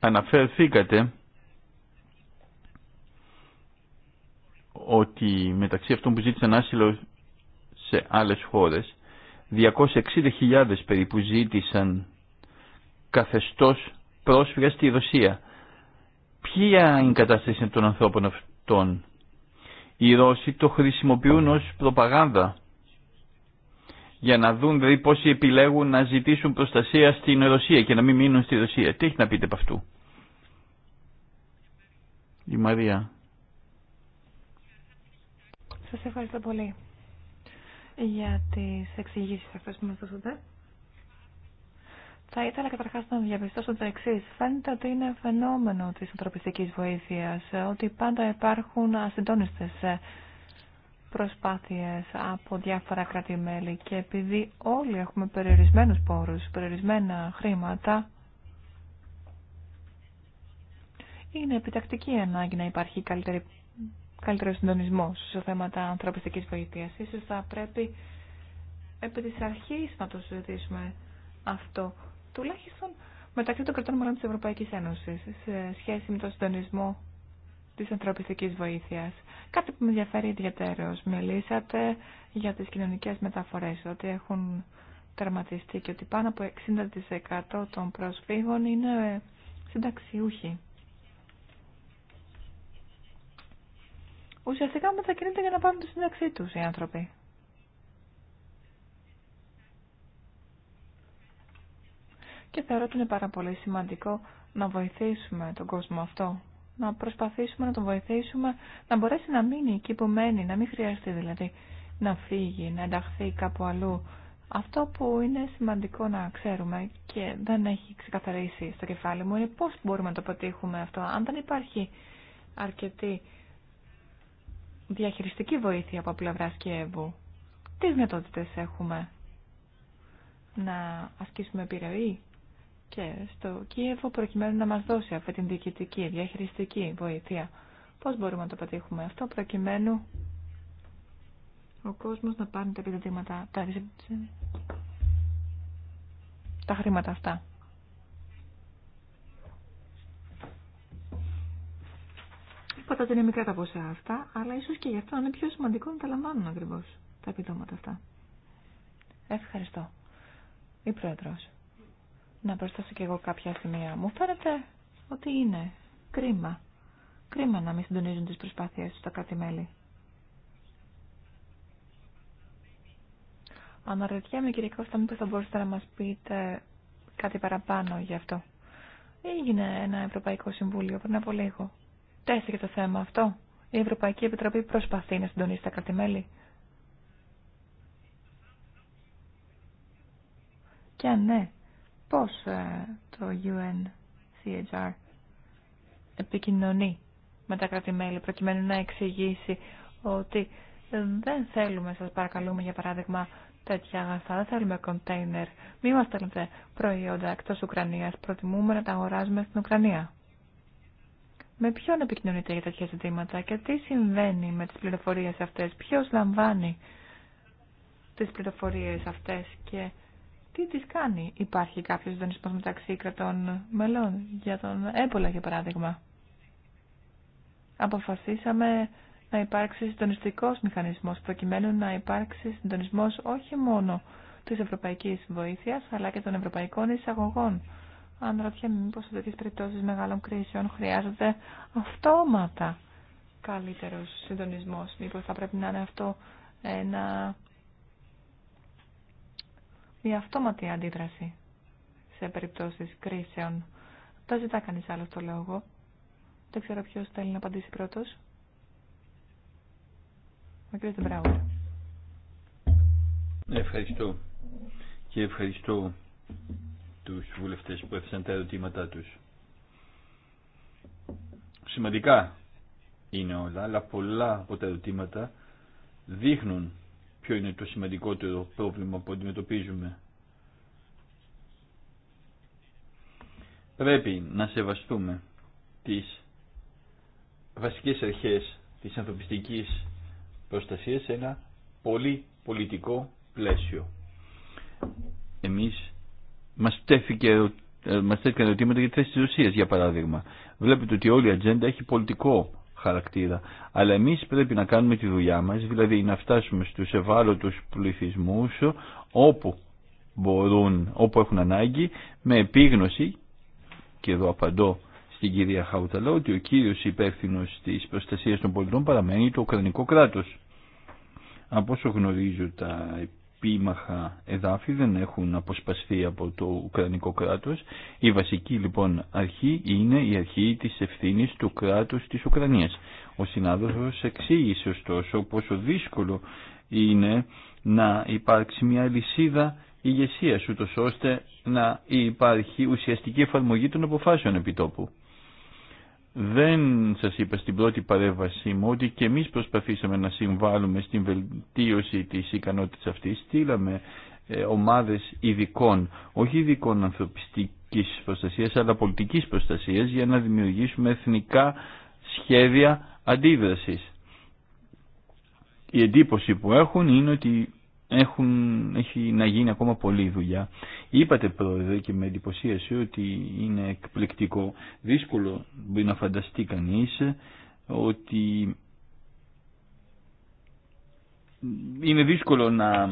S2: αναφερθήκατε ότι μεταξύ αυτών που ζήτησαν άσυλο σε άλλες χώρες 260.000 περίπου ζήτησαν καθεστώς πρόσφυγα στη Ρωσία. Ποια είναι η κατάσταση των ανθρώπων αυτών οι Ρώσοι το χρησιμοποιούν ως προπαγάνδα για να δουν δηλαδή πόσοι επιλέγουν να ζητήσουν προστασία στην Ρωσία και να μην μείνουν στη Ρωσία. Τι έχει να πείτε από αυτού. Η Μαρία.
S1: Σας ευχαριστώ πολύ για τις εξηγήσεις αυτές που μας δώσατε. Θα ήθελα καταρχά να διαπιστώσω το εξή. Φαίνεται ότι είναι φαινόμενο τη ανθρωπιστική βοήθεια, ότι πάντα υπάρχουν ασυντόνιστε προσπάθειες από διάφορα κράτη-μέλη και επειδή όλοι έχουμε περιορισμένου πόρους, περιορισμένα χρήματα, είναι επιτακτική ανάγκη να υπάρχει καλύτερη, καλύτερο συντονισμό σε θέματα ανθρωπιστική βοήθεια. Ίσως θα πρέπει επί της αρχής να το συζητήσουμε αυτό τουλάχιστον μεταξύ των κρατών μελών της Ευρωπαϊκής Ένωσης σε σχέση με τον συντονισμό της ανθρωπιστικής βοήθειας. Κάτι που με ενδιαφέρει ιδιαίτερως. Μιλήσατε για τις κοινωνικές μεταφορές, ότι έχουν τερματιστεί και ότι πάνω από 60% των προσφύγων είναι συνταξιούχοι. Ουσιαστικά μετακινούνται για να πάρουν τη σύνταξή τους οι άνθρωποι. και θεωρώ ότι είναι πάρα πολύ σημαντικό να βοηθήσουμε τον κόσμο αυτό. Να προσπαθήσουμε να τον βοηθήσουμε να μπορέσει να μείνει εκεί που μένει, να μην χρειαστεί δηλαδή να φύγει, να ενταχθεί κάπου αλλού. Αυτό που είναι σημαντικό να ξέρουμε και δεν έχει ξεκαθαρίσει στο κεφάλι μου είναι πώς μπορούμε να το πετύχουμε αυτό. Αν δεν υπάρχει αρκετή διαχειριστική βοήθεια από πλευρά Κιέβου, τι δυνατότητε έχουμε να ασκήσουμε επιρροή και στο Κίεβο προκειμένου να μας δώσει αυτή την διοικητική, διαχειριστική βοήθεια. Πώς μπορούμε να το πετύχουμε αυτό προκειμένου ο κόσμος να πάρει τα επιδοτήματα, τα, χρήματα αυτά. Είπατε ότι είναι μικρά τα ποσά αυτά, αλλά ίσως και γι' αυτό είναι πιο σημαντικό να τα λαμβάνουν ακριβώς τα επιδόματα αυτά. Ευχαριστώ. Η Πρόεδρος να προσθέσω κι εγώ κάποια σημεία. Μου φαίνεται ότι είναι κρίμα. Κρίμα να μην συντονίζουν τις προσπάθειες στα κάτι μελη Αναρωτιέμαι κύριε Κώστα μήπως θα μπορούσατε να μας πείτε κάτι παραπάνω γι' αυτό. Έγινε ένα Ευρωπαϊκό Συμβούλιο πριν από λίγο. Τέθηκε το θέμα αυτό. Η Ευρωπαϊκή Επιτροπή προσπαθεί να συντονίσει τα κάτι μελη Και αν ναι, πώς ε, το UNCHR επικοινωνεί με τα κράτη-μέλη προκειμένου να εξηγήσει ότι ε, δεν θέλουμε, σας παρακαλούμε για παράδειγμα, τέτοια αγαθά, δεν θέλουμε κοντέινερ. Μη μας θέλετε προϊόντα εκτός Ουκρανίας, προτιμούμε να τα αγοράζουμε στην Ουκρανία. Με ποιον επικοινωνείτε για τέτοια ζητήματα και τι συμβαίνει με τις πληροφορίες αυτές, ποιος λαμβάνει τις πληροφορίες αυτές και τι τις κάνει. Υπάρχει κάποιος δανεισμός μεταξύ κρατών μελών, για τον έπολα για παράδειγμα. Αποφασίσαμε να υπάρξει συντονιστικός μηχανισμός, προκειμένου να υπάρξει συντονισμός όχι μόνο της ευρωπαϊκής βοήθειας, αλλά και των ευρωπαϊκών εισαγωγών. Αν ρωτιέμαι μήπω σε τέτοιε περιπτώσει μεγάλων κρίσεων χρειάζεται αυτόματα καλύτερο συντονισμό. Μήπω θα πρέπει να είναι αυτό ένα η αυτόματη αντίδραση σε περιπτώσεις κρίσεων. τα ζητά κανείς άλλο το λόγο. Δεν ξέρω ποιος θέλει να απαντήσει πρώτος. Ο κ.
S2: Ευχαριστώ. Και ευχαριστώ τους βουλευτές που έφεσαν τα ερωτήματά τους. Σημαντικά είναι όλα, αλλά πολλά από τα ερωτήματα δείχνουν ποιο είναι το σημαντικότερο πρόβλημα που αντιμετωπίζουμε. Πρέπει να σεβαστούμε τις βασικές αρχές της ανθρωπιστικής προστασίας σε ένα πολύ πολιτικό πλαίσιο. Εμείς μας τέθηκε ε, μας ερωτήματα για τη θέση της Ρωσίας, για παράδειγμα. Βλέπετε ότι όλη η ατζέντα έχει πολιτικό χαρακτήρα. Αλλά εμεί πρέπει να κάνουμε τη δουλειά μας, δηλαδή να φτάσουμε στους ευάλωτου πληθυσμού όπου μπορούν, όπου έχουν ανάγκη, με επίγνωση, και εδώ απαντώ στην κυρία Χαουταλά, ότι ο κύριος υπεύθυνο τη προστασία των πολιτών παραμένει το Ουκρανικό κράτος. Από όσο γνωρίζω τα πίμαχα εδάφη δεν έχουν αποσπαστεί από το Ουκρανικό κράτος. Η βασική λοιπόν αρχή είναι η αρχή της ευθύνης του κράτους της Ουκρανίας. Ο συνάδελφος εξήγησε ωστόσο πόσο δύσκολο είναι να υπάρξει μια λυσίδα ηγεσία ούτω ώστε να υπάρχει ουσιαστική εφαρμογή των αποφάσεων επιτόπου δεν σας είπα στην πρώτη παρέμβασή μου ότι και εμείς προσπαθήσαμε να συμβάλλουμε στην βελτίωση της ικανότητας αυτής. Στείλαμε ε, ομάδες ειδικών, όχι ειδικών ανθρωπιστικής προστασίας, αλλά πολιτικής προστασίας για να δημιουργήσουμε εθνικά σχέδια αντίδρασης. Η εντύπωση που έχουν είναι ότι έχουν, έχει να γίνει ακόμα πολλή δουλειά. Είπατε πρόεδρε και με εντυπωσίασε ότι είναι εκπληκτικό. Δύσκολο μπορεί να φανταστεί κανείς ότι είναι δύσκολο να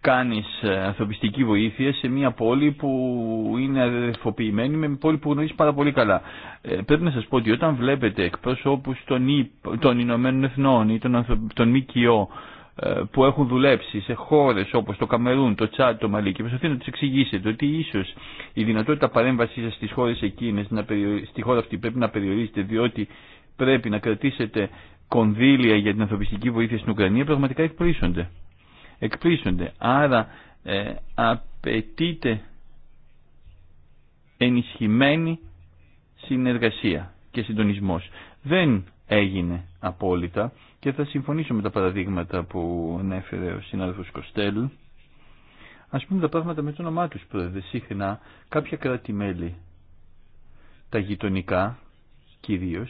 S2: κάνεις ανθρωπιστική βοήθεια σε μια πόλη που είναι αδερφοποιημένη με μια πόλη που γνωρίζεις πάρα πολύ καλά. Ε, πρέπει να σας πω ότι όταν βλέπετε εκπρόσωπους των, των Ηνωμένων Εθνών ή των, των ΜΚΟ ε, που έχουν δουλέψει σε χώρε όπω το Καμερούν, το Τσάτ, το Μαλί και προσπαθεί να του εξηγήσετε ότι ίσω η δυνατότητα παρέμβασή σα στι χώρε εκείνε, στη χώρα αυτή πρέπει να περιορίζεται διότι πρέπει να κρατήσετε κονδύλια για την ανθρωπιστική βοήθεια στην Ουκρανία, πραγματικά εκπλήσονται. Εκπλήσονται. Άρα ε, απαιτείται ενισχυμένη συνεργασία και συντονισμός. Δεν έγινε απόλυτα και θα συμφωνήσω με τα παραδείγματα που ανέφερε ο συνάδελφος Κοστέλ. Ας πούμε τα πράγματα με το όνομά τους πρόεδρε. Δηλαδή συχνά κάποια κράτη-μέλη, τα γειτονικά κυρίω,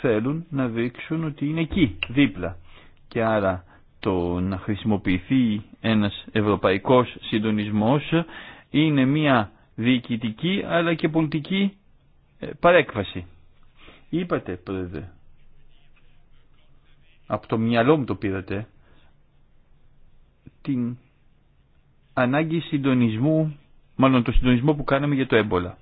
S2: θέλουν να δείξουν ότι είναι εκεί, δίπλα. Και άρα το να χρησιμοποιηθεί ένας ευρωπαϊκός συντονισμός είναι μια διοικητική αλλά και πολιτική ε, παρέκβαση. Είπατε, πρόεδρε, από το μυαλό μου το πήρατε, την ανάγκη συντονισμού, μάλλον το συντονισμό που κάναμε για το έμπολα.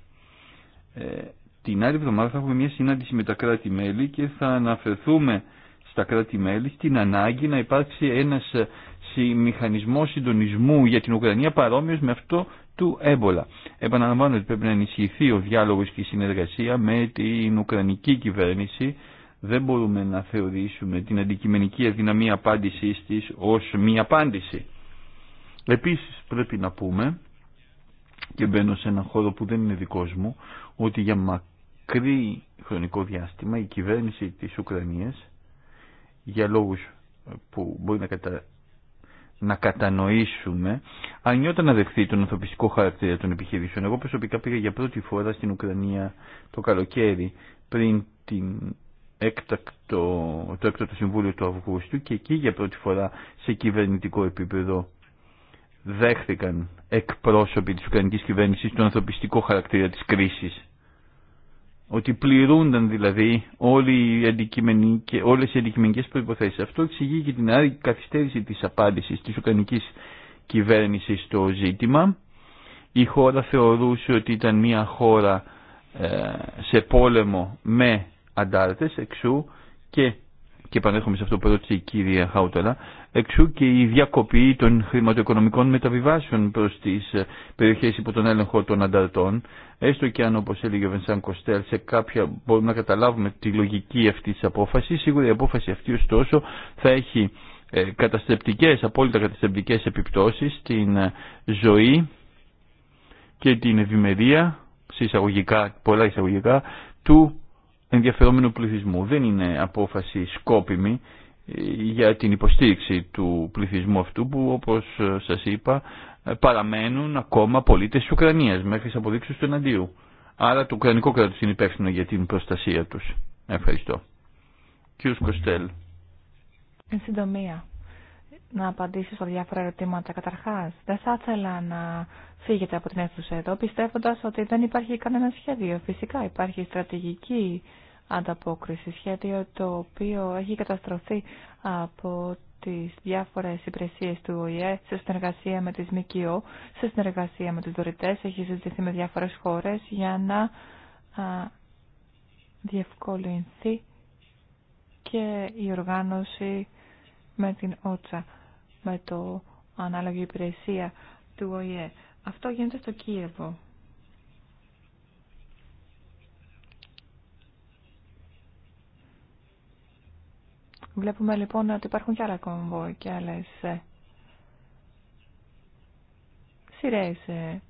S2: Ε, την άλλη εβδομάδα θα έχουμε μια συνάντηση με τα κράτη-μέλη και θα αναφερθούμε στα κράτη-μέλη την ανάγκη να υπάρξει ένας ε, μηχανισμός συντονισμού για την Ουκρανία παρόμοιος με αυτό του έμπολα. Επαναλαμβάνω ότι πρέπει να ενισχυθεί ο διάλογος και η συνεργασία με την Ουκρανική κυβέρνηση. Δεν μπορούμε να θεωρήσουμε την αντικειμενική αδυναμία απάντησή της ως μία απάντηση. Επίσης πρέπει να πούμε, και μπαίνω σε έναν χώρο που δεν είναι δικός μου, ότι για μακρύ χρονικό διάστημα η κυβέρνηση της Ουκρανίας για λόγους ε, που μπορεί να, κατα... να κατανοήσουμε, αρνιόταν να δεχθεί τον ανθρωπιστικό χαρακτήρα των επιχειρήσεων. Εγώ προσωπικά πήγα για πρώτη φορά στην Ουκρανία το καλοκαίρι πριν την έκτακτο, το έκτακτο συμβούλιο του Αυγούστου και εκεί για πρώτη φορά σε κυβερνητικό επίπεδο δέχθηκαν εκπρόσωποι της Ουκρανικής κυβέρνησης τον ανθρωπιστικό χαρακτήρα της κρίσης ότι πληρούνταν δηλαδή όλοι οι και όλες οι αντικειμενικές προϋποθέσεις. Αυτό εξηγεί και την άρρη καθυστέρηση της απάντησης της ουκανικής κυβέρνησης στο ζήτημα. Η χώρα θεωρούσε ότι ήταν μια χώρα ε, σε πόλεμο με αντάρτες εξού και και επανέρχομαι σε αυτό που ρώτησε η κυρία Χάουταλα, εξού και η διακοπή των χρηματοοικονομικών μεταβιβάσεων προ τι ε, περιοχέ υπό τον έλεγχο των ανταρτών, έστω και αν όπω έλεγε ο Βενσάν Κοστέλ σε κάποια μπορούμε να καταλάβουμε τη λογική αυτή τη απόφαση. σίγουρα η απόφαση αυτή ωστόσο θα έχει ε, καταστρεπτικές, απόλυτα καταστρεπτικές επιπτώσεις στην ε, ζωή και την ευημερία, εισαγωγικά, πολλά εισαγωγικά, του ενδιαφερόμενου πληθυσμού. Δεν είναι απόφαση σκόπιμη ε, για την υποστήριξη του πληθυσμού αυτού που όπως ε, σας είπα ε, παραμένουν ακόμα πολίτες της Ουκρανίας μέχρι τις αποδείξεις του εναντίου. Άρα το Ουκρανικό κράτος είναι υπεύθυνο για την προστασία τους. Ευχαριστώ. Κύριος Κοστέλ.
S1: Εν συντομία, να απαντήσει στα διάφορα ερωτήματα. καταρχά. δεν θα ήθελα να φύγετε από την αίθουσα εδώ, πιστεύοντα ότι δεν υπάρχει κανένα σχέδιο. Φυσικά υπάρχει στρατηγική ανταπόκριση, σχέδιο το οποίο έχει καταστρωθεί από τι διάφορε υπηρεσίε του ΟΗΕ σε συνεργασία με τι ΜΚΟ, σε συνεργασία με του δωρητέ, έχει συζητηθεί με διάφορε χώρε για να διευκολυνθεί και η οργάνωση με την ότσα με το ανάλογη υπηρεσία του ΟΗΕ. Αυτό γίνεται στο Κίεβο. Βλέπουμε λοιπόν ότι υπάρχουν και άλλα κόμβο και άλλες ε, σειρές ε,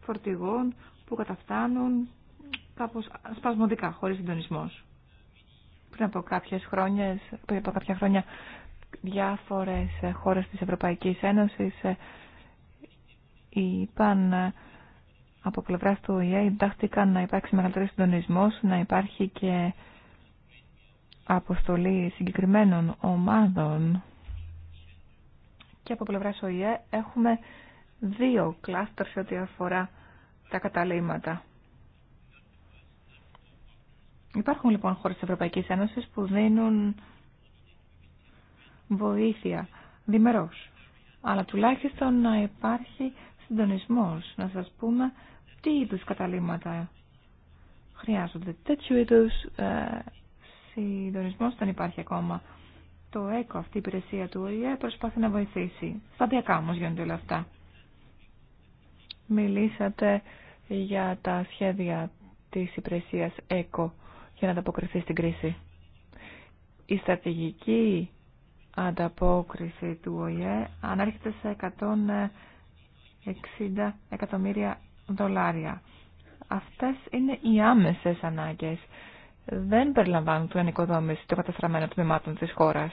S1: φορτηγών που καταφτάνουν κάπως σπασμωδικά, χωρίς συντονισμός. Πριν από, κάποιες χρόνιες, πριν από κάποια χρόνια διάφορες χώρες της Ευρωπαϊκής Ένωσης ε, είπαν ε, από πλευρά του ΟΗΕ εντάχθηκαν να υπάρξει μεγαλύτερο συντονισμό, να υπάρχει και αποστολή συγκεκριμένων ομάδων. Και από πλευρά ΟΗΕ έχουμε δύο κλάστερ σε ό,τι αφορά τα καταλήμματα. Υπάρχουν λοιπόν χώρες της Ευρωπαϊκής Ένωσης που δίνουν βοήθεια διμερός. Αλλά τουλάχιστον να υπάρχει συντονισμός, να σας πούμε τι είδους καταλήμματα χρειάζονται. Τέτοιου είδους ε, συντονισμός δεν υπάρχει ακόμα. Το ΕΚΟ, αυτή η υπηρεσία του ΟΗΕ, προσπάθει να βοηθήσει. Σταδιακά όμως γίνονται όλα αυτά. Μιλήσατε για τα σχέδια της υπηρεσίας ΕΚΟ για να ανταποκριθεί στην κρίση. Η στρατηγική ανταπόκριση του ΟΗΕ ανέρχεται σε 160 εκατομμύρια δολάρια. Αυτές είναι οι άμεσες ανάγκες. Δεν περιλαμβάνουν του ενοικοδόμηση των καταστραμμένων τμήματων της χώρας.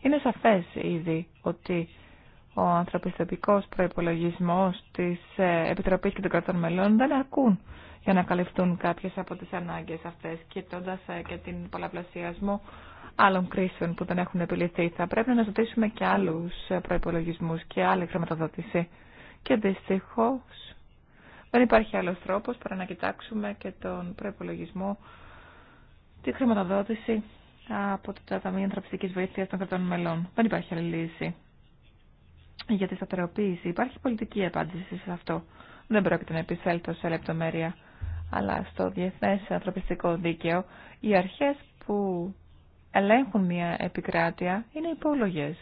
S1: Είναι σαφές ήδη ότι ο ανθρωπιστικός προϋπολογισμός της ε, Επιτροπής και των κρατών μελών δεν ακούν για να καλυφθούν κάποιες από τις ανάγκες αυτές, κοιτώντας ε, και την πολλαπλασιασμό άλλων κρίσεων που δεν έχουν επιληθεί. Θα πρέπει να ζητήσουμε και άλλου προπολογισμού και άλλη χρηματοδότηση. Και δυστυχώ δεν υπάρχει άλλο τρόπο παρά να κοιτάξουμε και τον προπολογισμό, τη χρηματοδότηση από τα Ταμεία Ανθρωπιστική Βοήθεια των κρατών μελών. Δεν υπάρχει άλλη λύση για τη σταθεροποίηση. Υπάρχει πολιτική απάντηση σε αυτό. Δεν πρόκειται να επισέλθω σε λεπτομέρεια. Αλλά στο διεθνές ανθρωπιστικό δίκαιο οι αρχές που ελέγχουν μια επικράτεια είναι υπόλογε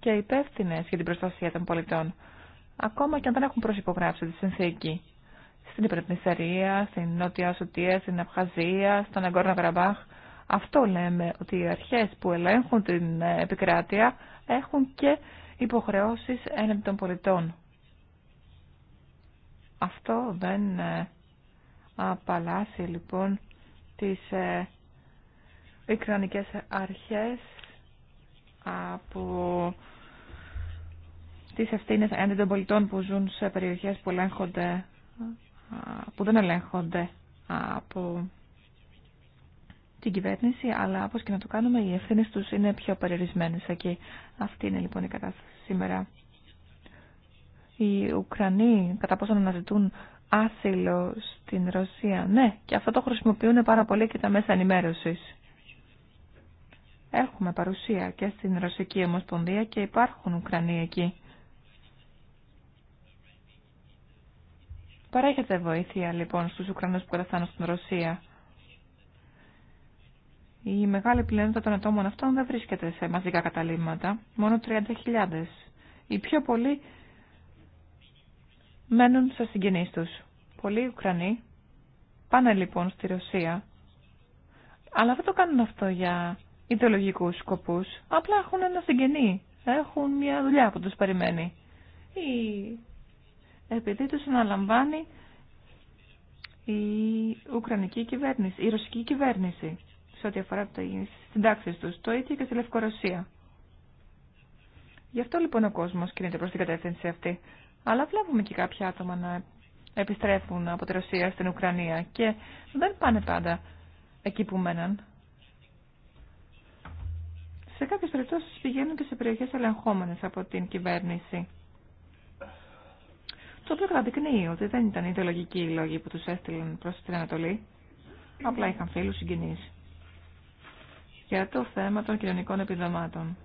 S1: και υπεύθυνε για την προστασία των πολιτών, ακόμα και αν δεν έχουν προσυπογράψει τη συνθήκη. Στην Υπερπνησσαρία, στην Νότια Σουτία, στην Αυχαζία, στον Αγκόρνα Βραμπάχ, Αυτό λέμε ότι οι αρχέ που ελέγχουν την ε, επικράτεια έχουν και υποχρεώσει έναντι των πολιτών. Αυτό δεν ε, απαλλάσσει λοιπόν τις ε, Ικρανικές αρχές από τις ευθύνες έναντι των πολιτών που ζουν σε περιοχές που, που δεν ελέγχονται από την κυβέρνηση, αλλά όπως και να το κάνουμε, οι ευθύνε τους είναι πιο περιορισμένες εκεί. Αυτή είναι λοιπόν η κατάσταση σήμερα. Οι Ουκρανοί κατά πόσο αναζητούν άσυλο στην Ρωσία. Ναι, και αυτό το χρησιμοποιούν πάρα πολύ και τα μέσα ενημέρωσης. Έχουμε παρουσία και στην Ρωσική Ομοσπονδία και υπάρχουν Ουκρανοί εκεί. Παρέχεται βοήθεια λοιπόν στους Ουκρανούς που καταφθάνουν στην Ρωσία. Η μεγάλη πλειονότητα των ατόμων αυτών δεν βρίσκεται σε μαζικά καταλήμματα, μόνο 30.000. Οι πιο πολλοί μένουν στα συγγενείς τους. Πολλοί Ουκρανοί πάνε λοιπόν στη Ρωσία, αλλά δεν το κάνουν αυτό για ιδεολογικούς σκοπούς. Απλά έχουν ένα συγγενή. Έχουν μια δουλειά που τους περιμένει. Ή επειδή τους αναλαμβάνει η Ουκρανική κυβέρνηση, η Ρωσική κυβέρνηση σε ό,τι αφορά τις συντάξεις τους. Το ίδιο και στη Λευκορωσία. Γι' αυτό λοιπόν ο κόσμος κινείται προς την κατεύθυνση αυτή. Αλλά βλέπουμε και κάποια άτομα να επιστρέφουν από τη Ρωσία στην Ουκρανία και δεν πάνε πάντα εκεί που μέναν σε κάποιες περιπτώσεις πηγαίνουν και σε περιοχές ελεγχόμενες από την κυβέρνηση. Το οποίο καταδεικνύει ότι δεν ήταν ιδεολογικοί οι λόγοι που τους έστειλαν προς την Ανατολή. Απλά είχαν φίλους συγκινείς. Για το θέμα των κοινωνικών επιδομάτων.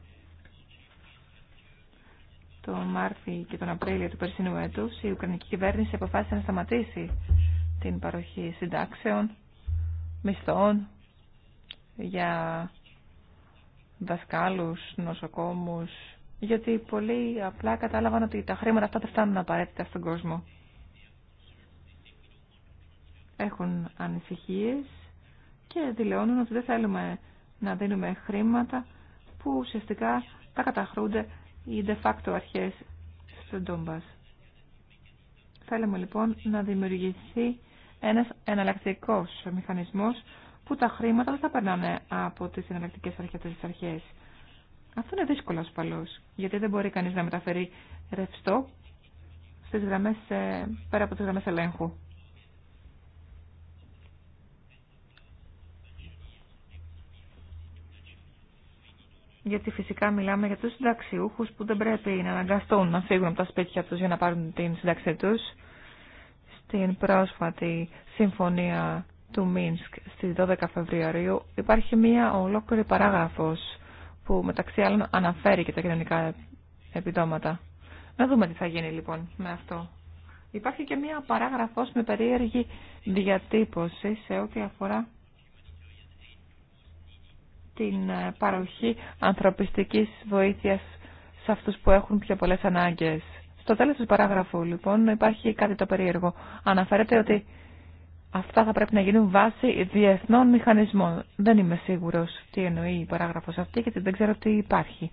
S1: Το Μάρτι και τον Απρίλιο του περσινού έτους η Ουκρανική κυβέρνηση αποφάσισε να σταματήσει την παροχή συντάξεων, μισθών για δασκάλους, νοσοκόμους, γιατί πολύ απλά κατάλαβαν ότι τα χρήματα αυτά δεν φτάνουν απαραίτητα στον κόσμο. Έχουν ανησυχίες και δηλώνουν ότι δεν θέλουμε να δίνουμε χρήματα που ουσιαστικά τα καταχρούνται οι de facto αρχές στον Τόμπας. Θέλουμε λοιπόν να δημιουργηθεί ένας εναλλακτικός μηχανισμός που τα χρήματα δεν θα περνάνε από τις συναλλακτικές αρχές της αρχέ. Αυτό είναι δύσκολο ασφαλώ, γιατί δεν μπορεί κανεί να μεταφέρει ρευστό στις γραμμές, ε, πέρα από τι γραμμέ ελέγχου. γιατί φυσικά μιλάμε για τους συνταξιούχους που δεν πρέπει να αναγκαστούν να φύγουν από τα σπίτια τους για να πάρουν την συνταξή τους. Στην πρόσφατη συμφωνία του Μίνσκ στις 12 Φεβρουαρίου υπάρχει μία ολόκληρη παράγραφος που μεταξύ άλλων αναφέρει και τα κοινωνικά επιδόματα. Να δούμε τι θα γίνει λοιπόν με αυτό. Υπάρχει και μία παράγραφος με περίεργη διατύπωση σε ό,τι αφορά την ε, παροχή ανθρωπιστικής βοήθειας σε αυτούς που έχουν πιο πολλές ανάγκες. Στο τέλος του παράγραφου λοιπόν υπάρχει κάτι το περίεργο. Αναφέρεται ότι Αυτά θα πρέπει να γίνουν βάση διεθνών μηχανισμών. Δεν είμαι σίγουρος τι εννοεί η παράγραφος αυτή γιατί δεν ξέρω τι υπάρχει.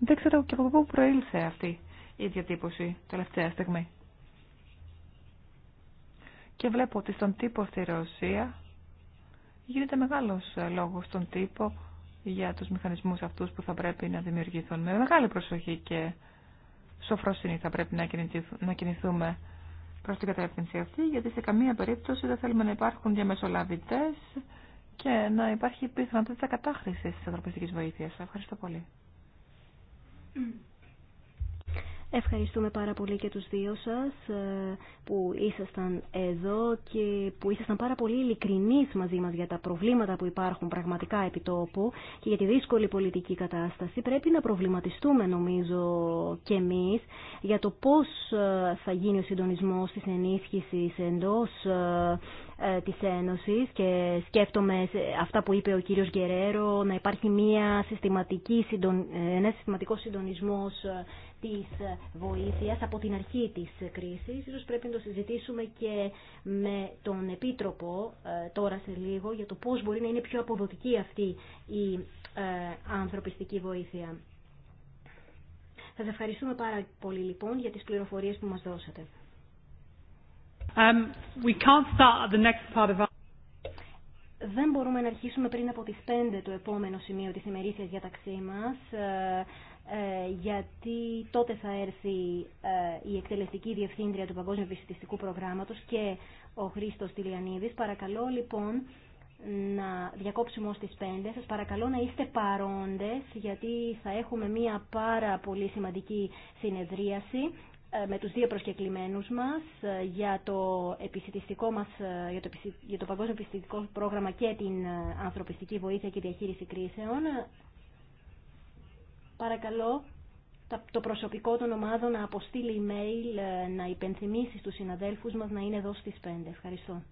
S1: Δεν ξέρω και από πού προήλθε αυτή η διατύπωση τελευταία στιγμή. Και βλέπω ότι στον τύπο στη Ρωσία γίνεται μεγάλος λόγος στον τύπο για τους μηχανισμούς αυτούς που θα πρέπει να δημιουργηθούν. Με μεγάλη προσοχή και σοφροσύνη θα πρέπει να, κινηθούμε Προ την κατεύθυνση αυτή, γιατί σε καμία περίπτωση δεν θέλουμε να υπάρχουν διαμεσολαβητέ και να υπάρχει πιθανότητα κατάχρηση τη Ευρωπαϊκή βοήθεια. Ευχαριστώ πολύ.
S3: Ευχαριστούμε πάρα πολύ και τους δύο σας ε, που ήσασταν εδώ και που ήσασταν πάρα πολύ ειλικρινείς μαζί μας για τα προβλήματα που υπάρχουν πραγματικά επί τόπου και για τη δύσκολη πολιτική κατάσταση. Πρέπει να προβληματιστούμε νομίζω και εμείς για το πώς ε, θα γίνει ο συντονισμός της ενίσχυσης εντός ε, της Ένωσης και σκέφτομαι αυτά που είπε ο κύριος Γκερέρο να υπάρχει μια συστηματική, ένα συστηματικό συντονισμός της βοήθειας από την αρχή της κρίσης. Ίσως πρέπει να το συζητήσουμε και με τον Επίτροπο ε, τώρα σε λίγο για το πώς μπορεί να είναι πιο αποδοτική αυτή η ε, ανθρωπιστική βοήθεια. Θα ευχαριστούμε πάρα πολύ λοιπόν για τις πληροφορίες που μας δώσατε. Um, we can't start the next part of our... Δεν μπορούμε να αρχίσουμε πριν από τις 5 το επόμενο σημείο της ημερήσιας διαταξή μας. Ε, ε, γιατί τότε θα έρθει ε, η εκτελεστική διευθύντρια του Παγκόσμιου Επιστημιστικού Προγράμματος και ο Χρήστος Τηλιανίδης. Παρακαλώ λοιπόν να διακόψουμε ως τις 5. Σας παρακαλώ να είστε παρόντες γιατί θα έχουμε μία πάρα πολύ σημαντική συνεδρίαση ε, με τους δύο προσκεκλημένους μας για το, επιστημιστικό μας, για το, για το Παγκόσμιο Επιστημιστικό Πρόγραμμα και την ανθρωπιστική βοήθεια και διαχείριση κρίσεων. Παρακαλώ το προσωπικό των ομάδων να αποστείλει email, ε, να υπενθυμίσει στους συναδέλφους μας να είναι εδώ στις 5. Ευχαριστώ.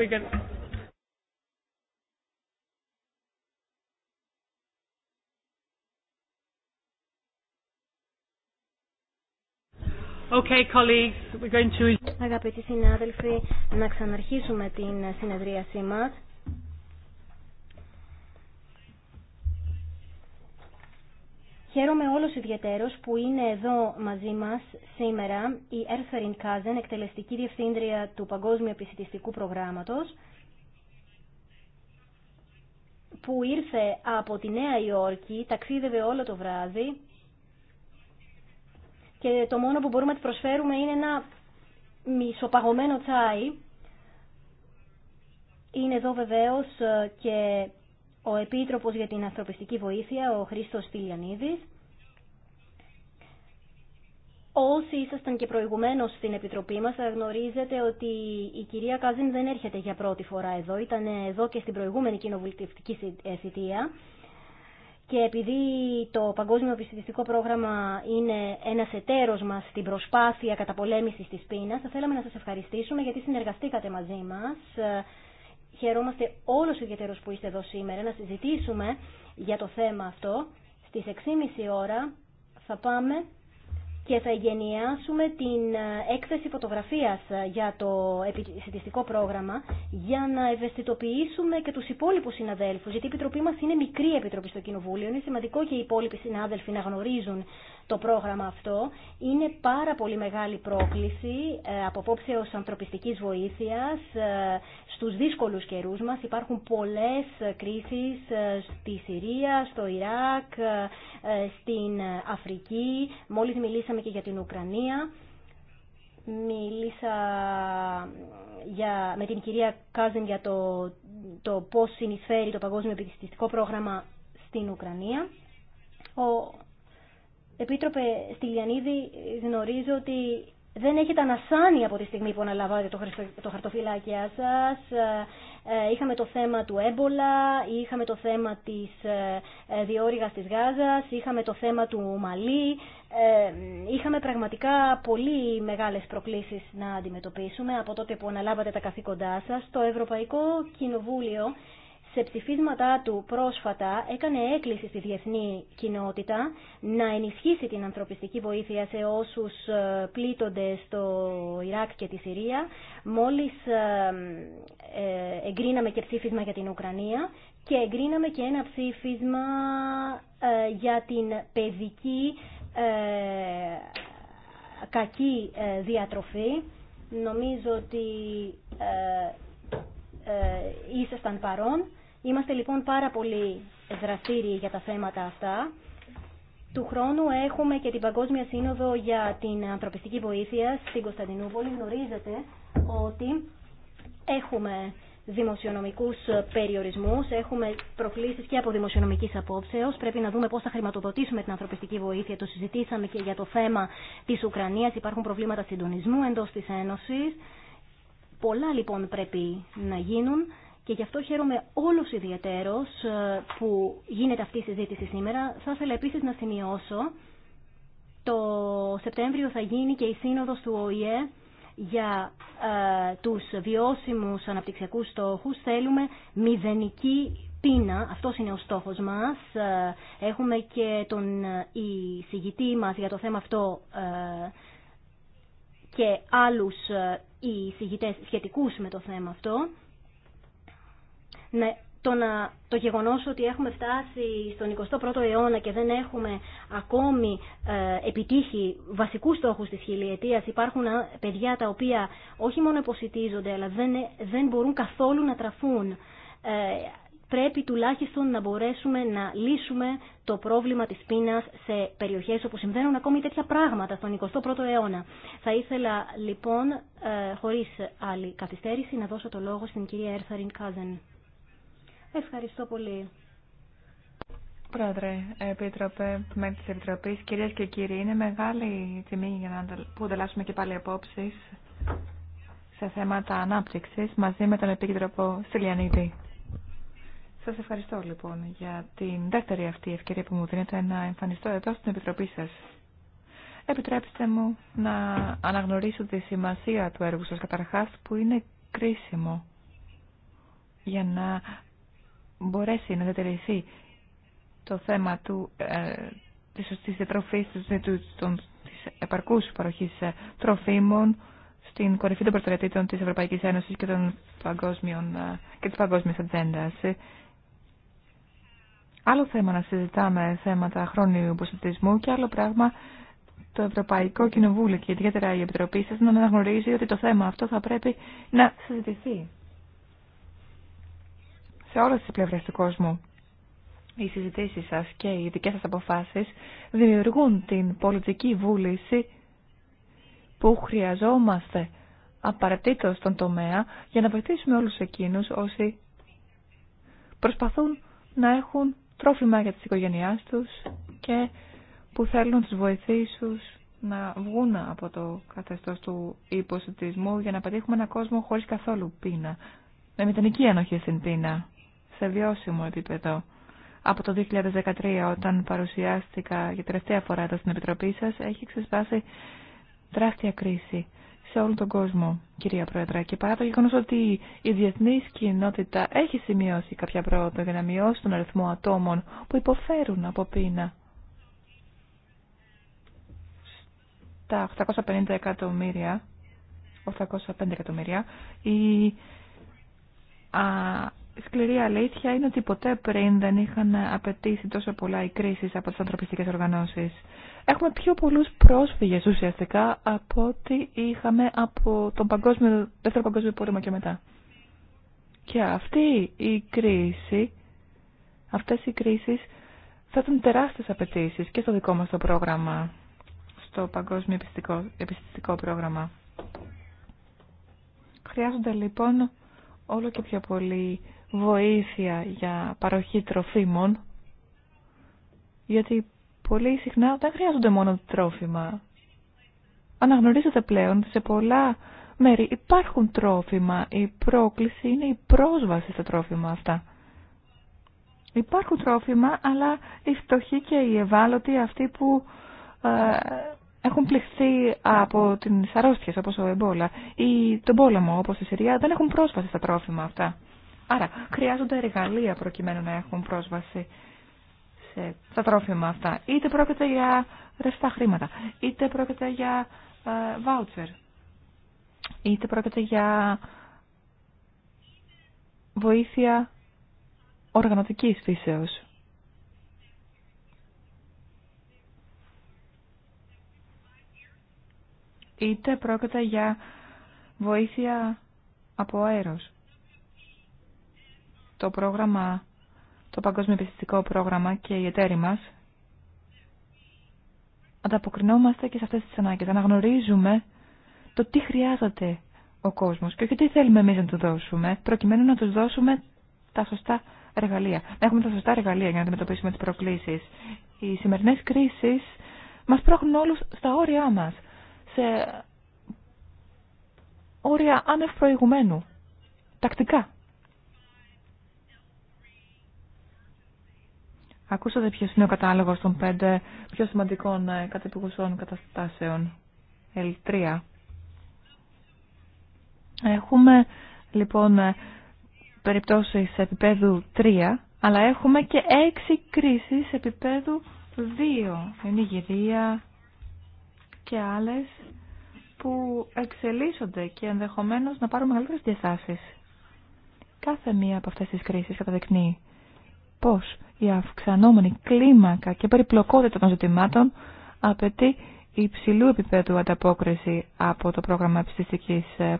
S1: we can Okay, colleagues, we're going
S3: to... Αγαπητοί συνάδελφοι, να ξαναρχίσουμε την συνεδρίασή μας. Χαίρομαι όλος ιδιαιτέρως που είναι εδώ μαζί μας σήμερα η Ερθαρίν Κάζεν, εκτελεστική διευθύντρια του Παγκόσμιου Επιστημιστικού Προγράμματος, που ήρθε από τη Νέα Υόρκη, ταξίδευε όλο το βράδυ και το μόνο που μπορούμε να προσφέρουμε είναι ένα μισοπαγωμένο τσάι. Είναι εδώ βεβαίως και ο Επίτροπος για την Ανθρωπιστική Βοήθεια, ο Χρήστος Τηλιανίδης. Όσοι ήσασταν και προηγουμένω στην Επιτροπή μας θα γνωρίζετε ότι η κυρία Καζίν δεν έρχεται για πρώτη φορά εδώ. Ήταν εδώ και στην προηγούμενη κοινοβουλευτική ε, θητεία. Και επειδή το Παγκόσμιο Επιστημιστικό Πρόγραμμα είναι ένα εταίρος μας στην προσπάθεια καταπολέμησης της πείνας, θα θέλαμε να σας ευχαριστήσουμε γιατί συνεργαστήκατε μαζί μας ε, Χαιρόμαστε όλους ιδιαίτερους που είστε εδώ σήμερα να συζητήσουμε για το θέμα αυτό. Στις 6.30 ώρα θα πάμε και θα εγγενιάσουμε την ε, έκθεση φωτογραφίας ε, για το επιστημιστικό πρόγραμμα για να ευαισθητοποιήσουμε και τους υπόλοιπους συναδέλφους, γιατί η Επιτροπή μας είναι μικρή Επιτροπή στο Κοινοβούλιο, είναι σημαντικό και οι υπόλοιποι συνάδελφοι να γνωρίζουν το πρόγραμμα αυτό. Είναι πάρα πολύ μεγάλη πρόκληση ε, από απόψε ως ανθρωπιστικής βοήθειας ε, στους δύσκολους καιρούς μας. Υπάρχουν πολλές κρίσεις ε, στη Συρία, στο Ιράκ, στην Αφρική. Μόλις μιλήσαμε και για την Ουκρανία. Μίλησα για, με την κυρία Κάζεν για το, το πώς συνεισφέρει το Παγκόσμιο Επιτιστικό Πρόγραμμα στην Ουκρανία. Επίτροπε Στυλιανίδη, γνωρίζω ότι δεν έχετε ανασάνει από τη στιγμή που αναλάβατε το, το χαρτοφυλάκια σας. Ε, ε, είχαμε το θέμα του έμπολα, είχαμε το θέμα της ε, διόρυγας της Γάζας, είχαμε το θέμα του Μαλή. Είχαμε πραγματικά πολύ μεγάλες προκλήσεις να αντιμετωπίσουμε από τότε που αναλάβατε τα καθήκοντά σας. Το Ευρωπαϊκό Κοινοβούλιο σε ψηφίσματά του πρόσφατα έκανε έκκληση στη διεθνή κοινότητα να ενισχύσει την ανθρωπιστική βοήθεια σε όσους ε, πλήττονται στο Ιράκ και τη Συρία. Μόλις ε, ε, εγκρίναμε και ψήφισμα για την Ουκρανία και εγκρίναμε και ένα ψήφισμα για την παιδική κακή διατροφή. Νομίζω ότι ήσασταν παρόν. Είμαστε λοιπόν πάρα πολύ δραστήριοι για τα θέματα αυτά. Του χρόνου έχουμε και την Παγκόσμια Σύνοδο για την Ανθρωπιστική Βοήθεια στην Κωνσταντινούπολη. Γνωρίζετε ότι έχουμε δημοσιονομικούς περιορισμούς, έχουμε προκλήσεις και από δημοσιονομικής απόψεως. Πρέπει να δούμε πώς θα χρηματοδοτήσουμε την ανθρωπιστική βοήθεια. Το συζητήσαμε και για το θέμα της Ουκρανίας. Υπάρχουν προβλήματα συντονισμού εντός της Ένωσης. Πολλά λοιπόν πρέπει να γίνουν. Και γι' αυτό χαίρομαι όλος ιδιαίτερω ε, που γίνεται αυτή η συζήτηση σήμερα. Θα ήθελα επίση να σημειώσω, το Σεπτέμβριο θα γίνει και η σύνοδος του ΟΗΕ για ε, τους βιώσιμους αναπτυξιακούς στόχους. Θέλουμε μηδενική πείνα, αυτό είναι ο στόχος μας. Ε, έχουμε και τον ε, εισηγητή μα για το θέμα αυτό και άλλους συγητές σχετικούς με το θέμα αυτό το, να, το γεγονός ότι έχουμε φτάσει στον 21ο αιώνα και δεν έχουμε ακόμη ε, επιτύχει βασικούς στόχους της χιλιετίας, υπάρχουν ε, παιδιά τα οποία όχι μόνο υποσυτίζονται, αλλά δεν, δεν μπορούν καθόλου να τραφούν. Ε, πρέπει τουλάχιστον να μπορέσουμε να λύσουμε το πρόβλημα της πείνας σε περιοχές όπου συμβαίνουν ακόμη τέτοια πράγματα στον 21ο αιώνα. Θα ήθελα λοιπόν, χωρίς άλλη καθυστέρηση, να δώσω το λόγο στην κυρία Έρθαριν Κάζεν. Ευχαριστώ πολύ.
S1: Πρόεδρε, Επίτροπε, με τη Επιτροπή, κυρίε και κύριοι, είναι μεγάλη τιμή για να που ανταλλάσσουμε και πάλι απόψει σε θέματα ανάπτυξη μαζί με τον Επίτροπο Στυλιανίδη. Σα ευχαριστώ λοιπόν για την δεύτερη αυτή ευκαιρία που μου δίνετε να εμφανιστώ εδώ στην Επιτροπή σα. Επιτρέψτε μου να αναγνωρίσω τη σημασία του έργου σας καταρχάς που είναι κρίσιμο για να μπορέσει να διατηρηθεί το θέμα του, ε, της σωστής διατροφής, της επαρκούς παροχής ε, τροφίμων στην κορυφή των προτεραιοτήτων της Ευρωπαϊκής Ένωσης και, των παγκόσμιων, ε, και της παγκόσμιας ατζέντας. Άλλο θέμα να συζητάμε θέματα χρόνιου υποστατισμού και άλλο πράγμα το Ευρωπαϊκό Κοινοβούλιο και ιδιαίτερα η Επιτροπή σας να αναγνωρίζει ότι το θέμα αυτό θα πρέπει να συζητηθεί σε όλες τι πλευρές του κόσμου. Οι συζητήσει σα και οι δικέ σα αποφάσεις δημιουργούν την πολιτική βούληση που χρειαζόμαστε απαραίτητο στον τομέα για να βοηθήσουμε όλους εκείνους όσοι προσπαθούν να έχουν τρόφιμα για τις οικογένειάς τους και που θέλουν τις βοηθήσεις να βγουν από το καθεστώς του υποσυντισμού για να πετύχουμε ένα κόσμο χωρίς καθόλου πείνα, με μηδενική ανοχή στην πείνα σε βιώσιμο επίπεδο. Από το 2013 όταν παρουσιάστηκα για τελευταία φορά εδώ στην Επιτροπή σας έχει ξεσπάσει τεράστια κρίση σε όλο τον κόσμο, κυρία Πρόεδρε, Και παρά το γεγονό ότι η διεθνή κοινότητα έχει σημειώσει κάποια πρόοδο για να μειώσει τον αριθμό ατόμων που υποφέρουν από πείνα. Στα 850 εκατομμύρια, 805 εκατομμύρια, η σκληρή αλήθεια είναι ότι ποτέ πριν δεν είχαν απαιτήσει τόσο πολλά οι κρίσει από τι ανθρωπιστικέ οργανώσει. Έχουμε πιο πολλού πρόσφυγε ουσιαστικά από ό,τι είχαμε από τον παγκόσμιο, δεύτερο παγκόσμιο πόλεμο και μετά. Και αυτή η κρίση, αυτές οι κρίσει, θα ήταν τεράστιε απαιτήσει και στο δικό μα το πρόγραμμα, στο παγκόσμιο επιστημικό πρόγραμμα. Χρειάζονται λοιπόν όλο και πιο πολλοί βοήθεια για παροχή τροφίμων, γιατί πολύ συχνά δεν χρειάζονται μόνο τρόφιμα. Αναγνωρίζεται πλέον ότι σε πολλά μέρη υπάρχουν τρόφιμα. Η πρόκληση είναι η πρόσβαση στα τρόφιμα αυτά. Υπάρχουν τρόφιμα, αλλά οι φτωχοί και οι ευάλωτοι αυτοί που ε, έχουν πληχθεί από τις αρρώστιες όπως ο εμπόλα ή τον πόλεμο όπως η Συρία δεν έχουν πρόσβαση στα τρόφιμα αυτά. Άρα, χρειάζονται εργαλεία προκειμένου να έχουν πρόσβαση σε τα τρόφιμα αυτά. Είτε πρόκειται για ρευστά χρήματα, είτε πρόκειται για βάουτσερ, είτε πρόκειται για βοήθεια οργανωτικής φύσεως. Είτε πρόκειται για βοήθεια από αέρος το πρόγραμμα, το Παγκόσμιο Επιστημικό Πρόγραμμα και οι εταίροι μας ανταποκρινόμαστε και σε αυτές τις ανάγκε. Αναγνωρίζουμε το τι χρειάζεται ο κόσμος και όχι τι θέλουμε εμείς να του δώσουμε, προκειμένου να του δώσουμε τα σωστά εργαλεία. Να έχουμε τα σωστά εργαλεία για να αντιμετωπίσουμε τις προκλήσεις. Οι σημερινέ κρίσει μα πρόχνουν όλου στα όρια μα. σε όρια άνευ προηγουμένου, τακτικά. Ακούσατε ποιο είναι ο κατάλογο των πέντε πιο σημαντικών ε, κατεπηγουσών καταστάσεων. L3. Έχουμε λοιπόν ε, περιπτώσεις επίπεδου 3, αλλά έχουμε και έξι κρίσεις επίπεδου 2. Είναι η Γυρία και άλλες που εξελίσσονται και ενδεχομένω να πάρουν μεγαλύτερε διαστάσει Κάθε μία από αυτές τις κρίσεις καταδεικνύει πως η αυξανόμενη κλίμακα και περιπλοκότητα των ζητημάτων απαιτεί υψηλού επίπεδου ανταπόκριση από το πρόγραμμα ψηστικής ε,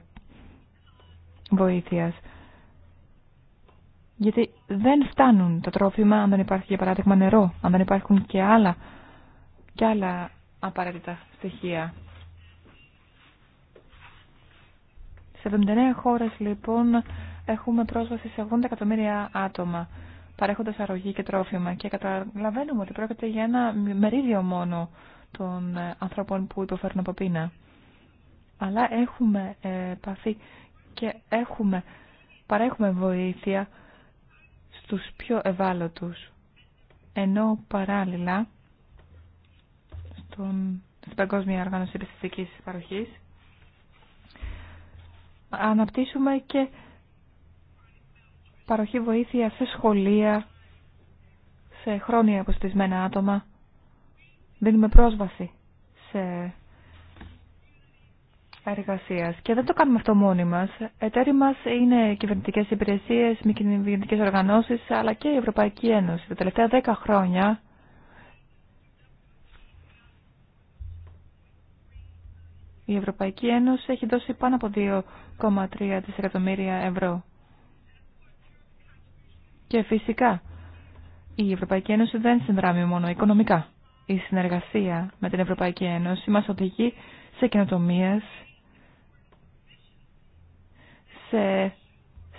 S1: βοήθειας. Γιατί δεν φτάνουν τα τρόφιμα αν δεν υπάρχει για παράδειγμα νερό, αν δεν υπάρχουν και άλλα, και άλλα απαραίτητα στοιχεία. Σε 79 χώρες λοιπόν έχουμε πρόσβαση σε 80 εκατομμύρια άτομα παρέχοντας αρρωγή και τρόφιμα και καταλαβαίνουμε ότι πρόκειται για ένα μερίδιο μόνο των ε, ανθρώπων που υποφέρουν από πείνα. Αλλά έχουμε ε, παθεί και έχουμε, παρέχουμε βοήθεια στους πιο ευάλωτους. Ενώ παράλληλα στον, στην Παγκόσμια Οργάνωση Επιστημικής Παροχής αναπτύσσουμε και παροχή βοήθεια σε σχολεία, σε χρόνια αποστισμένα άτομα. Δίνουμε πρόσβαση σε εργασία. Και δεν το κάνουμε αυτό μόνοι μας. Εταίροι μας είναι κυβερνητικές υπηρεσίες, μη κυβερνητικές οργανώσεις, αλλά και η Ευρωπαϊκή Ένωση. Τα τελευταία δέκα χρόνια η Ευρωπαϊκή Ένωση έχει δώσει πάνω από 2,3 δισεκατομμύρια ευρώ και φυσικά, η Ευρωπαϊκή Ένωση δεν συνδράμει μόνο οικονομικά. Η συνεργασία με την Ευρωπαϊκή Ένωση μας οδηγεί σε καινοτομίες, σε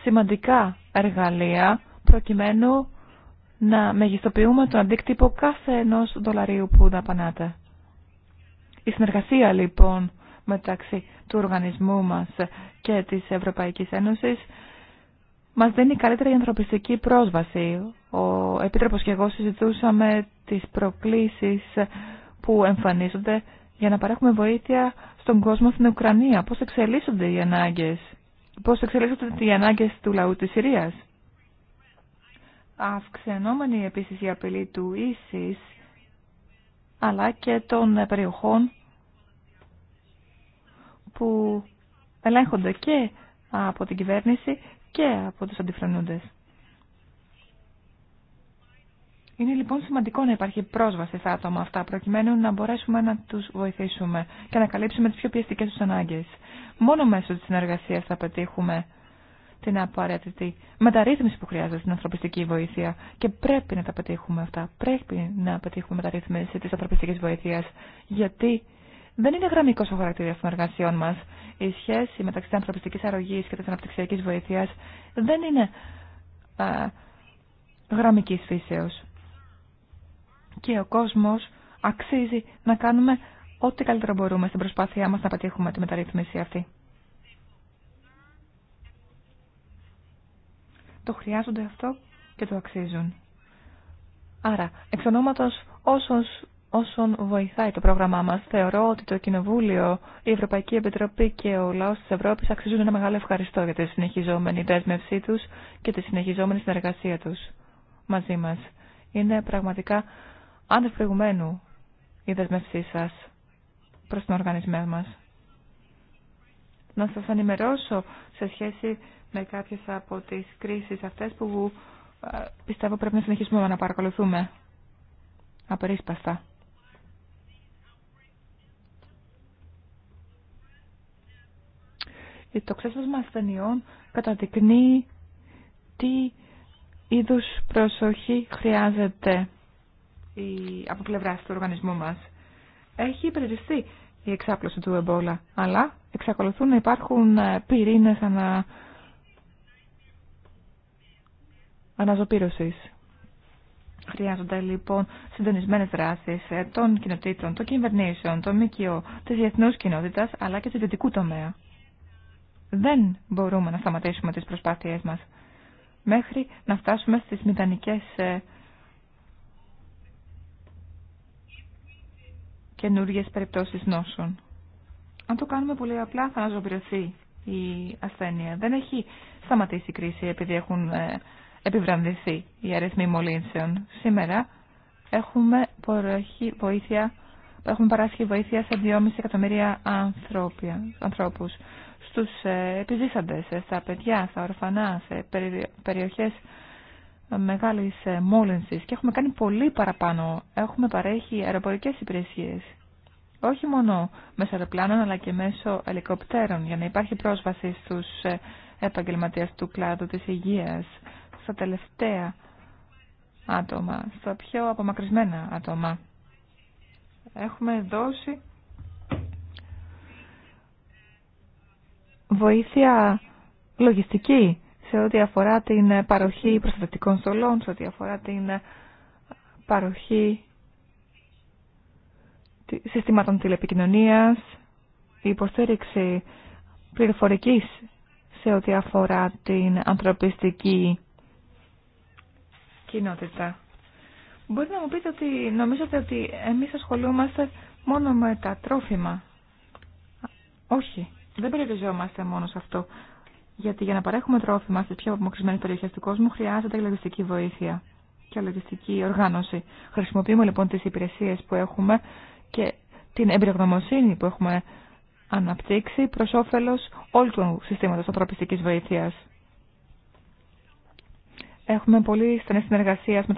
S1: σημαντικά εργαλεία, προκειμένου να μεγιστοποιούμε τον αντίκτυπο κάθε ενός δολαρίου που δαπανάτε. Η συνεργασία λοιπόν μεταξύ του οργανισμού μας και της Ευρωπαϊκής Ένωσης μα δίνει καλύτερη ανθρωπιστική πρόσβαση. Ο Επίτροπο και εγώ συζητούσαμε τι προκλήσει που εμφανίζονται για να παρέχουμε βοήθεια στον κόσμο στην Ουκρανία. Πώ εξελίσσονται οι ανάγκε, πώ εξελίσσονται οι ανάγκε του λαού τη Συρίας. Αυξανόμενη επίση η απειλή του ση αλλά και των περιοχών που ελέγχονται και από την κυβέρνηση και από τους αντιφρονούντες. Είναι λοιπόν σημαντικό να υπάρχει πρόσβαση στα άτομα αυτά, προκειμένου να μπορέσουμε να τους βοηθήσουμε και να καλύψουμε τις πιο πιεστικές τους ανάγκες. Μόνο μέσω της συνεργασίας θα πετύχουμε την απαραίτητη μεταρρύθμιση που χρειάζεται στην ανθρωπιστική βοήθεια και πρέπει να τα πετύχουμε αυτά. Πρέπει να πετύχουμε μεταρρύθμιση της ανθρωπιστικής βοήθειας, γιατί δεν είναι γραμμικό ο χαρακτήρα των εργασιών μα. Η σχέση μεταξύ τη ανθρωπιστική αρρωγή και τη αναπτυξιακή βοήθεια δεν είναι γραμμικής γραμμική φύσεω. Και ο κόσμο αξίζει να κάνουμε ό,τι καλύτερο μπορούμε στην προσπάθειά μα να πετύχουμε τη μεταρρύθμιση αυτή. Το χρειάζονται αυτό και το αξίζουν. Άρα, εξ ονόματος όσους Όσον βοηθάει το πρόγραμμά μα, Θεωρώ ότι το Κοινοβούλιο, η Ευρωπαϊκή Επιτροπή και ο λαό τη Ευρώπη, αξίζουν ένα μεγάλο ευχαριστώ για τη συνεχιζόμενη δέσμευσή του και τη συνεχιζόμενη συνεργασία του μαζί μα. Είναι πραγματικά ανευπηγουμένου η δεσμευσή σα προ τον οργανισμό μα. Να σα ενημερώσω σε σχέση με κάποιε από τι κρίσει αυτέ που ε, πιστεύω πρέπει να συνεχίσουμε να παρακολουθούμε απερίσπαστα. το ξέσπασμα ασθενειών καταδεικνύει τι είδους προσοχή χρειάζεται η, από πλευρά του οργανισμού μας. Έχει υπηρετιστεί η εξάπλωση του εμπόλα, αλλά εξακολουθούν να υπάρχουν ε, πυρήνες ανα... αναζωπήρωσης. Χρειάζονται λοιπόν συντονισμένε δράσει ε, των κοινοτήτων, των κυβερνήσεων, των ΜΚΟ, τη διεθνού κοινότητα αλλά και του ιδιωτικού τομέα δεν μπορούμε να σταματήσουμε τις προσπάθειές μας μέχρι να φτάσουμε στις μηδανικές ε, καινούργιες περιπτώσεις νόσων. Αν το κάνουμε πολύ απλά θα αναζωοποιηθεί η ασθένεια. Δεν έχει σταματήσει η κρίση επειδή έχουν ε, επιβρανδυθεί οι αριθμοί μολύνσεων. Σήμερα έχουμε, βοήθεια, έχουμε παράσχει βοήθεια σε 2,5 εκατομμύρια ανθρώπους στους ε, επιζήσαντες, ε, στα παιδιά, στα ορφανά, σε περιοχές ε, μεγάλης μόλυνσης και έχουμε κάνει πολύ παραπάνω. Έχουμε παρέχει αεροπορικές υπηρεσίες, όχι μόνο μέσω αεροπλάνων αλλά και μέσω ελικοπτέρων για να υπάρχει πρόσβαση στους επαγγελματίες του κλάδου της υγείας, στα τελευταία άτομα, στα πιο απομακρυσμένα άτομα. Έχουμε δώσει βοήθεια λογιστική σε ό,τι αφορά την παροχή προστατευτικών στολών, σε ό,τι αφορά την παροχή συστήματων τηλεπικοινωνίας, η υποστήριξη πληροφορικής σε ό,τι αφορά την ανθρωπιστική κοινότητα. Μπορείτε να μου πείτε ότι νομίζετε ότι εμείς ασχολούμαστε μόνο με τα τρόφιμα. Όχι δεν περιοριζόμαστε μόνο σε αυτό. Γιατί για να παρέχουμε τρόφιμα στι πιο απομακρυσμένε περιοχέ του κόσμου χρειάζεται η λογιστική βοήθεια και λογιστική οργάνωση. Χρησιμοποιούμε λοιπόν τι υπηρεσίε που έχουμε και την εμπειρογνωμοσύνη που έχουμε αναπτύξει προ όφελο όλου του συστήματο ανθρωπιστική βοήθεια. Έχουμε πολύ στενή συνεργασία με,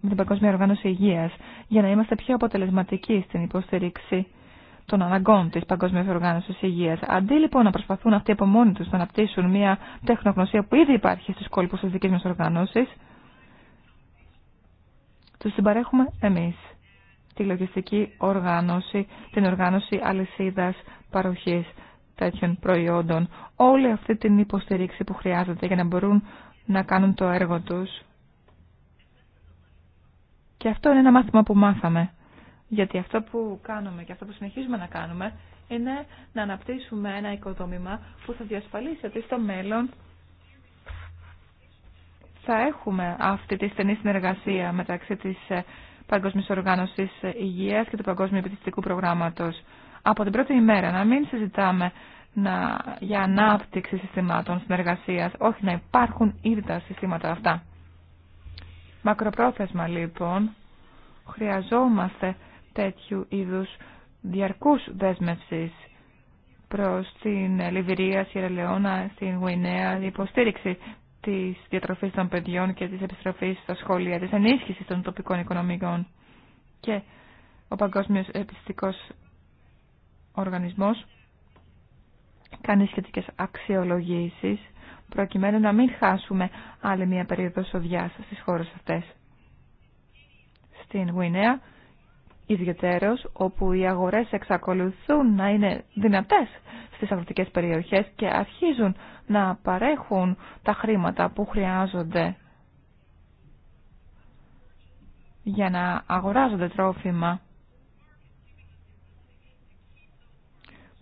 S1: με την Παγκόσμια Οργάνωση Υγεία για να είμαστε πιο αποτελεσματικοί στην υποστήριξη των αναγκών της Παγκόσμιας Οργάνωσης Υγείας. Αντί λοιπόν να προσπαθούν αυτοί από μόνοι τους να αναπτύσσουν μια τεχνογνωσία που ήδη υπάρχει στους κόλπους της δικής μας οργάνωσης, τους συμπαρέχουμε εμείς τη λογιστική οργάνωση, την οργάνωση αλυσίδας παροχής τέτοιων προϊόντων. Όλη αυτή την υποστηρίξη που χρειάζεται για να μπορούν να κάνουν το έργο τους. Και αυτό είναι ένα μάθημα που μάθαμε γιατί αυτό που κάνουμε και αυτό που συνεχίζουμε να κάνουμε είναι να αναπτύσσουμε ένα οικοδόμημα που θα διασφαλίσει ότι στο μέλλον θα έχουμε αυτή τη στενή συνεργασία μεταξύ της ε, Παγκόσμιας Οργάνωσης Υγείας και του Παγκόσμιου Επιτιστικού Προγράμματος. Από την πρώτη ημέρα να μην συζητάμε να, για ανάπτυξη συστημάτων συνεργασίας, όχι να υπάρχουν ήδη τα συστήματα αυτά. Μακροπρόθεσμα λοιπόν, χρειαζόμαστε τέτοιου είδους διαρκούς δέσμευσης προς την Λιβυρία, Σιρελαιώνα, στην Γουινέα, η υποστήριξη της διατροφής των παιδιών και της επιστροφής στα σχολεία, της ενίσχυσης των τοπικών οικονομικών. Και ο Παγκόσμιος Επιστικός Οργανισμός κάνει σχετικές αξιολογήσεις προκειμένου να μην χάσουμε άλλη μια περίοδο σοδιάς στις χώρες αυτές. Στην Γουινέα ιδιαίτερος όπου οι αγορές εξακολουθούν να είναι δυνατές στις αγροτικές περιοχές και αρχίζουν να παρέχουν τα χρήματα που χρειάζονται για να αγοράζονται τρόφιμα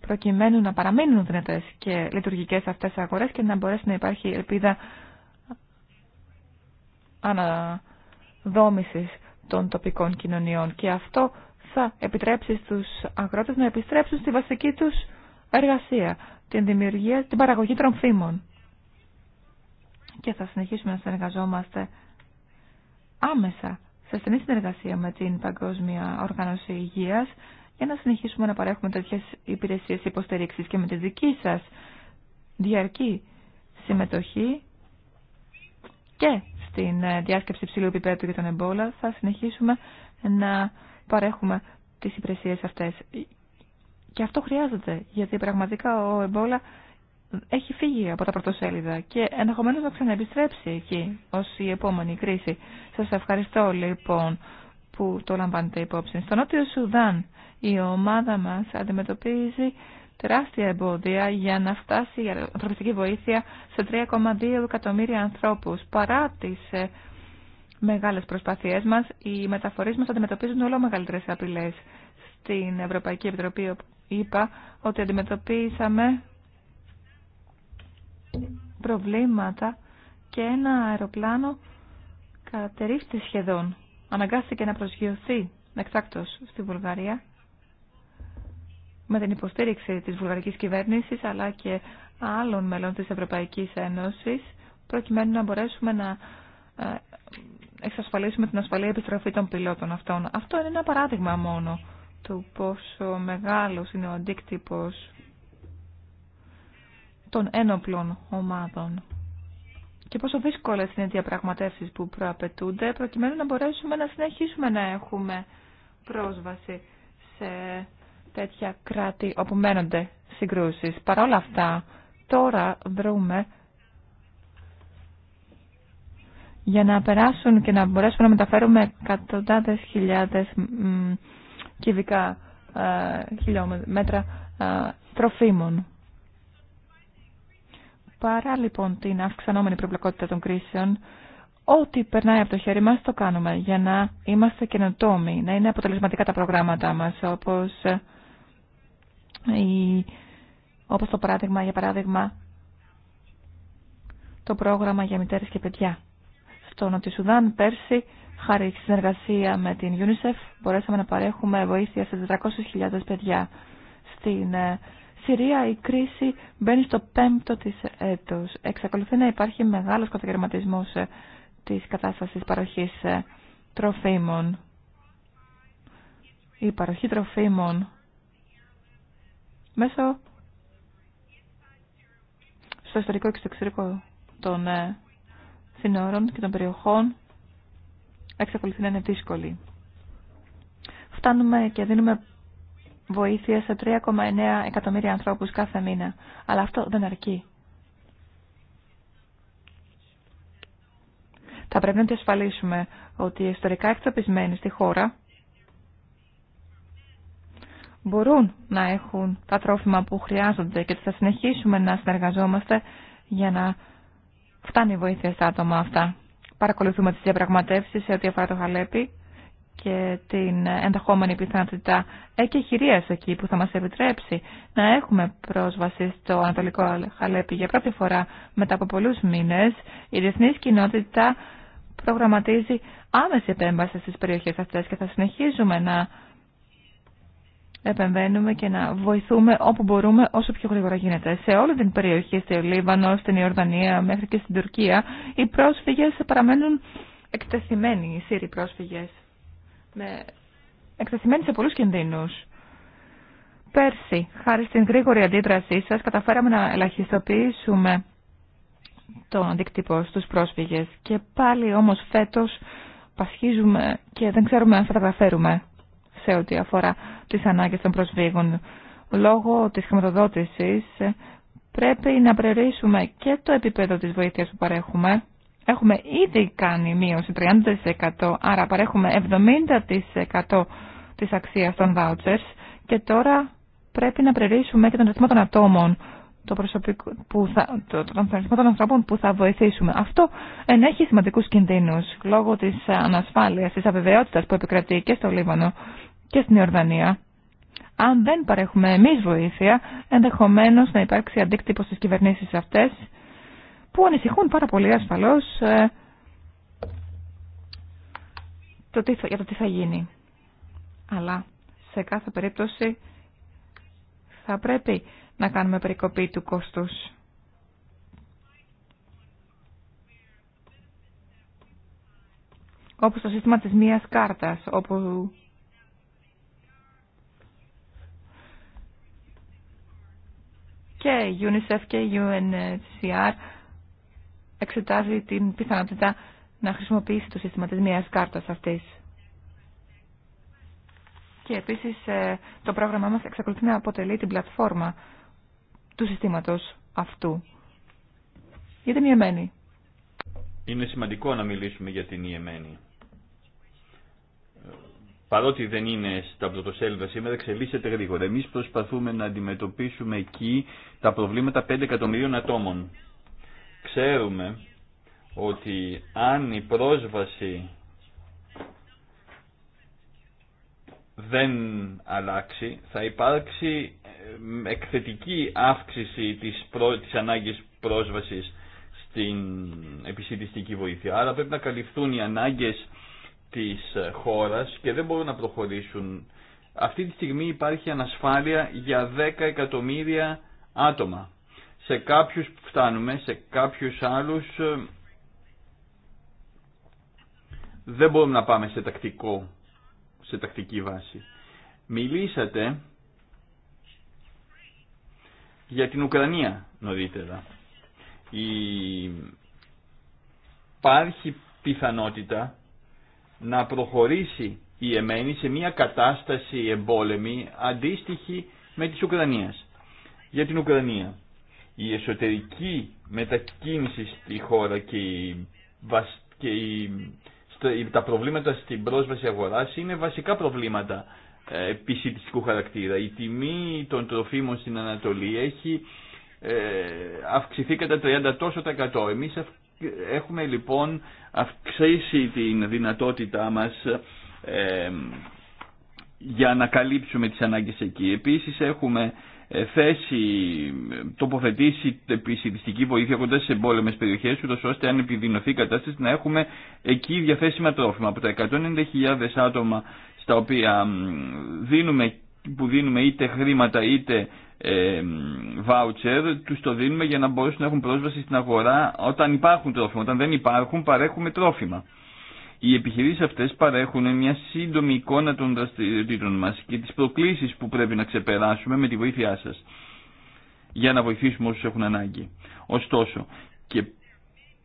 S1: προκειμένου να παραμείνουν δυνατές και λειτουργικές αυτές οι αγορές και να μπορέσει να υπάρχει ελπίδα αναδόμησης των τοπικών κοινωνιών και αυτό θα επιτρέψει στους αγρότες να επιστρέψουν στη βασική τους εργασία, την δημιουργία, την παραγωγή τροφίμων. Και θα συνεχίσουμε να συνεργαζόμαστε άμεσα σε στενή συνεργασία με την Παγκόσμια Οργάνωση Υγείας για να συνεχίσουμε να παρέχουμε τέτοιες υπηρεσίες υποστηρίξης και με τη δική σας διαρκή συμμετοχή και στην ε, διάσκεψη ψηλού επίπεδου για τον εμπόλα, θα συνεχίσουμε να παρέχουμε τις υπηρεσίες αυτές. Και αυτό χρειάζεται, γιατί πραγματικά ο εμπόλα έχει φύγει από τα πρωτοσέλιδα και ενδεχομένω να ξαναεπιστρέψει εκεί ως η επόμενη κρίση. Σας ευχαριστώ λοιπόν που το λαμβάνετε υπόψη. Στο Νότιο Σουδάν η ομάδα μας αντιμετωπίζει τεράστια εμπόδια για να φτάσει η ανθρωπιστική βοήθεια σε 3,2 εκατομμύρια ανθρώπους. Παρά τις ε, μεγάλες προσπάθειές μας, οι μεταφορές μας αντιμετωπίζουν όλο μεγαλύτερες απειλές. Στην Ευρωπαϊκή Επιτροπή είπα ότι αντιμετωπίσαμε προβλήματα και ένα αεροπλάνο κατερίφθη σχεδόν. Αναγκάστηκε να προσγειωθεί εκτάκτως στη Βουλγαρία με την υποστήριξη της βουλγαρικής κυβέρνησης αλλά και άλλων μελών της Ευρωπαϊκής Ένωσης προκειμένου να μπορέσουμε να ε, εξασφαλίσουμε την ασφαλή επιστροφή των πιλότων αυτών. Αυτό είναι ένα παράδειγμα μόνο του πόσο μεγάλος είναι ο αντίκτυπος των ένοπλων ομάδων και πόσο δύσκολες είναι οι διαπραγματεύσεις που προαπαιτούνται προκειμένου να μπορέσουμε να συνεχίσουμε να έχουμε πρόσβαση σε τέτοια κράτη όπου μένονται συγκρούσεις. Παρ' όλα αυτά, τώρα δρούμε για να περάσουν και να μπορέσουμε να μεταφέρουμε εκατοντάδες χιλιάδες κυβικά ε, χιλιόμετρα ε, τροφίμων. Παρά λοιπόν την αυξανόμενη προβλεκότητα των κρίσεων, ό,τι περνάει από το χέρι μας το κάνουμε για να είμαστε καινοτόμοι, να είναι αποτελεσματικά τα προγράμματά μας, όπως ε, η, όπως το παράδειγμα, για παράδειγμα, το πρόγραμμα για μητέρες και παιδιά. Στο Νότιο Σουδάν πέρσι, χάρη στη συνεργασία με την UNICEF, μπορέσαμε να παρέχουμε βοήθεια σε 400.000 παιδιά. Στην ε, Συρία η κρίση μπαίνει στο πέμπτο της έτος. Εξακολουθεί να υπάρχει μεγάλος καταγραμματισμός ε, της κατάστασης παροχής ε, τροφίμων. Η παροχή τροφίμων μέσω στο ιστορικό και στο εξωτερικό των ε, συνόρων και των περιοχών εξακολουθεί να είναι δύσκολη. Φτάνουμε και δίνουμε βοήθεια σε 3,9 εκατομμύρια ανθρώπους κάθε μήνα, αλλά αυτό δεν αρκεί. Θα πρέπει να διασφαλίσουμε ότι οι ιστορικά εκτροπισμένοι στη χώρα μπορούν να έχουν τα τρόφιμα που χρειάζονται και θα συνεχίσουμε να συνεργαζόμαστε για να φτάνει η βοήθεια στα άτομα αυτά. Παρακολουθούμε τις διαπραγματεύσει, σε ό,τι αφορά το χαλέπι και την ενδεχόμενη πιθανότητα εκεχηρίας εκεί που θα μας επιτρέψει να έχουμε πρόσβαση στο Ανατολικό Χαλέπι για πρώτη φορά μετά από πολλούς μήνες. Η διεθνή κοινότητα προγραμματίζει άμεση επέμβαση στις περιοχές αυτές και θα συνεχίζουμε να επεμβαίνουμε και να βοηθούμε όπου μπορούμε όσο πιο γρήγορα γίνεται. Σε όλη την περιοχή, στο Λίβανο, στην Ιορδανία μέχρι και στην Τουρκία, οι πρόσφυγες παραμένουν εκτεθειμένοι, οι Σύριοι πρόσφυγες, με... εκτεθειμένοι σε πολλούς κινδύνους. Πέρσι, χάρη στην γρήγορη αντίδρασή σας, καταφέραμε να ελαχιστοποιήσουμε τον αντίκτυπο στους πρόσφυγες. Και πάλι όμως φέτος πασχίζουμε και δεν ξέρουμε αν θα τα καταφέρουμε σε ό,τι αφορά τις ανάγκες των προσφύγων. Λόγω της χρηματοδότησης πρέπει να περιορίσουμε και το επίπεδο της βοήθειας που παρέχουμε. Έχουμε ήδη κάνει μείωση 30%, άρα παρέχουμε 70% της αξίας των vouchers και τώρα πρέπει να περιορίσουμε και τον αριθμό των ατόμων το προσωπικό, που θα, το, τον αριθμό των ανθρώπων που θα βοηθήσουμε. Αυτό ενέχει σημαντικούς κινδύνους λόγω της ανασφάλειας, της αβεβαιότητας που επικρατεί και στο Λίβανο και στην Ιορδανία. Αν δεν παρέχουμε εμείς βοήθεια, ενδεχομένως να υπάρξει αντίκτυπο στις κυβερνήσεις αυτές, που ανησυχούν πάρα πολύ ασφαλώς ε, για το τι θα γίνει. Αλλά σε κάθε περίπτωση θα πρέπει να κάνουμε περικοπή του κόστους. Όπως το σύστημα της μίας κάρτας, όπου και η UNICEF και η UNCR εξετάζει την πιθανότητα να χρησιμοποιήσει το σύστημα της μιας κάρτας αυτής. Και επίσης ε, το πρόγραμμά μας εξακολουθεί να αποτελεί την πλατφόρμα του συστήματος αυτού. Για την Ιεμένη.
S2: Είναι σημαντικό να μιλήσουμε για την Ιεμένη παρότι δεν είναι στα πρωτοσέλιδα σήμερα, εξελίσσεται γρήγορα. Εμείς προσπαθούμε να αντιμετωπίσουμε εκεί τα προβλήματα 5 εκατομμυρίων ατόμων. Ξέρουμε ότι αν η πρόσβαση δεν αλλάξει, θα υπάρξει ε, εκθετική αύξηση της, προ... ανάγκης πρόσβασης στην επισητιστική βοήθεια. Άρα πρέπει να καλυφθούν οι ανάγκες της ε, χώρας και δεν μπορούν να προχωρήσουν. Αυτή τη στιγμή υπάρχει ανασφάλεια για 10 εκατομμύρια άτομα. Σε κάποιους φτάνουμε, σε κάποιους άλλους ε, δεν μπορούμε να πάμε σε τακτικό, σε τακτική βάση. Μιλήσατε για την Ουκρανία νωρίτερα. Η... Υπάρχει πιθανότητα να προχωρήσει η Εμένη σε μια κατάσταση εμπόλεμη αντίστοιχη με της Ουκρανίας. Για την Ουκρανία, η εσωτερική μετακίνηση στη χώρα και, η, και τα προβλήματα στην πρόσβαση αγοράς είναι βασικά προβλήματα ε, επισητιστικού χαρακτήρα. Η τιμή των τροφίμων στην Ανατολή έχει ε, αυξηθεί κατά 30 Έχουμε λοιπόν αυξήσει την δυνατότητά μας για να καλύψουμε τις ανάγκες εκεί. Επίσης έχουμε ε, θέσει, τοποθετήσει επισητιστική βοήθεια κοντά σε εμπόλεμες περιοχές ούτως ώστε αν επιδεινωθεί η κατάσταση να έχουμε εκεί διαθέσιμα τρόφιμα. Από τα 190.000 άτομα στα οποία δίνουμε που δίνουμε είτε χρήματα είτε ε, voucher, τους το δίνουμε για να μπορέσουν να έχουν πρόσβαση στην αγορά όταν υπάρχουν τρόφιμα. Όταν δεν υπάρχουν παρέχουμε τρόφιμα. Οι επιχειρήσεις αυτές παρέχουν μια σύντομη εικόνα των δραστηριοτήτων μας και τις προκλήσεις που πρέπει να ξεπεράσουμε με τη βοήθειά σας για να βοηθήσουμε όσους έχουν ανάγκη. Ωστόσο, και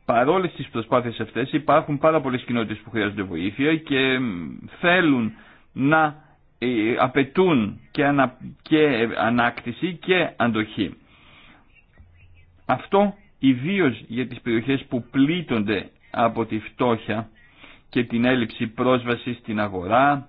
S2: παρόλες τις προσπάθειες αυτές υπάρχουν πάρα πολλές κοινότητες που χρειάζονται βοήθεια και θέλουν να ε, απαιτούν και, και ανάκτηση και αντοχή. Αυτό ιδίως για τις περιοχές που πλήττονται από τη φτώχεια και την έλλειψη πρόσβασης στην αγορά,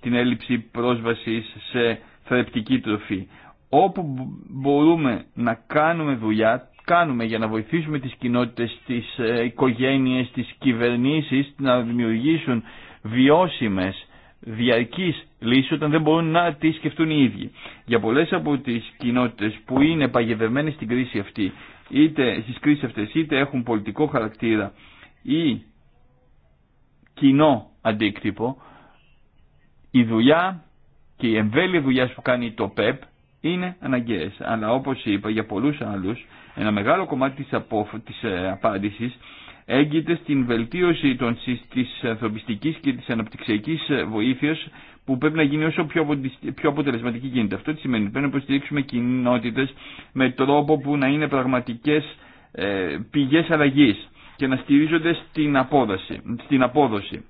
S2: την έλλειψη πρόσβασης σε θρεπτική τροφή. Όπου μπορούμε να κάνουμε δουλειά, κάνουμε για να βοηθήσουμε τις κοινότητες, τις ε, οικογένειες, τις κυβερνήσεις να δημιουργήσουν βιώσιμες Διαρκή λύση όταν δεν μπορούν να τη σκεφτούν οι ίδιοι. Για πολλέ από τις κοινότητε που είναι παγιδευμένες στην κρίση αυτή, είτε στι κρίσει αυτέ είτε έχουν πολιτικό χαρακτήρα ή κοινό αντίκτυπο, η δουλειά και η εμβέλεια δουλειά που κάνει το ΠΕΠ είναι αναγκαίε. Αλλά όπω είπα για πολλούς άλλου, ένα μεγάλο κομμάτι τη της ε, έγκυται στην βελτίωση τη της ανθρωπιστικής και της αναπτυξιακής βοήθειας που πρέπει να γίνει όσο πιο, πιο αποτελεσματική γίνεται. Αυτό τι σημαίνει, πρέπει να υποστηρίξουμε κοινότητε με τρόπο που να είναι πραγματικές ε, πηγές αλλαγής και να στηρίζονται στην απόδοση. Στην απόδοση.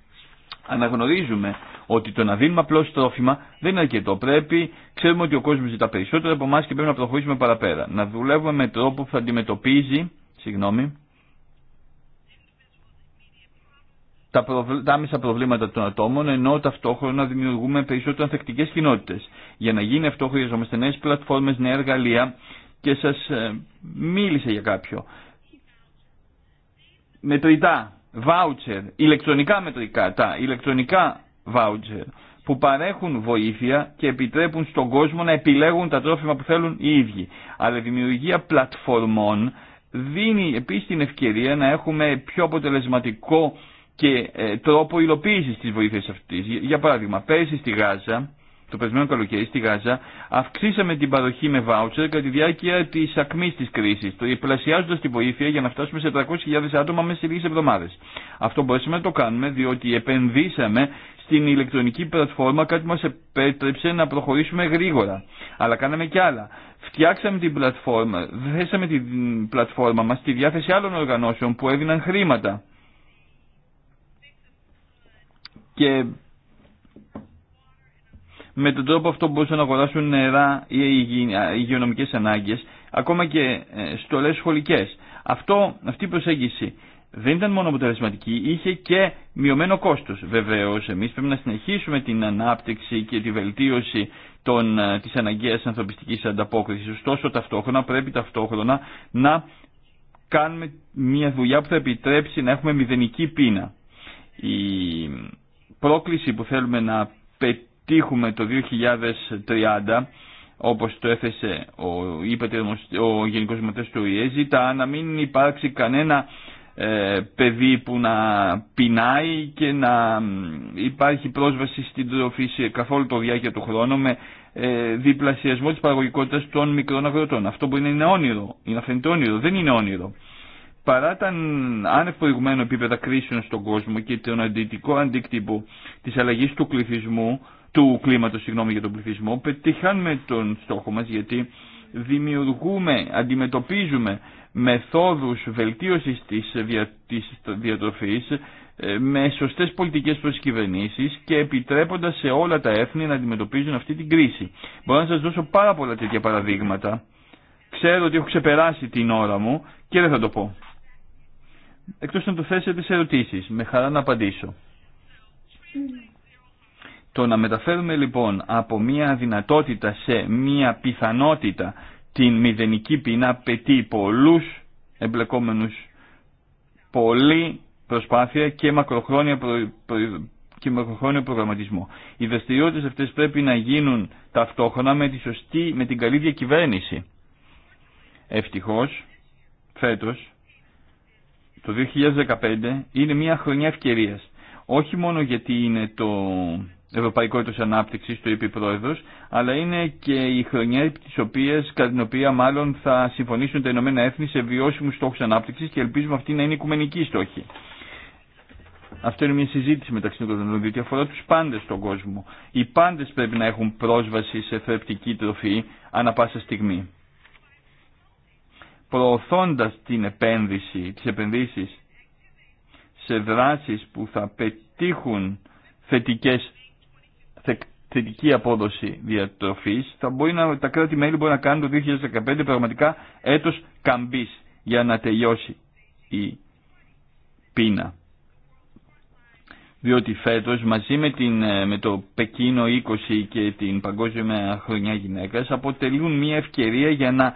S2: Αναγνωρίζουμε ότι το να δίνουμε απλώ τρόφιμα δεν είναι αρκετό. Πρέπει, ξέρουμε ότι ο κόσμο ζητά περισσότερο από εμά και πρέπει να προχωρήσουμε παραπέρα. Να δουλεύουμε με τρόπο που θα αντιμετωπίζει, συγγνώμη, τα, προβλ... τα άμεσα προβλήματα των ατόμων, ενώ ταυτόχρονα δημιουργούμε περισσότερο ανθεκτικέ κοινότητε. Για να γίνει αυτό χρειαζόμαστε νέε πλατφόρμε, νέα εργαλεία και σα ε, μίλησε για κάποιο. Μετρητά, βάουτσερ, ηλεκτρονικά μετρητά, τα ηλεκτρονικά βάουτσερ που παρέχουν βοήθεια και επιτρέπουν στον κόσμο να επιλέγουν τα τρόφιμα που θέλουν οι ίδιοι. Αλλά η δημιουργία πλατφορμών δίνει επίσης την ευκαιρία να έχουμε πιο αποτελεσματικό και ε, τρόπο υλοποίησης της βοήθειας αυτής. Για παράδειγμα, πέρσι στη Γάζα, το περσμένο καλοκαίρι στη Γάζα, αυξήσαμε την παροχή με βάουτσερ κατά τη διάρκεια τη ακμή τη κρίση, διπλασιάζοντα τη βοήθεια για να φτάσουμε σε 300.000 άτομα μέσα σε λίγε εβδομάδε. Αυτό μπορέσαμε να το κάνουμε διότι επενδύσαμε στην ηλεκτρονική πλατφόρμα, κάτι που μα επέτρεψε να προχωρήσουμε γρήγορα. Αλλά κάναμε κι άλλα. Φτιάξαμε την πλατφόρμα, θέσαμε την πλατφόρμα μα στη διάθεση άλλων οργανώσεων που έδιναν χρήματα. και με τον τρόπο αυτό μπορούσαν να αγοράσουν νερά ή υγειονομικές ανάγκες, ακόμα και ε, στολές σχολικές. Αυτό, αυτή η προσέγγιση δεν μόνο αποτελεσματική, είχε και στολε σχολικε αυτη κόστος. Βεβαίως, και μειωμενο κοστο βεβαιω εμει πρεπει να συνεχίσουμε την ανάπτυξη και τη βελτίωση ε, τη αναγκαία ανθρωπιστική ανθρωπιστικής Ωστόσο, ταυτόχρονα πρέπει ταυτόχρονα να κάνουμε μια δουλειά που θα επιτρέψει να έχουμε μηδενική πείνα. Η πρόκληση που θέλουμε να πετύχουμε το 2030 όπως το έθεσε ο, είπε, ο Γενικός Δημοτές του ΟΗΕ, ζητά να μην υπάρξει κανένα ε, παιδί που να πεινάει και να υπάρχει πρόσβαση στην τροφή σε καθόλου το διάρκεια του χρόνου με ε, διπλασιασμό της παραγωγικότητας των μικρών αγροτών. Αυτό μπορεί να είναι όνειρο, είναι φαίνεται όνειρο, δεν είναι όνειρο παρά τα άνευ επίπεδα κρίσεων στον κόσμο και τον αντιτικό αντίκτυπο της αλλαγής του πληθυσμού, του κλίματος συγγνώμη, για τον πληθυσμό, πετυχάνουμε τον στόχο μας γιατί δημιουργούμε, αντιμετωπίζουμε μεθόδους βελτίωσης της, δια, διατροφής ε, με σωστές πολιτικές προς και επιτρέποντας σε όλα τα έθνη να αντιμετωπίζουν αυτή την κρίση. Μπορώ να σας δώσω πάρα πολλά τέτοια παραδείγματα. Ξέρω ότι έχω ξεπεράσει την ώρα μου και δεν θα το πω εκτός να του θέσετε σε ερωτήσεις. Με χαρά να απαντήσω. Το να μεταφέρουμε λοιπόν από μία δυνατότητα σε μία πιθανότητα την μηδενική ποινά απαιτεί πολλούς εμπλεκόμενους πολλή προσπάθεια και μακροχρόνια, και μακροχρόνιο προγραμματισμό. Οι δραστηριότητες αυτές πρέπει να γίνουν ταυτόχρονα με τη σωστή, με την καλή διακυβέρνηση. Ευτυχώς, φέτος, το 2015 είναι μια χρονιά ευκαιρία, Όχι μόνο γιατί είναι το Ευρωπαϊκό Έτο Ανάπτυξης, το είπε η Πρόεδρος, αλλά είναι και η χρονιά της οποίας, κατά την οποία μάλλον θα συμφωνήσουν τα Ηνωμένα Έθνη σε βιώσιμους στόχους ανάπτυξης και ελπίζουμε αυτή να είναι οικουμενική στόχη. Αυτό είναι μια συζήτηση μεταξύ των κρατών, διότι αφορά του πάντε στον κόσμο. Οι πάντε πρέπει να έχουν πρόσβαση σε θρεπτική τροφή ανα πάσα στιγμή προωθώντας την επένδυση, τις επενδύσεις σε δράσεις που θα πετύχουν θετικές, θετική απόδοση διατροφής, θα μπορεί να, τα κράτη-μέλη μπορεί να κάνουν το 2015 πραγματικά έτος καμπής για να τελειώσει η πείνα. Διότι φέτος μαζί με, την, με το Πεκίνο 20 και την Παγκόσμια Χρονιά Γυναίκας αποτελούν μια ευκαιρία για να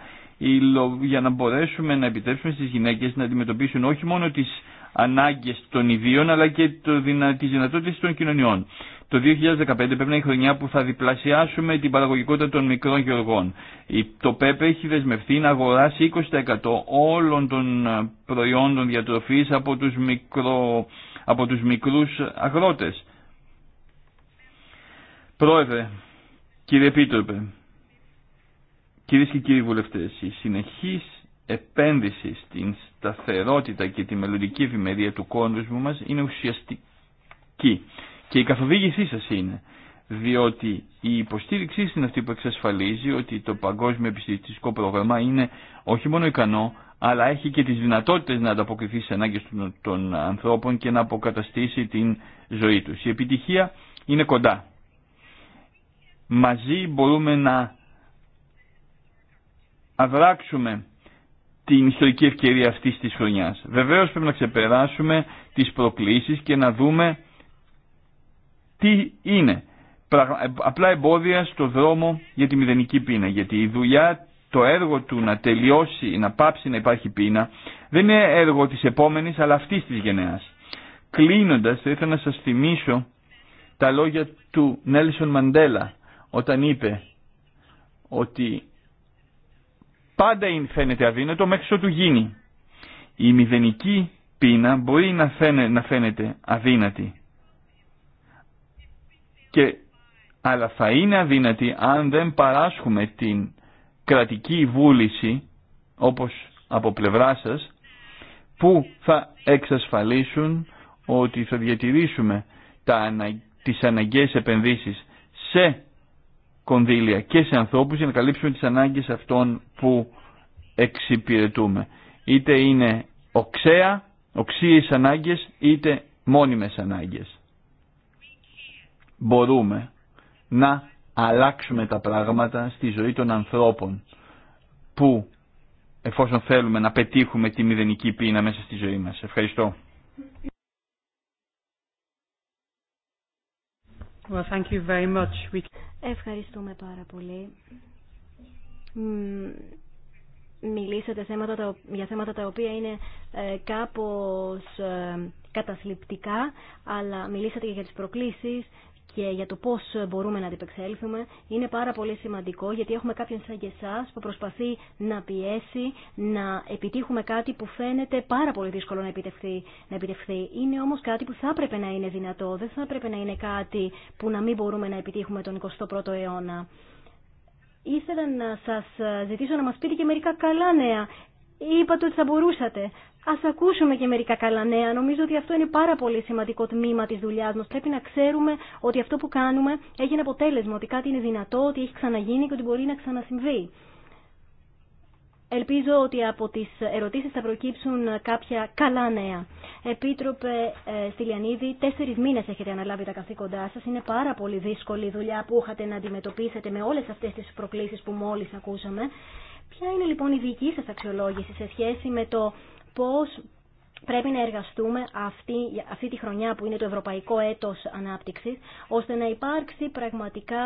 S2: για να μπορέσουμε να επιτρέψουμε στις γυναίκες να αντιμετωπίσουν όχι μόνο τις ανάγκες των ιδίων αλλά και το, δυνα, δυνατότητες των κοινωνιών. Το 2015 πρέπει να είναι η χρονιά που θα διπλασιάσουμε την παραγωγικότητα των μικρών γεωργών. Το ΠΕΠΕ έχει δεσμευτεί να αγοράσει 20% όλων των ε, προϊόντων διατροφής από τους, μικρο, από τους μικρούς αγρότες. Πρόεδρε, κύριε Πίτροπε, Κυρίες και κύριοι βουλευτές, η συνεχής επένδυση στην σταθερότητα και τη μελλοντική ευημερία του κόσμου μας είναι ουσιαστική. Και η καθοδήγησή σας είναι, διότι η υποστήριξή είναι αυτή που εξασφαλίζει ότι το παγκόσμιο επιστημιστικό πρόγραμμα είναι όχι μόνο ικανό, αλλά έχει και τις δυνατότητες να ανταποκριθεί στις ανάγκες των ανθρώπων και να αποκαταστήσει την ζωή τους. Η επιτυχία είναι κοντά. Μαζί μπορούμε να αδράξουμε την ιστορική ευκαιρία αυτής της χρονιάς. Βεβαίως πρέπει να ξεπεράσουμε τις προκλήσεις και να δούμε τι είναι. Ε, απλά εμπόδια στο δρόμο για τη μηδενική πείνα. Γιατί η δουλειά, το έργο του να τελειώσει, να πάψει να υπάρχει πείνα, δεν είναι έργο της επόμενης αλλά αυτής της γενεάς. Κλείνοντας, θα ήθελα να σας θυμίσω τα λόγια του Νέλσον Μαντέλα όταν είπε ότι πάντα είναι φαίνεται αδύνατο μέχρι ότου γίνει. Η μηδενική πείνα μπορεί να, φαίνε, να φαίνεται αδύνατη. Και, αλλά θα είναι αδύνατη αν δεν παράσχουμε την κρατική βούληση, όπως από πλευρά σας, που θα εξασφαλίσουν ότι θα διατηρήσουμε τα, τις αναγκαίες επενδύσεις σε κονδύλια και σε ανθρώπους για να καλύψουμε τις ανάγκες αυτών που εξυπηρετούμε. Είτε είναι οξέα, οξύες ανάγκες, είτε μόνιμες ανάγκες. Μπορούμε να αλλάξουμε τα πράγματα στη ζωή των ανθρώπων που εφόσον θέλουμε να πετύχουμε τη μηδενική πείνα μέσα στη ζωή μας. Ευχαριστώ.
S1: Ευχαριστούμε
S3: πάρα πολύ. Μιλήσατε θέματα, για θέματα τα οποία είναι ε, κάπως ε, καταθλιπτικά, αλλά μιλήσατε και για τις προκλήσεις και για το πώς μπορούμε να αντιπεξέλθουμε είναι πάρα πολύ σημαντικό γιατί έχουμε κάποιον σαν και εσάς που προσπαθεί να πιέσει, να επιτύχουμε κάτι που φαίνεται πάρα πολύ δύσκολο να επιτευχθεί. Να επιτευχθεί. Είναι όμως κάτι που θα έπρεπε να είναι δυνατό, δεν θα έπρεπε να είναι κάτι που να μην μπορούμε να επιτύχουμε τον 21ο αιώνα. Ήθελα να σας ζητήσω να μας πείτε και μερικά καλά νέα. Είπατε ότι θα μπορούσατε. Ας ακούσουμε και μερικά καλά νέα. Νομίζω ότι αυτό είναι πάρα πολύ σημαντικό τμήμα της δουλειάς μας. Πρέπει να ξέρουμε ότι αυτό που κάνουμε έχει ένα αποτέλεσμα, ότι κάτι είναι δυνατό, ότι έχει ξαναγίνει και ότι μπορεί να ξανασυμβεί. Ελπίζω ότι από τις ερωτήσεις θα προκύψουν κάποια καλά νέα. Επίτροπε ε, Στυλιανίδη, τέσσερις μήνες έχετε αναλάβει τα καθήκοντά σας. Είναι πάρα πολύ δύσκολη η δουλειά που είχατε να αντιμετωπίσετε με όλες αυτές τις προκλήσεις που μόλις ακούσαμε. Ποια είναι λοιπόν η δική σας αξιολόγηση σε σχέση με το πώς πρέπει να εργαστούμε αυτή, αυτή τη χρονιά που είναι το Ευρωπαϊκό Έτος Ανάπτυξης, ώστε να υπάρξει πραγματικά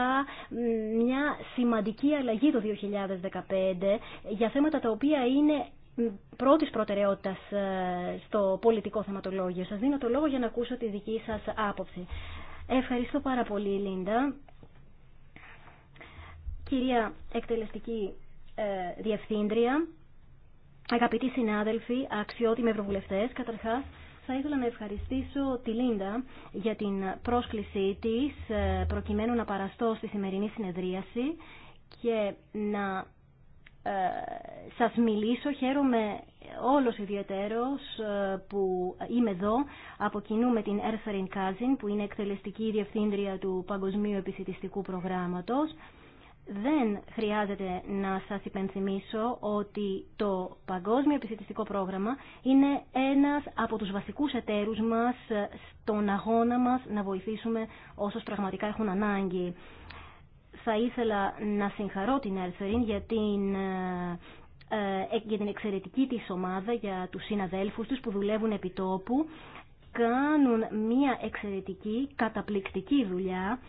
S3: μια σημαντική αλλαγή το 2015 για θέματα τα οποία είναι πρώτης προτεραιότητας ε, στο πολιτικό θεματολόγιο. Σας δίνω το λόγο για να ακούσω τη δική σας άποψη. Ευχαριστώ πάρα πολύ, Λίντα. Κυρία Εκτελεστική ε, Διευθύντρια, Αγαπητοί συνάδελφοι, αξιότιμοι ευρωβουλευτέ, καταρχάς θα ήθελα να ευχαριστήσω τη Λίντα για την πρόσκλησή της ε, προκειμένου να παραστώ στη σημερινή συνεδρίαση και να ε, σας μιλήσω. Χαίρομαι όλος ε, που είμαι εδώ. Από κοινού με την Έρθαριν Κάζιν που είναι εκτελεστική διευθύντρια του Παγκοσμίου Επισητιστικού Προγράμματος δεν χρειάζεται να σας υπενθυμίσω ότι το Παγκόσμιο Επιθετιστικό Πρόγραμμα είναι ένας από τους βασικούς εταίρους μας στον αγώνα μας να βοηθήσουμε όσους πραγματικά έχουν ανάγκη. Θα ήθελα να συγχαρώ την Ερθερίν για την ε, ε, για την εξαιρετική της ομάδα, για τους συναδέλφους τους που δουλεύουν επί τόπου, κάνουν μια εξαιρετική, καταπληκτική δουλειά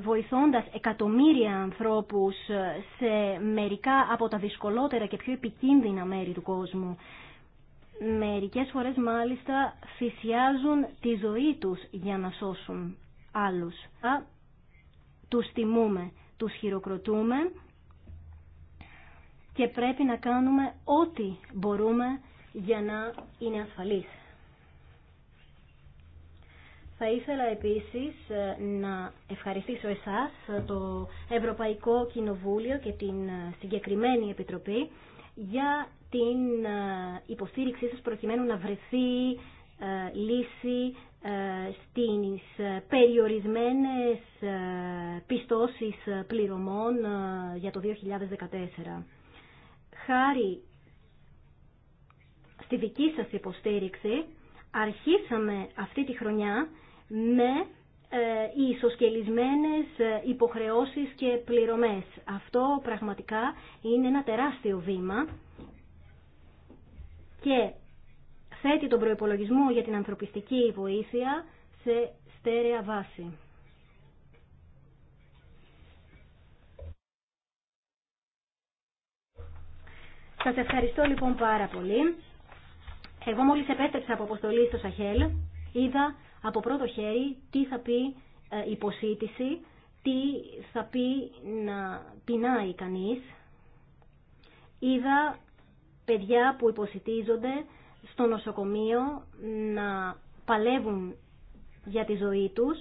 S3: βοηθώντας εκατομμύρια ανθρώπους ε, σε μερικά από τα δυσκολότερα και πιο επικίνδυνα μέρη του κόσμου. Μερικές φορές μάλιστα θυσιάζουν τη ζωή τους για να σώσουν άλλους. Α, τους τιμούμε, τους χειροκροτούμε και πρέπει να κάνουμε ό,τι μπορούμε για να είναι ασφαλείς. Θα ήθελα επίσης ε, να ευχαριστήσω εσάς, ε, το Ευρωπαϊκό Κοινοβούλιο και την ε, συγκεκριμένη Επιτροπή για την υποστήριξή σας προκειμένου να βρεθεί λύση στις περιορισμένες πιστώσεις πληρωμών για το 2014. Χάρη στη δική σας υποστήριξη αρχίσαμε αυτή τη χρονιά με ε, ισοσκελισμένες ε, υποχρεώσεις και πληρωμές. Αυτό πραγματικά είναι ένα τεράστιο βήμα και θέτει τον προϋπολογισμό για την ανθρωπιστική βοήθεια σε στέρεα βάση. Σας ευχαριστώ λοιπόν πάρα πολύ. Εγώ μόλις επέστρεψα από αποστολή στο Σαχέλ, είδα από πρώτο χέρι τι θα πει ε, υποσύτηση, τι θα πει να πεινάει κανείς. Είδα παιδιά που υποσυτίζονται στο νοσοκομείο να παλεύουν για τη ζωή τους.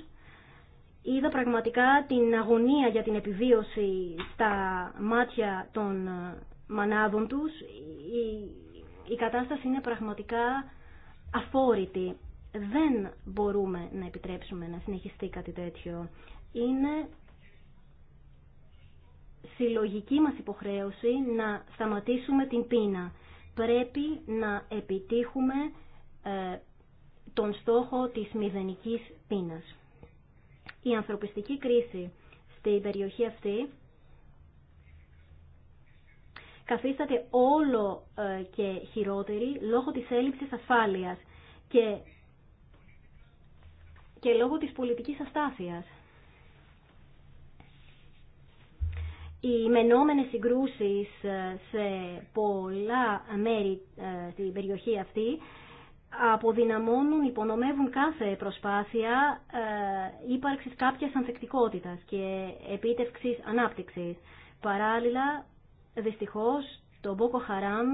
S3: Είδα πραγματικά την αγωνία για την επιβίωση στα μάτια των ε, μανάδων τους. Η, η κατάσταση είναι πραγματικά αφόρητη δεν μπορούμε να επιτρέψουμε να συνεχιστεί κάτι τέτοιο. Είναι συλλογική μας υποχρέωση να σταματήσουμε την πείνα. Πρέπει να επιτύχουμε ε, τον στόχο της μηδενικής πείνας. Η ανθρωπιστική κρίση στην περιοχή αυτή καθίσταται όλο ε, και χειρότερη λόγω της έλλειψης ασφάλειας και και λόγω της πολιτικής αστάθειας. Οι μενόμενες συγκρούσεις ε, σε πολλά μέρη ε, στην περιοχή αυτή αποδυναμώνουν, υπονομεύουν κάθε προσπάθεια ε, ύπαρξης κάποιας ανθεκτικότητας και επίτευξης ανάπτυξης. Παράλληλα, δυστυχώς, το Μπόκο Χαράμ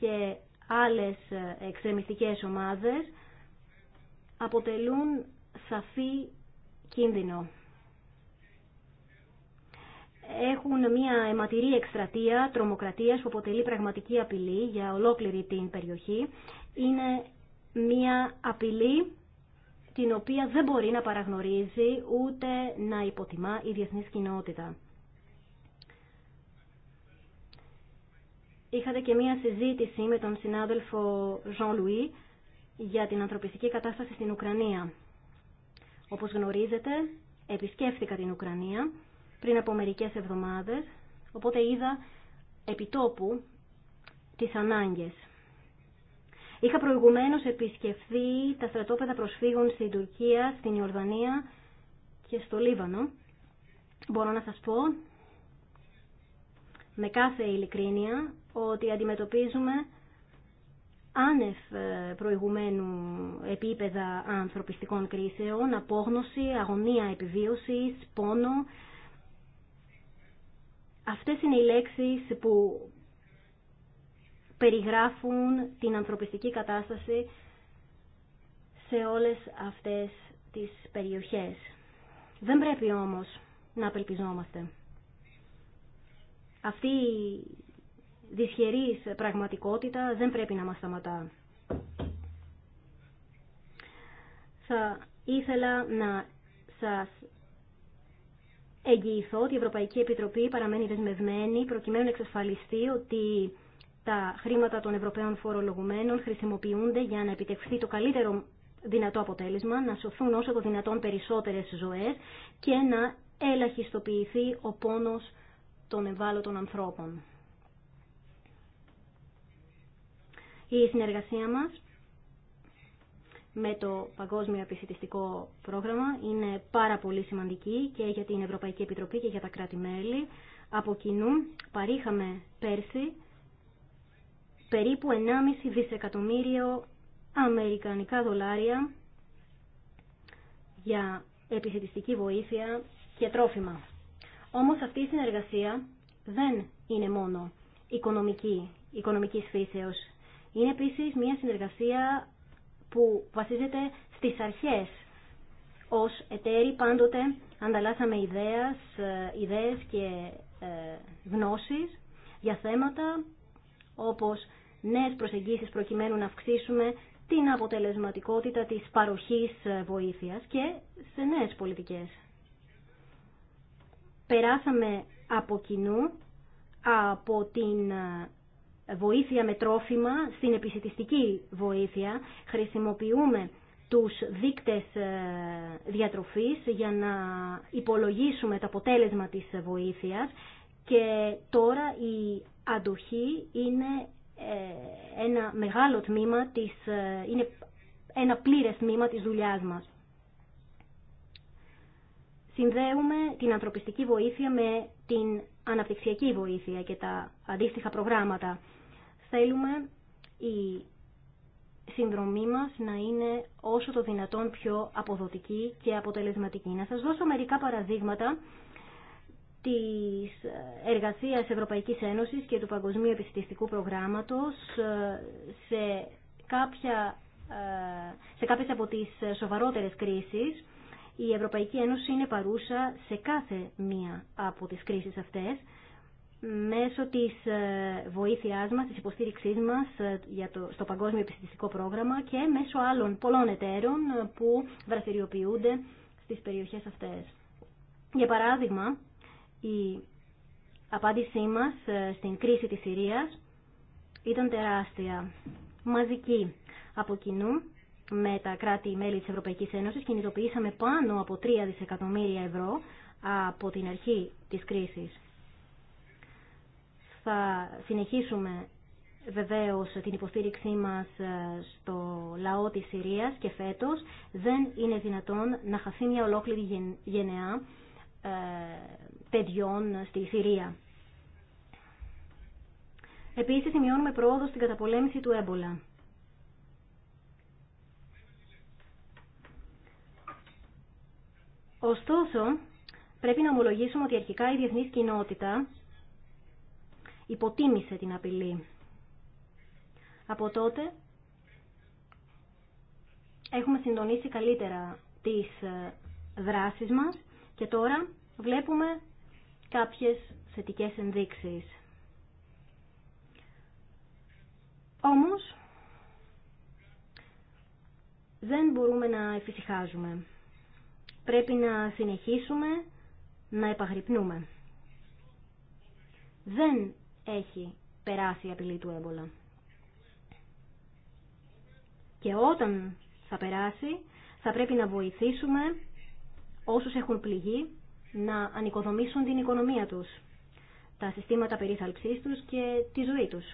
S3: και άλλες εξτρεμιστικές ομάδες αποτελούν σαφή κίνδυνο. Έχουν μια αιματηρή εκστρατεία τρομοκρατίας που αποτελεί πραγματική απειλή για ολόκληρη την περιοχή. Είναι μια απειλή την οποία δεν μπορεί να παραγνωρίζει ούτε να υποτιμά η διεθνής κοινότητα. Είχατε και μία συζήτηση με τον συναδελφο Ζων Λουί για την ανθρωπιστική κατάσταση στην Ουκρανία. Όπως γνωρίζετε, επισκέφθηκα την Ουκρανία πριν από μερικές εβδομάδες, οπότε είδα επιτόπου τις ανάγκες. Είχα προηγουμένως επισκεφθεί τα στρατόπεδα προσφύγων στην Τουρκία, στην Ιορδανία και στο Λίβανο. Μπορώ να σας πω με κάθε ειλικρίνεια ότι αντιμετωπίζουμε άνευ ε, προηγουμένου επίπεδα ανθρωπιστικών κρίσεων, απόγνωση, αγωνία επιβίωσης, πόνο. Αυτές είναι οι λέξεις που περιγράφουν την ανθρωπιστική κατάσταση σε όλες αυτές τις περιοχές. Δεν πρέπει όμως να απελπιζόμαστε. Αυτή δυσχερής πραγματικότητα δεν πρέπει να μας σταματά. Θα ήθελα να σας εγγυηθώ ότι η Ευρωπαϊκή Επιτροπή παραμένει δεσμευμένη προκειμένου να εξασφαλιστεί ότι τα χρήματα των Ευρωπαίων φορολογουμένων χρησιμοποιούνται για να επιτευχθεί το καλύτερο δυνατό αποτέλεσμα, να σωθούν όσο το δυνατόν περισσότερες ζωές και να ελαχιστοποιηθεί ο πόνος των ευάλωτων ανθρώπων. Η συνεργασία μας με το Παγκόσμιο Επιθετιστικό Πρόγραμμα είναι πάρα πολύ σημαντική και για την Ευρωπαϊκή Επιτροπή και για τα κράτη-μέλη. Από κοινού παρήχαμε πέρσι περίπου 1,5 δισεκατομμύριο αμερικανικά δολάρια για επιθετιστική βοήθεια και τρόφιμα. Όμως αυτή η συνεργασία δεν είναι μόνο οικονομική, οικονομικής φύσεως. Είναι επίση μια συνεργασία που βασίζεται στις αρχές. Ως εταίροι πάντοτε ανταλλάσσαμε ιδέες, ε, ιδέες και ε, γνώσεις για θέματα όπως νέες προσεγγίσεις προκειμένου να αυξήσουμε την αποτελεσματικότητα της παροχής ε, βοήθειας και σε νέες πολιτικές. Περάσαμε από κοινού από την βοήθεια με τρόφιμα στην επισητιστική βοήθεια. Χρησιμοποιούμε τους δείκτες ε, διατροφής για να υπολογίσουμε το αποτέλεσμα της βοήθειας και τώρα η αντοχή είναι ε, ένα μεγάλο τμήμα της, ε, είναι ένα πλήρες τμήμα της δουλειάς μας. Συνδέουμε την ανθρωπιστική βοήθεια με την αναπτυξιακή βοήθεια και τα αντίστοιχα προγράμματα. Θέλουμε η συνδρομή μας να είναι όσο το δυνατόν πιο αποδοτική και αποτελεσματική. Να σας δώσω μερικά παραδείγματα της εργασίας Ευρωπαϊκής Ένωσης και του Παγκοσμίου Επιστημιστικού Προγράμματος ε, σε, κάποια, ε, σε κάποιες από τις σοβαρότερες κρίσεις. Η Ευρωπαϊκή Ένωση είναι παρούσα σε κάθε μία από τις κρίσεις αυτές μέσω της ε, βοήθειάς μας, της υποστήριξής μας ε, για το, στο Παγκόσμιο Επιστημιστικό Πρόγραμμα και μέσω άλλων πολλών εταίρων ε, που δραστηριοποιούνται στις περιοχές αυτές. Για παράδειγμα, η απάντησή μας στην κρίση της Συρίας ήταν τεράστια, μαζική. Από κοινού, με τα κράτη-μέλη της Ευρωπαϊκής Ένωσης κινητοποιήσαμε πάνω από 3 δισεκατομμύρια ευρώ από την αρχή της κρίσης. Θα συνεχίσουμε βεβαίως την υποστήριξή μας ε, στο λαό της Συρίας και φέτος δεν είναι δυνατόν να χαθεί μια ολόκληρη γενεά ε, παιδιών στη Συρία. Επίσης σημειώνουμε πρόοδο στην καταπολέμηση του έμπολα. Ωστόσο, πρέπει να ομολογήσουμε ότι αρχικά η διεθνής κοινότητα υποτίμησε την απειλή. Από τότε έχουμε συντονίσει καλύτερα τις ε, δράσεις μας και τώρα βλέπουμε κάποιες θετικές ενδείξεις. Όμως, δεν μπορούμε να εφησυχάζουμε. Πρέπει να συνεχίσουμε να επαγρυπνούμε. Δεν έχει περάσει η απειλή του έμπολα. Και όταν θα περάσει, θα πρέπει να βοηθήσουμε όσους έχουν πληγεί να ανοικοδομήσουν την οικονομία τους, τα συστήματα περίθαλψής τους και τη ζωή τους.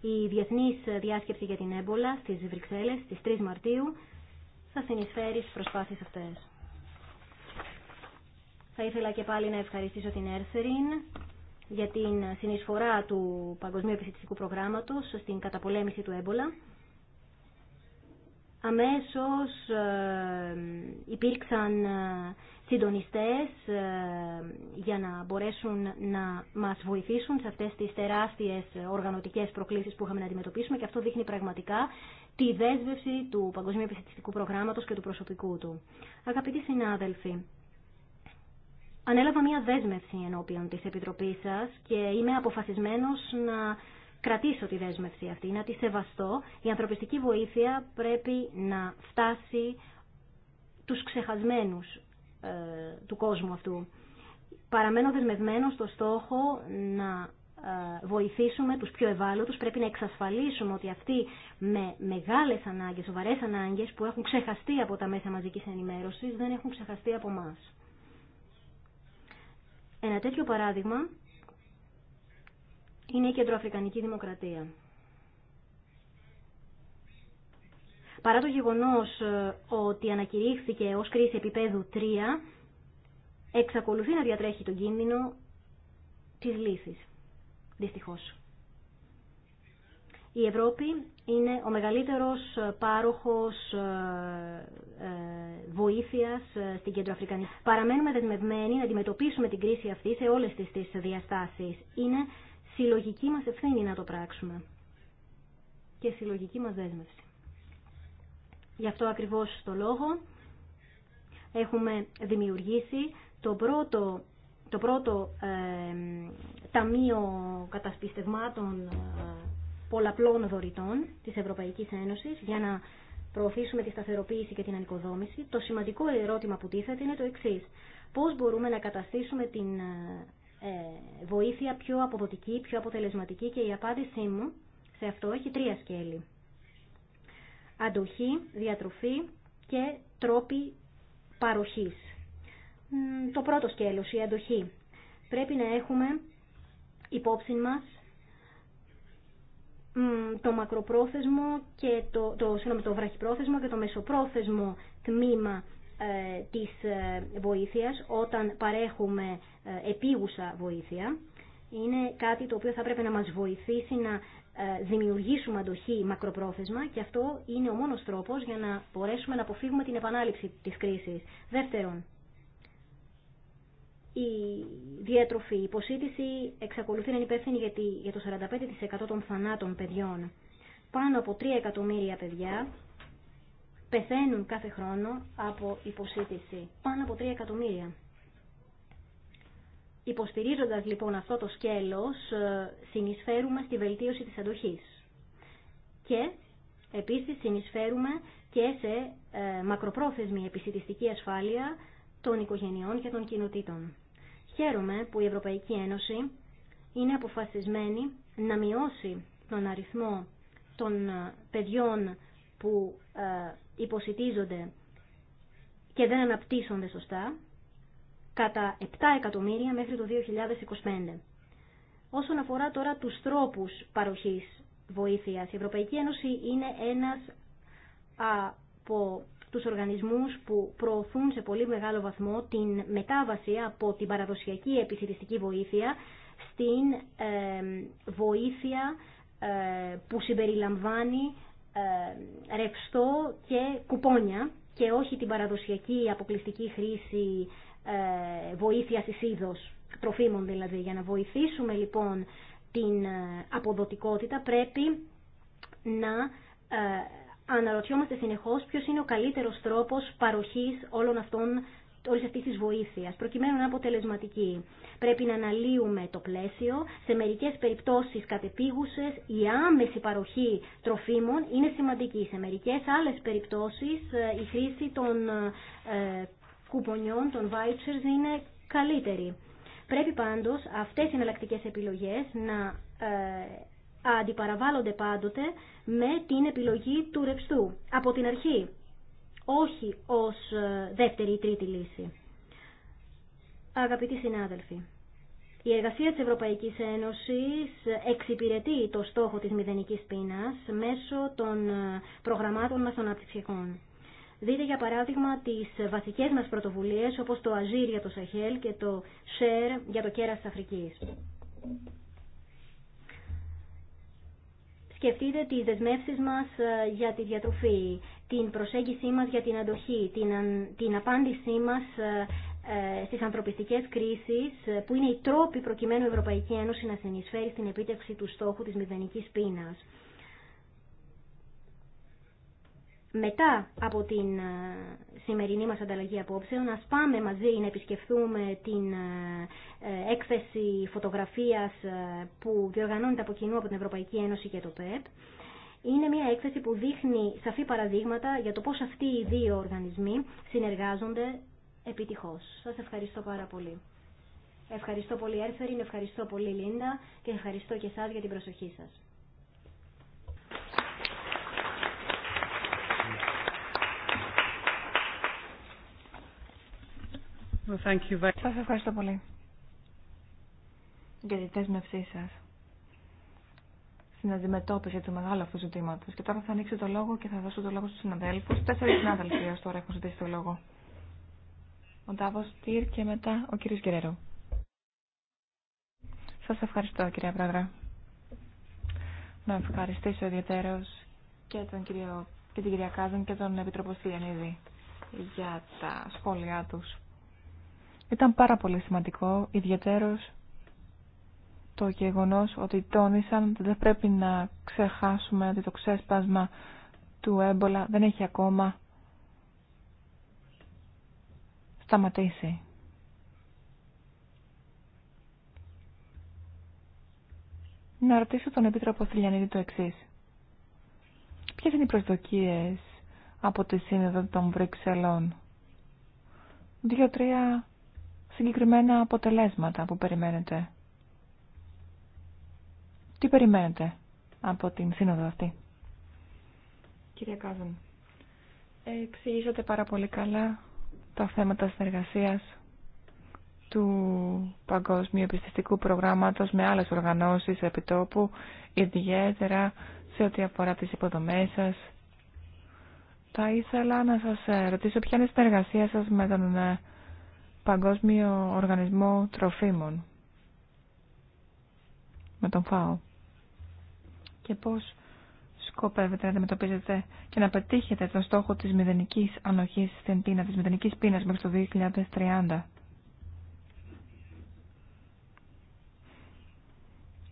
S3: Η Διεθνής Διάσκεψη για την Έμπολα στις Βρυξέλλες στις 3 Μαρτίου θα συνεισφέρει στις προσπάθειες αυτές. Θα ήθελα και πάλι να ευχαριστήσω την Έρθεριν για την συνεισφορά του Παγκοσμίου Επιστημιστικού Προγράμματος στην καταπολέμηση του έμπολα. Αμέσως ε, υπήρξαν ε, συντονιστές ε, για να μπορέσουν να μας βοηθήσουν σε αυτές τις τεράστιες οργανωτικές προκλήσεις που είχαμε να αντιμετωπίσουμε και αυτό δείχνει πραγματικά τη δέσμευση του Παγκοσμίου Επιστημιστικού Προγράμματος και του προσωπικού του. Αγαπητοί συνάδελφοι, ανέλαβα μια δέσμευση ενώπιον της Επιτροπής σας και είμαι αποφασισμένος να κρατήσω τη δέσμευση αυτή, να τη σεβαστώ. Η ανθρωπιστική βοήθεια πρέπει να φτάσει τους ξεχασμένους ε, του κόσμου αυτού. Παραμένω δεσμευμένος στο στόχο να ε, βοηθήσουμε τους πιο ευάλωτους, πρέπει να εξασφαλίσουμε ότι αυτοί με μεγάλες ανάγκες, σοβαρές ανάγκες που έχουν ξεχαστεί από τα μέσα μαζικής ενημέρωσης δεν έχουν ξεχαστεί από μας. Ένα τέτοιο παράδειγμα είναι η Κεντροαφρικανική Δημοκρατία. Παρά το γεγονός ε, ότι ανακηρύχθηκε ως κρίση επίπεδου 3, εξακολουθεί να διατρέχει τον κίνδυνο της λύσης. Δυστυχώς. Η Ευρώπη είναι ο μεγαλύτερος πάροχος ε, ε, βοήθειας ε, στην Κεντροαφρικανή. Παραμένουμε δεσμευμένοι να αντιμετωπίσουμε την κρίση αυτή σε όλες τις, τις διαστάσεις. Είναι συλλογική μας ευθύνη να το πράξουμε και συλλογική μας δέσμευση. Γι' αυτό ακριβώς το λόγο έχουμε δημιουργήσει το πρώτο, το ταμείο κατασπιστευμάτων πολλαπλών δωρητών της Ευρωπαϊκής Ένωσης για να προωθήσουμε τη σταθεροποίηση και την ανοικοδόμηση, το σημαντικό ερώτημα που τίθεται είναι το εξής. Πώς μπορούμε να καταστήσουμε την ε, ε, βοήθεια πιο αποδοτική, πιο αποτελεσματική και η απάντησή μου σε αυτό έχει τρία σκέλη. Αντοχή, διατροφή και τρόποι παροχής. Το πρώτο σκέλος, η αντοχή. Πρέπει να έχουμε υπόψη μας το μακροπρόθεσμο και το, το, το βραχυπρόθεσμο και το μεσοπρόθεσμο τμήμα ε, της ε, βοήθειας όταν παρέχουμε ε, επίγουσα βοήθεια. Είναι κάτι το οποίο θα πρέπει να μας βοηθήσει να ε, δημιουργήσουμε αντοχή μακροπρόθεσμα και αυτό είναι ο μόνος τρόπος για να μπορέσουμε να αποφύγουμε την επανάληψη της κρίσης. Δεύτερον, η διατροφή, η υποσύτηση εξακολουθεί να είναι υπεύθυνη γιατί για το 45% των θανάτων παιδιών. Πάνω από 3 εκατομμύρια παιδιά πεθαίνουν κάθε χρόνο από υποσύτηση. Πάνω από 3 εκατομμύρια. Υποστηρίζοντας λοιπόν αυτό το σκέλος, ε, συνεισφέρουμε στη βελτίωση της αντοχής. Και επίσης συνεισφέρουμε και σε ε, μακροπρόθεσμη επισητιστική ασφάλεια των οικογενειών και των κοινοτήτων. Χαίρομαι που η Ευρωπαϊκή Ένωση είναι αποφασισμένη να μειώσει τον αριθμό των ε, παιδιών που ε, υποσυτίζονται και δεν αναπτύσσονται σωστά κατά 7 εκατομμύρια μέχρι το 2025. Όσον αφορά τώρα τους τρόπους παροχής βοήθειας, η Ευρωπαϊκή Ένωση είναι ένας από τους οργανισμούς που προωθούν σε πολύ μεγάλο βαθμό την μετάβαση από την παραδοσιακή επισητιστική βοήθεια στην βοήθεια ε, που συμπεριλαμβάνει ε, ρευστό και κουπόνια και όχι την παραδοσιακή αποκλειστική χρήση ε, βοήθεια της είδος, τροφίμων δηλαδή. Για να βοηθήσουμε λοιπόν την αποδοτικότητα πρέπει να αναρωτιόμαστε συνεχώ ποιο είναι ο καλύτερος τρόπος παροχής όλων αυτών όλη αυτή τη βοήθεια, προκειμένου να είναι αποτελεσματική. Πρέπει να αναλύουμε το πλαίσιο. Σε μερικέ περιπτώσει κατεπίγουσε, η άμεση παροχή τροφίμων είναι σημαντική. Σε μερικέ άλλε περιπτώσει ε, η χρήση των ε, κουπονιών, των vouchers είναι καλύτερη. Πρέπει πάντως αυτές οι εναλλακτικέ επιλογές να ε, αντιπαραβάλλονται πάντοτε με την επιλογή του ρευστού από την αρχή, όχι ως ε, δεύτερη ή τρίτη λύση. Αγαπητοί συνάδελφοι, η εργασία της Ευρωπαϊκής Ένωσης εξυπηρετεί το στόχο της μηδενικής πείνας μέσω των ε, προγραμμάτων μας των αναπτυξιακών. Δείτε για παράδειγμα τις βασικές μας πρωτοβουλίες όπως το Αζίρ για το Σαχέλ και το Σέρ για το κέρας της Αφρικής. Σκεφτείτε τις δεσμεύσεις μας ε, για τη διατροφή, την προσέγγιση μας για την αντοχή, την, την απάντησή μας ε, ε, στις ανθρωπιστικές κρίσεις που είναι οι τρόποι προκειμένου η Ευρωπαϊκή Ένωση να συνεισφέρει στην επίτευξη του στόχου της μηδενικής πείνας. μετά από την ε, σημερινή μας ανταλλαγή απόψεων να πάμε μαζί να επισκεφθούμε την ε, ε, έκθεση φωτογραφίας που διοργανώνεται από κοινού από την Ευρωπαϊκή Ένωση και το ΠΕΠ. Είναι μια έκθεση που δείχνει σαφή παραδείγματα για το πώς αυτοί οι δύο οργανισμοί συνεργάζονται επιτυχώς. Σας ευχαριστώ πάρα πολύ. Ευχαριστώ πολύ Έρφερη, ευχαριστώ πολύ Λίντα και ευχαριστώ και εσάς για την προσοχή σας.
S1: Σα Σας ευχαριστώ πολύ για τη δέσμευσή σα στην αντιμετώπιση του μεγάλου αυτού ζητήματο. Και τώρα θα ανοίξω το λόγο και θα δώσω το λόγο στου συναδέλφου. Τέσσερι συνάδελφοι έω τώρα έχουν ζητήσει το λόγο. Ο Ντάβο Τύρ και μετά ο κύριο Γκερέρο. Σα ευχαριστώ, κυρία Πρόεδρε. Να ευχαριστήσω ιδιαίτερω και, τον κύριο, και την κυρία Κάζαν και τον Επιτροπό Στυλιανίδη για τα σχόλιά τους. Ήταν πάρα πολύ σημαντικό, ιδιαίτερος το γεγονός ότι τόνισαν ότι δεν πρέπει να ξεχάσουμε ότι το ξέσπασμα του έμπολα δεν έχει ακόμα σταματήσει. Να ρωτήσω τον Επίτροπο Θηλιανίδη το εξή. Ποιες είναι οι προσδοκίες από τη Σύνοδο των Βρυξελών. Δύο-τρία συγκεκριμένα αποτελέσματα που περιμένετε. Τι περιμένετε από την σύνοδο αυτή. Κυρία Κάζαν, εξηγήσατε πάρα πολύ καλά τα θέματα συνεργασίας του Παγκόσμιου Επιστηστικού Προγράμματος με άλλες οργανώσεις επιτόπου, ιδιαίτερα σε ό,τι αφορά τις υποδομές σας. Θα ήθελα να σας ρωτήσω ποια είναι η συνεργασία σας με τον ε, Παγκόσμιο Οργανισμό Τροφίμων με τον ΦΑΟ και πώς σκοπεύετε να αντιμετωπίζετε και να πετύχετε τον στόχο της μηδενικής ανοχής στην πείνα, της μηδενικής πείνας μέχρι το 2030.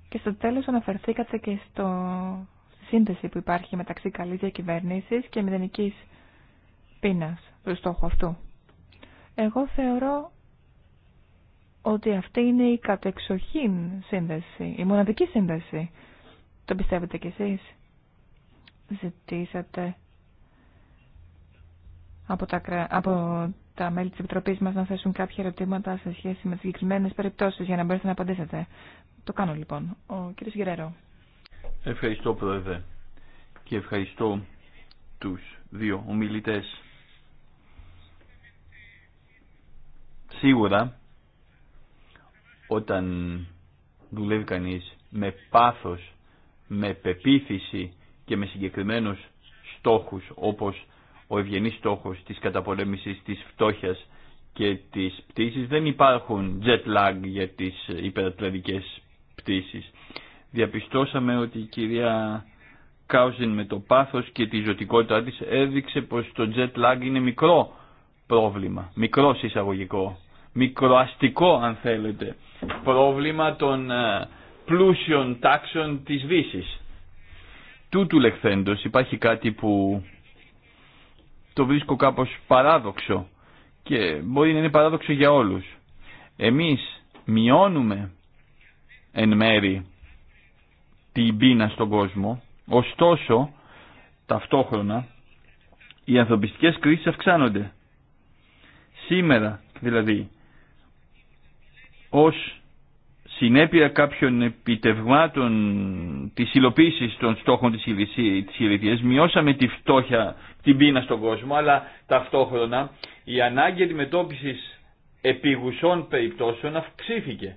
S1: Και στο τέλος αναφερθήκατε και στο στη σύνδεση που υπάρχει μεταξύ καλής διακυβέρνησης και μηδενικής πείνας του στόχου αυτού. Εγώ θεωρώ ότι αυτή είναι η κατεξοχήν σύνδεση, η μοναδική σύνδεση. Το πιστεύετε κι εσείς. Ζητήσατε από τα, από τα μέλη της Επιτροπής μας να θέσουν κάποια ερωτήματα σε σχέση με τις συγκεκριμένε περιπτώσεις για να μπορέσετε να απαντήσετε. Το κάνω λοιπόν. Ο κ. Γερέρο.
S2: Ευχαριστώ Πρόεδρε και ευχαριστώ τους δύο ομιλητές Σίγουρα, όταν δουλεύει κανείς με πάθος, με πεποίθηση και με συγκεκριμένους στόχους όπως ο ευγενής στόχος της καταπολέμησης της φτώχειας και της πτήσης δεν υπάρχουν jet lag για τις υπερατλαντικές πτήσεις. Διαπιστώσαμε ότι η κυρία Κάουζιν με το πάθος και τη ζωτικότητά της έδειξε πως το jet lag είναι μικρό πρόβλημα, μικρό εισαγωγικό μικροαστικό αν θέλετε πρόβλημα των ε, πλούσιων τάξεων της Δύσης. Τούτου λεχθέντος υπάρχει κάτι που το βρίσκω κάπως παράδοξο και μπορεί να είναι παράδοξο για όλους. Εμείς μειώνουμε εν μέρη την πείνα στον κόσμο, ωστόσο ταυτόχρονα οι ανθρωπιστικές κρίσεις αυξάνονται. Σήμερα δηλαδή ως συνέπεια κάποιων επιτευγμάτων της υλοποίηση των στόχων της ηλικίας μειώσαμε τη φτώχεια, την πείνα στον κόσμο, αλλά ταυτόχρονα η ανάγκη αντιμετώπισης επιγουσών περιπτώσεων αυξήθηκε.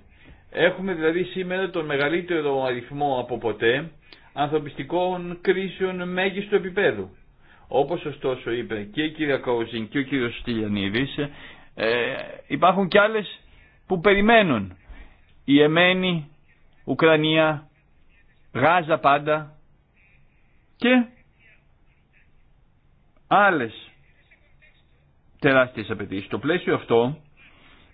S2: Έχουμε δηλαδή σήμερα τον μεγαλύτερο αριθμό από ποτέ ανθρωπιστικών κρίσεων μέγιστο επίπεδου. Όπως ωστόσο είπε και η κυρία Καουζίν και ο κύριος Στυλιανίδης, ε, υπάρχουν και άλλες που περιμένουν. Η Εμένη, Ουκρανία, Γάζα πάντα και άλλες τεράστιες απαιτήσεις. Στο πλαίσιο αυτό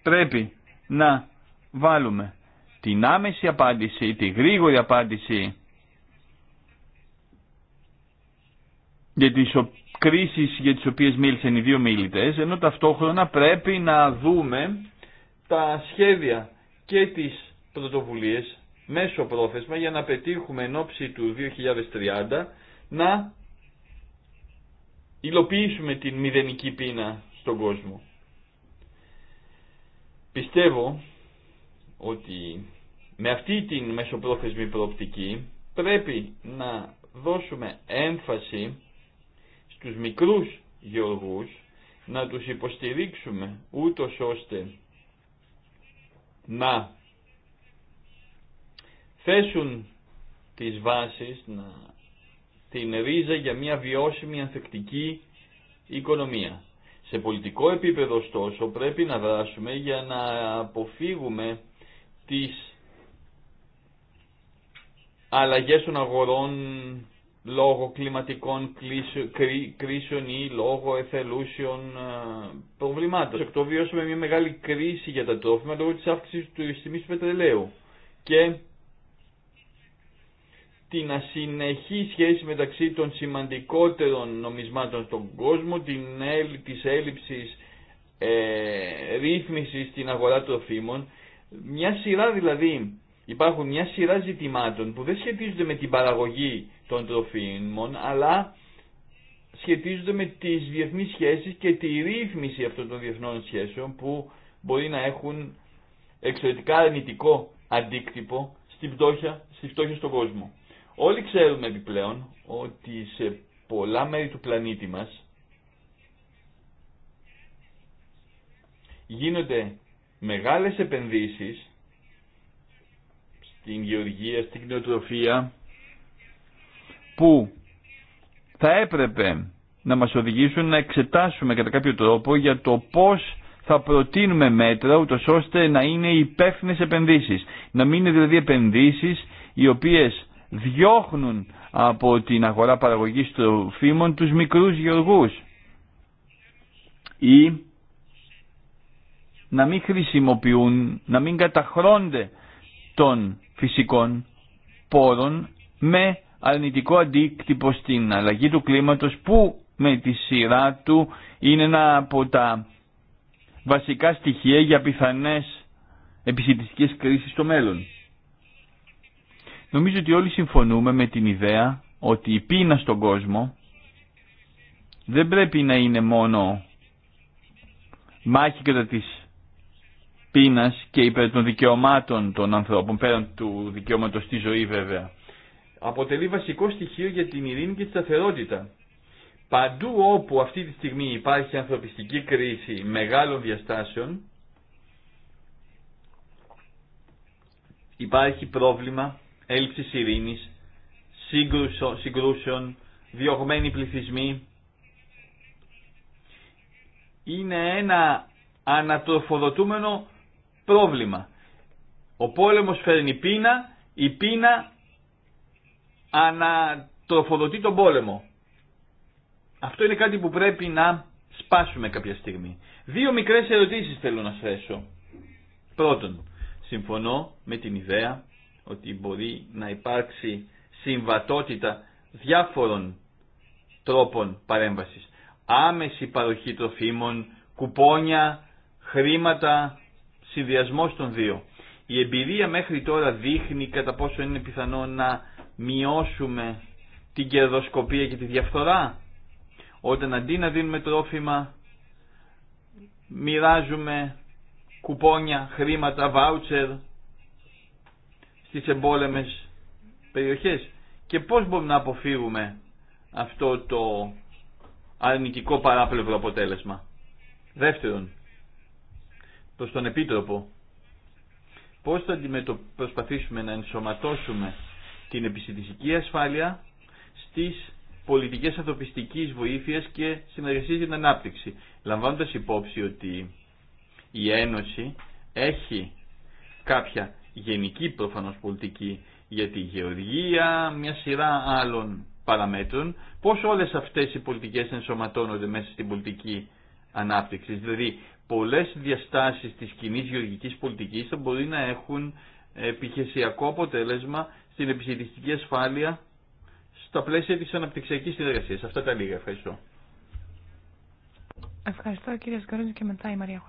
S2: πρέπει να βάλουμε την άμεση απάντηση, τη γρήγορη απάντηση για τις κρίσεις για τις οποίες μίλησαν οι δύο μίλητες, ενώ ταυτόχρονα πρέπει να δούμε τα σχέδια και τις πρωτοβουλίες μέσω πρόθεσμα για να πετύχουμε εν ώψη του 2030 να υλοποιήσουμε την μηδενική πείνα στον κόσμο. Πιστεύω ότι με αυτή την μεσοπρόθεσμη προοπτική πρέπει να δώσουμε έμφαση στους μικρούς γεωργούς να τους υποστηρίξουμε ούτως ώστε να θέσουν τις βάσεις, να, την ρίζα για μια βιώσιμη ανθεκτική οικονομία. Σε πολιτικό επίπεδο ωστόσο πρέπει να δράσουμε για να αποφύγουμε τις αλλαγές των αγορών λόγω κλιματικών κρίσεων ή λόγω εθελούσιων ε, προβλημάτων. Εκτό βιώσαμε μια μεγάλη κρίση για τα τρόφιμα λόγω της αύξησης του τιμής πετρελαίου και την ασυνεχή σχέση μεταξύ των σημαντικότερων νομισμάτων στον κόσμο, την έλλει, της έλλειψης ε, ρύθμισης στην αγορά τροφίμων, μια σειρά δηλαδή υπάρχουν μια σειρά ζητημάτων που δεν σχετίζονται με την παραγωγή των τροφίμων, αλλά σχετίζονται με τις διεθνείς σχέσεις και τη ρύθμιση αυτών των διεθνών σχέσεων που μπορεί να έχουν εξαιρετικά αρνητικό αντίκτυπο στη φτώχεια, στη φτώχεια στον κόσμο. Όλοι ξέρουμε επιπλέον ότι σε πολλά μέρη του πλανήτη μας γίνονται μεγάλες επενδύσεις την γεωργία, στην κοινοτροφία που θα έπρεπε να μας οδηγήσουν να εξετάσουμε κατά κάποιο τρόπο για το πώς θα προτείνουμε μέτρα ούτω ώστε να είναι υπεύθυνε επενδύσεις. Να μην είναι δηλαδή επενδύσεις οι οποίες διώχνουν από την αγορά παραγωγής τροφίμων τους μικρούς γεωργούς ή να μην χρησιμοποιούν, να μην καταχρώνται των φυσικών πόρων με αρνητικό αντίκτυπο στην αλλαγή του κλίματος που με τη σειρά του είναι ένα από τα βασικά στοιχεία για πιθανές επισητιστικές κρίσεις στο μέλλον. Νομίζω ότι όλοι συμφωνούμε με την ιδέα ότι η πείνα στον κόσμο δεν πρέπει να είναι μόνο μάχη κατά της πείνας και υπέρ των δικαιωμάτων των ανθρώπων, πέραν του δικαιώματος στη ζωή βέβαια. Αποτελεί βασικό στοιχείο για την ειρήνη και τη σταθερότητα. Παντού όπου αυτή τη στιγμή υπάρχει ανθρωπιστική κρίση μεγάλων διαστάσεων, υπάρχει πρόβλημα έλλειψης ειρήνης, συγκρούσεων, διωγμένοι πληθυσμοί. Είναι ένα ανατροφοδοτούμενο πρόβλημα. Ο πόλεμος φέρνει πείνα, η πείνα ανατροφοδοτεί τον πόλεμο. Αυτό είναι κάτι που πρέπει να σπάσουμε κάποια στιγμή. Δύο μικρές ερωτήσεις θέλω να θέσω. Πρώτον, συμφωνώ με την ιδέα ότι μπορεί να υπάρξει συμβατότητα διάφορων τρόπων παρέμβασης. Άμεση παροχή τροφίμων, κουπόνια, χρήματα, συνδυασμός των δύο. Η εμπειρία μέχρι τώρα δείχνει κατά πόσο είναι πιθανό να μειώσουμε την κερδοσκοπία και τη διαφθορά. Όταν αντί να δίνουμε τρόφιμα, μοιράζουμε κουπόνια, χρήματα, βάουτσερ στις εμπόλεμες περιοχές. Και πώς μπορούμε να αποφύγουμε αυτό το αρνητικό παράπλευρο αποτέλεσμα. Δεύτερον, προς τον Επίτροπο πώς θα προσπαθήσουμε να ενσωματώσουμε την επιστημιστική ασφάλεια στις πολιτικές ανθρωπιστικής βοήθειας και συνεργασίες για την ανάπτυξη. Λαμβάνοντας υπόψη ότι η Ένωση έχει κάποια γενική προφανώς πολιτική για τη γεωργία, μια σειρά άλλων παραμέτρων, πώς όλες αυτές οι πολιτικές ενσωματώνονται μέσα στην πολιτική ανάπτυξη, Δηλαδή πολλές διαστάσεις της κοινή γεωργικής πολιτικής θα μπορεί να έχουν επιχειρησιακό αποτέλεσμα στην επιχειρητική ασφάλεια στα πλαίσια της αναπτυξιακής συνεργασίας. Αυτά τα λίγα. Ευχαριστώ.
S3: Ευχαριστώ κύριε και μετά η Μαρία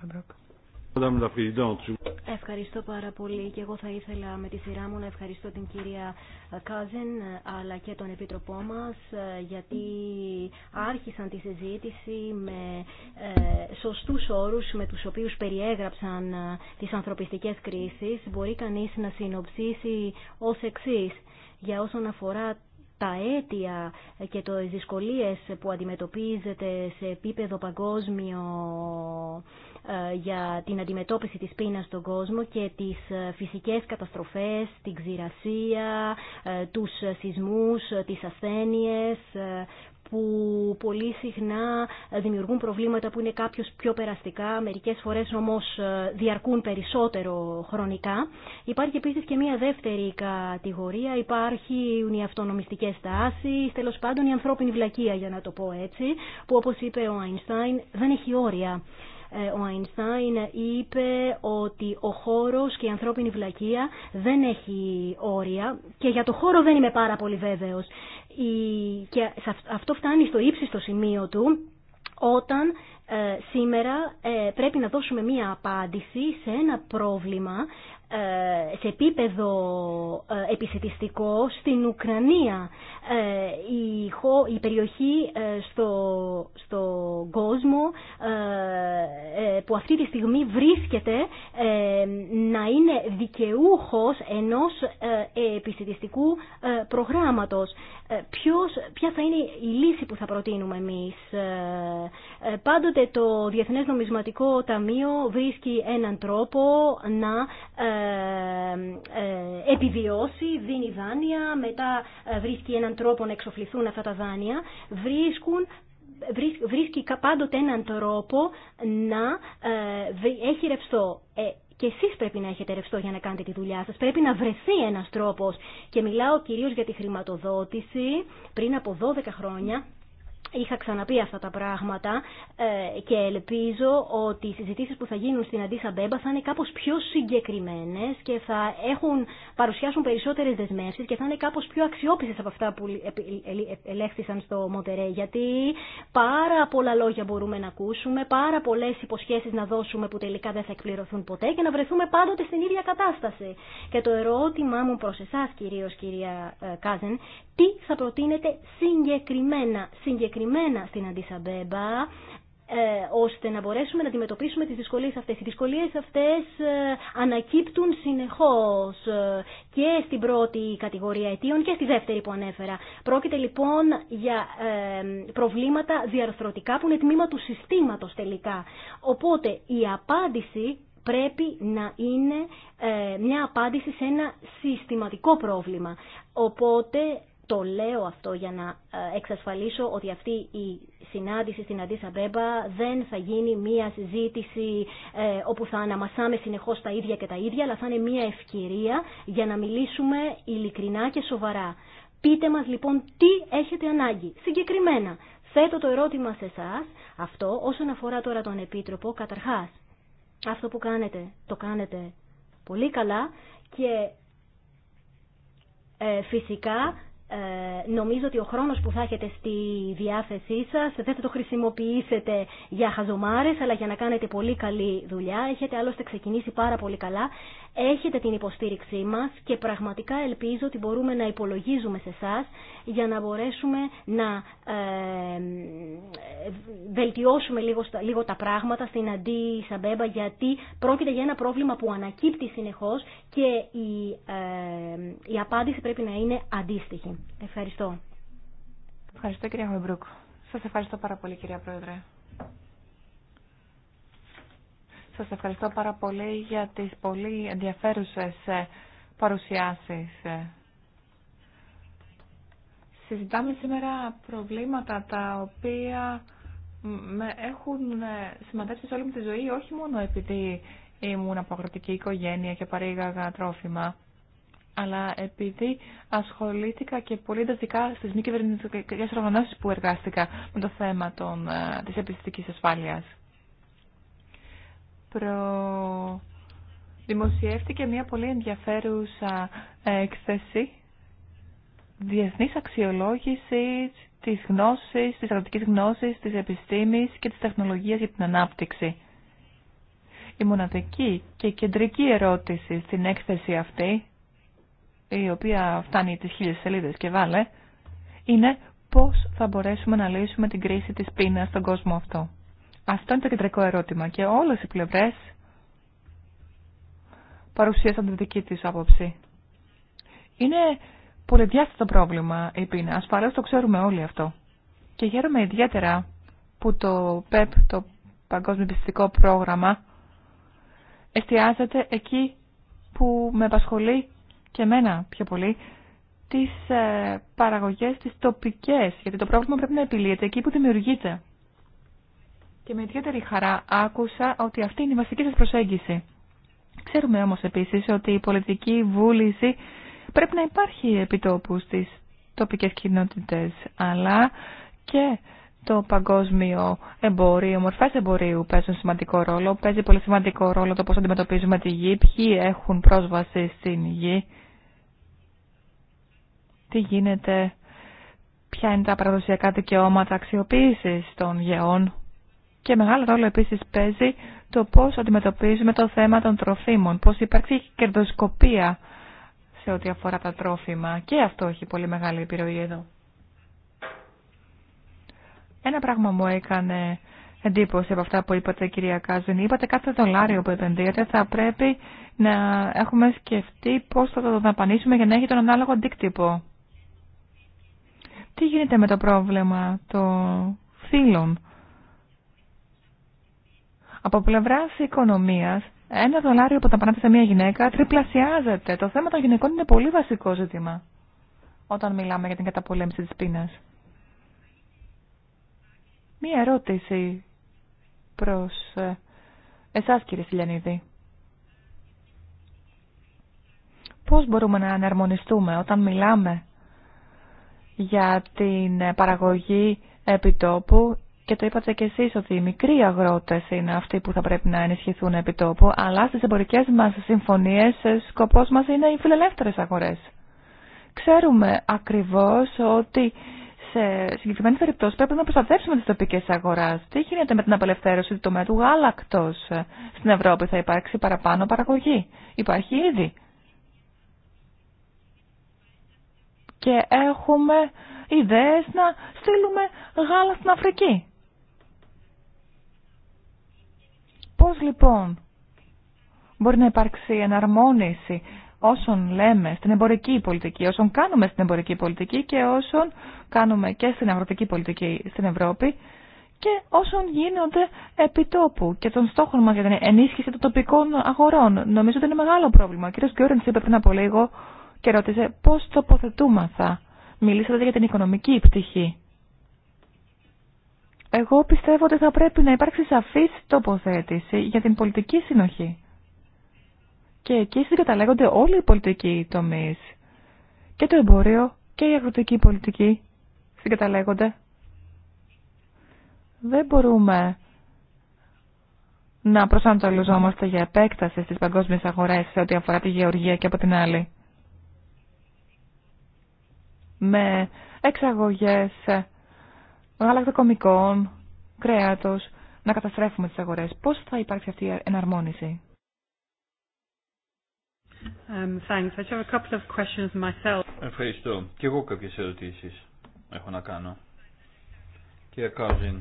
S3: Ευχαριστώ πάρα πολύ και εγώ θα ήθελα με τη σειρά μου να ευχαριστώ την κυρία Κάζεν αλλά και τον Επίτροπό μας ε, γιατί άρχισαν τη συζήτηση με ε, σωστούς όρους με τους οποίους περιέγραψαν ε, τις ανθρωπιστικές κρίσεις. Μπορεί κανείς να συνοψίσει ως εξής για όσον αφορά τα αίτια και τις δυσκολίες που αντιμετωπίζεται σε επίπεδο παγκόσμιο ε, για την αντιμετώπιση της πείνας στον κόσμο και τις ε, φυσικές καταστροφές, την ξηρασία, ε, τους σεισμούς, τις ασθένειες που πολύ συχνά δημιουργούν προβλήματα που είναι κάποιος πιο περαστικά, μερικές φορές όμως διαρκούν περισσότερο χρονικά. Υπάρχει επίσης και μια δεύτερη κατηγορία, υπάρχουν οι αυτονομιστικές τάσεις, τέλος πάντων η ανθρώπινη βλακεία για να το πω έτσι, που όπως είπε ο Αϊνστάιν δεν έχει όρια ο Αϊνστάιν είπε ότι ο χώρος και η ανθρώπινη βλακεία δεν έχει όρια και για το χώρο δεν είμαι πάρα πολύ βέβαιος. Και αυτό φτάνει στο ύψιστο σημείο του όταν ε, σήμερα ε, πρέπει να δώσουμε μία απάντηση σε ένα πρόβλημα ε, σε επίπεδο ε, επισητιστικό στην Ουκρανία. Ε, η περιοχή στο, στο κόσμο που αυτή τη στιγμή βρίσκεται να είναι δικαιούχος ενός επισητιστικού προγράμματος. Ποιος, ποια θα είναι η λύση που θα προτείνουμε εμείς. Πάντοτε το Διεθνές Νομισματικό Ταμείο βρίσκει έναν τρόπο να ε, ε, επιβιώσει, δίνει δάνεια, μετά ε, βρίσκει έναν τρόπο να εξοφληθούν αυτά τα δάνεια, βρίσκουν βρίσκει πάντοτε έναν τρόπο να έχει ρευστό. Και εσείς πρέπει να έχετε ρευστό για να κάνετε τη δουλειά σας, Πρέπει να βρεθεί ένας τρόπος Και μιλάω κυρίως για τη χρηματοδότηση. Πριν από 12 χρόνια είχα ξαναπεί αυτά τα πράγματα ε, και ελπίζω ότι οι συζητήσεις που θα γίνουν στην Αντίσα Μπέμπα θα είναι κάπως πιο συγκεκριμένες και θα έχουν, παρουσιάσουν περισσότερες δεσμεύσεις και θα είναι κάπως πιο αξιόπιστες από αυτά που ε, ε, ελέγχθησαν στο Μοντερέ γιατί πάρα πολλά λόγια μπορούμε να ακούσουμε, πάρα πολλές υποσχέσεις να δώσουμε που τελικά δεν θα εκπληρωθούν ποτέ και να βρεθούμε πάντοτε στην ίδια κατάσταση. Και το ερώτημά μου προς εσάς κυρίως κυρία Κάζεν, τι θα προτείνετε συγκεκριμένα, συγκεκριμένα συγκεκριμένα στην Αντισαμπέμπα ε, ώστε να μπορέσουμε να αντιμετωπίσουμε τις δυσκολίες αυτές. Οι δυσκολίες αυτές ε, ανακύπτουν συνεχώς ε, και στην πρώτη κατηγορία αιτίων και στη δεύτερη που ανέφερα. Πρόκειται λοιπόν για προβλήματα διαρθρωτικά που είναι τμήμα του συστήματος τελικά. Οπότε η απάντηση πρέπει να είναι μια απάντηση σε ένα συστηματικό πρόβλημα. Οπότε το λέω αυτό για να ε, εξασφαλίσω ότι αυτή η συνάντηση στην Αντίσα Μπέμπα δεν θα γίνει μία συζήτηση ε, όπου θα αναμασάμε συνεχώς τα ίδια και τα ίδια, αλλά θα είναι μία ευκαιρία για να μιλήσουμε ειλικρινά και σοβαρά. Πείτε μας λοιπόν τι έχετε ανάγκη, συγκεκριμένα. Θέτω το ερώτημα σε εσά, αυτό όσον αφορά τώρα τον Επίτροπο, καταρχάς, αυτό που κάνετε, το κάνετε πολύ καλά και ε, φυσικά ε, νομίζω ότι ο χρόνος που θα έχετε στη διάθεσή σας δεν θα το χρησιμοποιήσετε για χαζομάρες αλλά για να κάνετε πολύ καλή δουλειά. Έχετε άλλωστε ξεκινήσει πάρα πολύ καλά. Έχετε την υποστήριξή μας και πραγματικά ελπίζω ότι μπορούμε να υπολογίζουμε σε εσά για να μπορέσουμε να ε, βελτιώσουμε λίγο, λίγο τα πράγματα στην αντί Σαμπέμπα γιατί πρόκειται για ένα πρόβλημα που ανακύπτει συνεχώς και η, ε, η απάντηση πρέπει να είναι αντίστοιχη. Ευχαριστώ. Ευχαριστώ κυρία Μεμπρούκ. Σας
S1: ευχαριστώ πάρα πολύ κυρία Πρόεδρε. Σας ευχαριστώ πάρα πολύ για τις πολύ ενδιαφέρουσες ε, παρουσιάσεις. Ε. Συζητάμε σήμερα προβλήματα τα οποία έχουν ε, σημαντεύσει σε όλη μου τη ζωή, όχι μόνο επειδή ήμουν από αγροτική οικογένεια και παρήγαγα τρόφιμα, αλλά επειδή ασχολήθηκα και πολύ εντατικά στις μη κυβερνητικές οργανώσεις που εργάστηκα με το θέμα των, της επιστημικής ασφάλειας προ... δημοσιεύτηκε μια πολύ ενδιαφέρουσα έκθεση διεθνής αξιολόγηση της γνώσης, της αγροτικής γνώσης, της επιστήμης και της τεχνολογίας για την ανάπτυξη. Η μοναδική και κεντρική ερώτηση στην έκθεση αυτή, η οποία φτάνει τις χίλιες σελίδες και βάλε, είναι πώς θα μπορέσουμε να λύσουμε την κρίση της πείνας στον κόσμο αυτό. Αυτό είναι το κεντρικό ερώτημα και όλες οι πλευρές παρουσίασαν τη δική της άποψη. Είναι πολυδιάστατο πρόβλημα η πείνα. Ασφαλώς το ξέρουμε όλοι αυτό. Και χαίρομαι ιδιαίτερα που το ΠΕΠ, το Παγκόσμιο Πιστικό Πρόγραμμα, εστιάζεται εκεί που με απασχολεί και εμένα πιο πολύ, τις ε, παραγωγές, τις τοπικές, γιατί το πρόβλημα πρέπει να επιλύεται εκεί που δημιουργείται και με ιδιαίτερη χαρά άκουσα ότι αυτή είναι η βασική σας προσέγγιση. Ξέρουμε όμως επίσης ότι η πολιτική βούληση πρέπει να υπάρχει επιτόπου στις τοπικές κοινότητες, αλλά και το παγκόσμιο εμπόριο, μορφές εμπορίου παίζουν σημαντικό ρόλο. Παίζει πολύ σημαντικό ρόλο το πώς αντιμετωπίζουμε τη γη, ποιοι έχουν πρόσβαση στην γη, τι γίνεται, ποια είναι τα παραδοσιακά δικαιώματα αξιοποίησης των γεών. Και μεγάλο ρόλο επίσης παίζει το πώς αντιμετωπίζουμε το θέμα των τροφίμων, πώς υπάρχει κερδοσκοπία σε ό,τι αφορά τα τρόφιμα. Και αυτό έχει πολύ μεγάλη επιρροή εδώ. Ένα πράγμα μου έκανε εντύπωση από αυτά που είπατε κυρία Κάζιν. Είπατε κάθε δολάριο που επενδύεται θα πρέπει να έχουμε σκεφτεί πώς θα το δαπανίσουμε για να έχει τον ανάλογο αντίκτυπο. Τι γίνεται με το πρόβλημα των φύλων από πλευρά οικονομία, ένα δολάριο που πανάτε σε μια γυναίκα τριπλασιάζεται. Το θέμα των γυναικών είναι πολύ βασικό ζήτημα όταν μιλάμε για την καταπολέμηση της πείνας. Μία ερώτηση προς ε, εσάς κύριε Στυλιανίδη. Πώς μπορούμε να αναρμονιστούμε όταν μιλάμε για την παραγωγή επιτόπου και το είπατε και εσείς ότι οι μικροί αγρότες είναι αυτοί που θα πρέπει να ενισχυθούν επί τόπου, αλλά στις εμπορικές μας συμφωνίες ε, σκοπός μας είναι οι φιλελεύθερες αγορές. Ξέρουμε ακριβώς ότι σε συγκεκριμένες περιπτώσεις πρέπει να προστατεύσουμε τις τοπικές αγοράς. Τι γίνεται με την απελευθέρωση του τομέα του γάλακτος στην Ευρώπη, θα υπάρξει παραπάνω παραγωγή. Υπάρχει ήδη. Και έχουμε ιδέες να στείλουμε γάλα στην Αφρική. Πώς λοιπόν μπορεί να υπάρξει εναρμόνιση όσων λέμε στην εμπορική πολιτική, όσων κάνουμε στην εμπορική πολιτική και όσων κάνουμε και στην αγροτική πολιτική στην Ευρώπη και όσων γίνονται επιτόπου και των στόχων μας για την ενίσχυση των τοπικών αγορών. Νομίζω ότι είναι μεγάλο πρόβλημα. Ο κ. Γκιόρενς είπε πριν από λίγο και ρώτησε πώς τοποθετούμαθα. Μιλήσατε για την οικονομική πτυχή. Εγώ πιστεύω ότι θα πρέπει να υπάρξει σαφής τοποθέτηση για την πολιτική συνοχή. Και εκεί συγκαταλέγονται όλοι οι πολιτικοί τομείς. Και το εμπόριο και η αγροτική πολιτική συγκαταλέγονται. Δεν μπορούμε να προσανατολιζόμαστε για επέκταση στις παγκόσμιες αγορές σε ό,τι αφορά τη γεωργία και από την άλλη. Με εξαγωγές γαλακτοκομικών, κρέατος, να καταστρέφουμε τις αγορές. Πώς θα υπάρξει αυτή η εναρμόνιση. Um, thanks. I have a couple of questions myself.
S2: Ευχαριστώ. Και εγώ κάποιες ερωτήσεις έχω να κάνω. Κύριε Κάουζιν,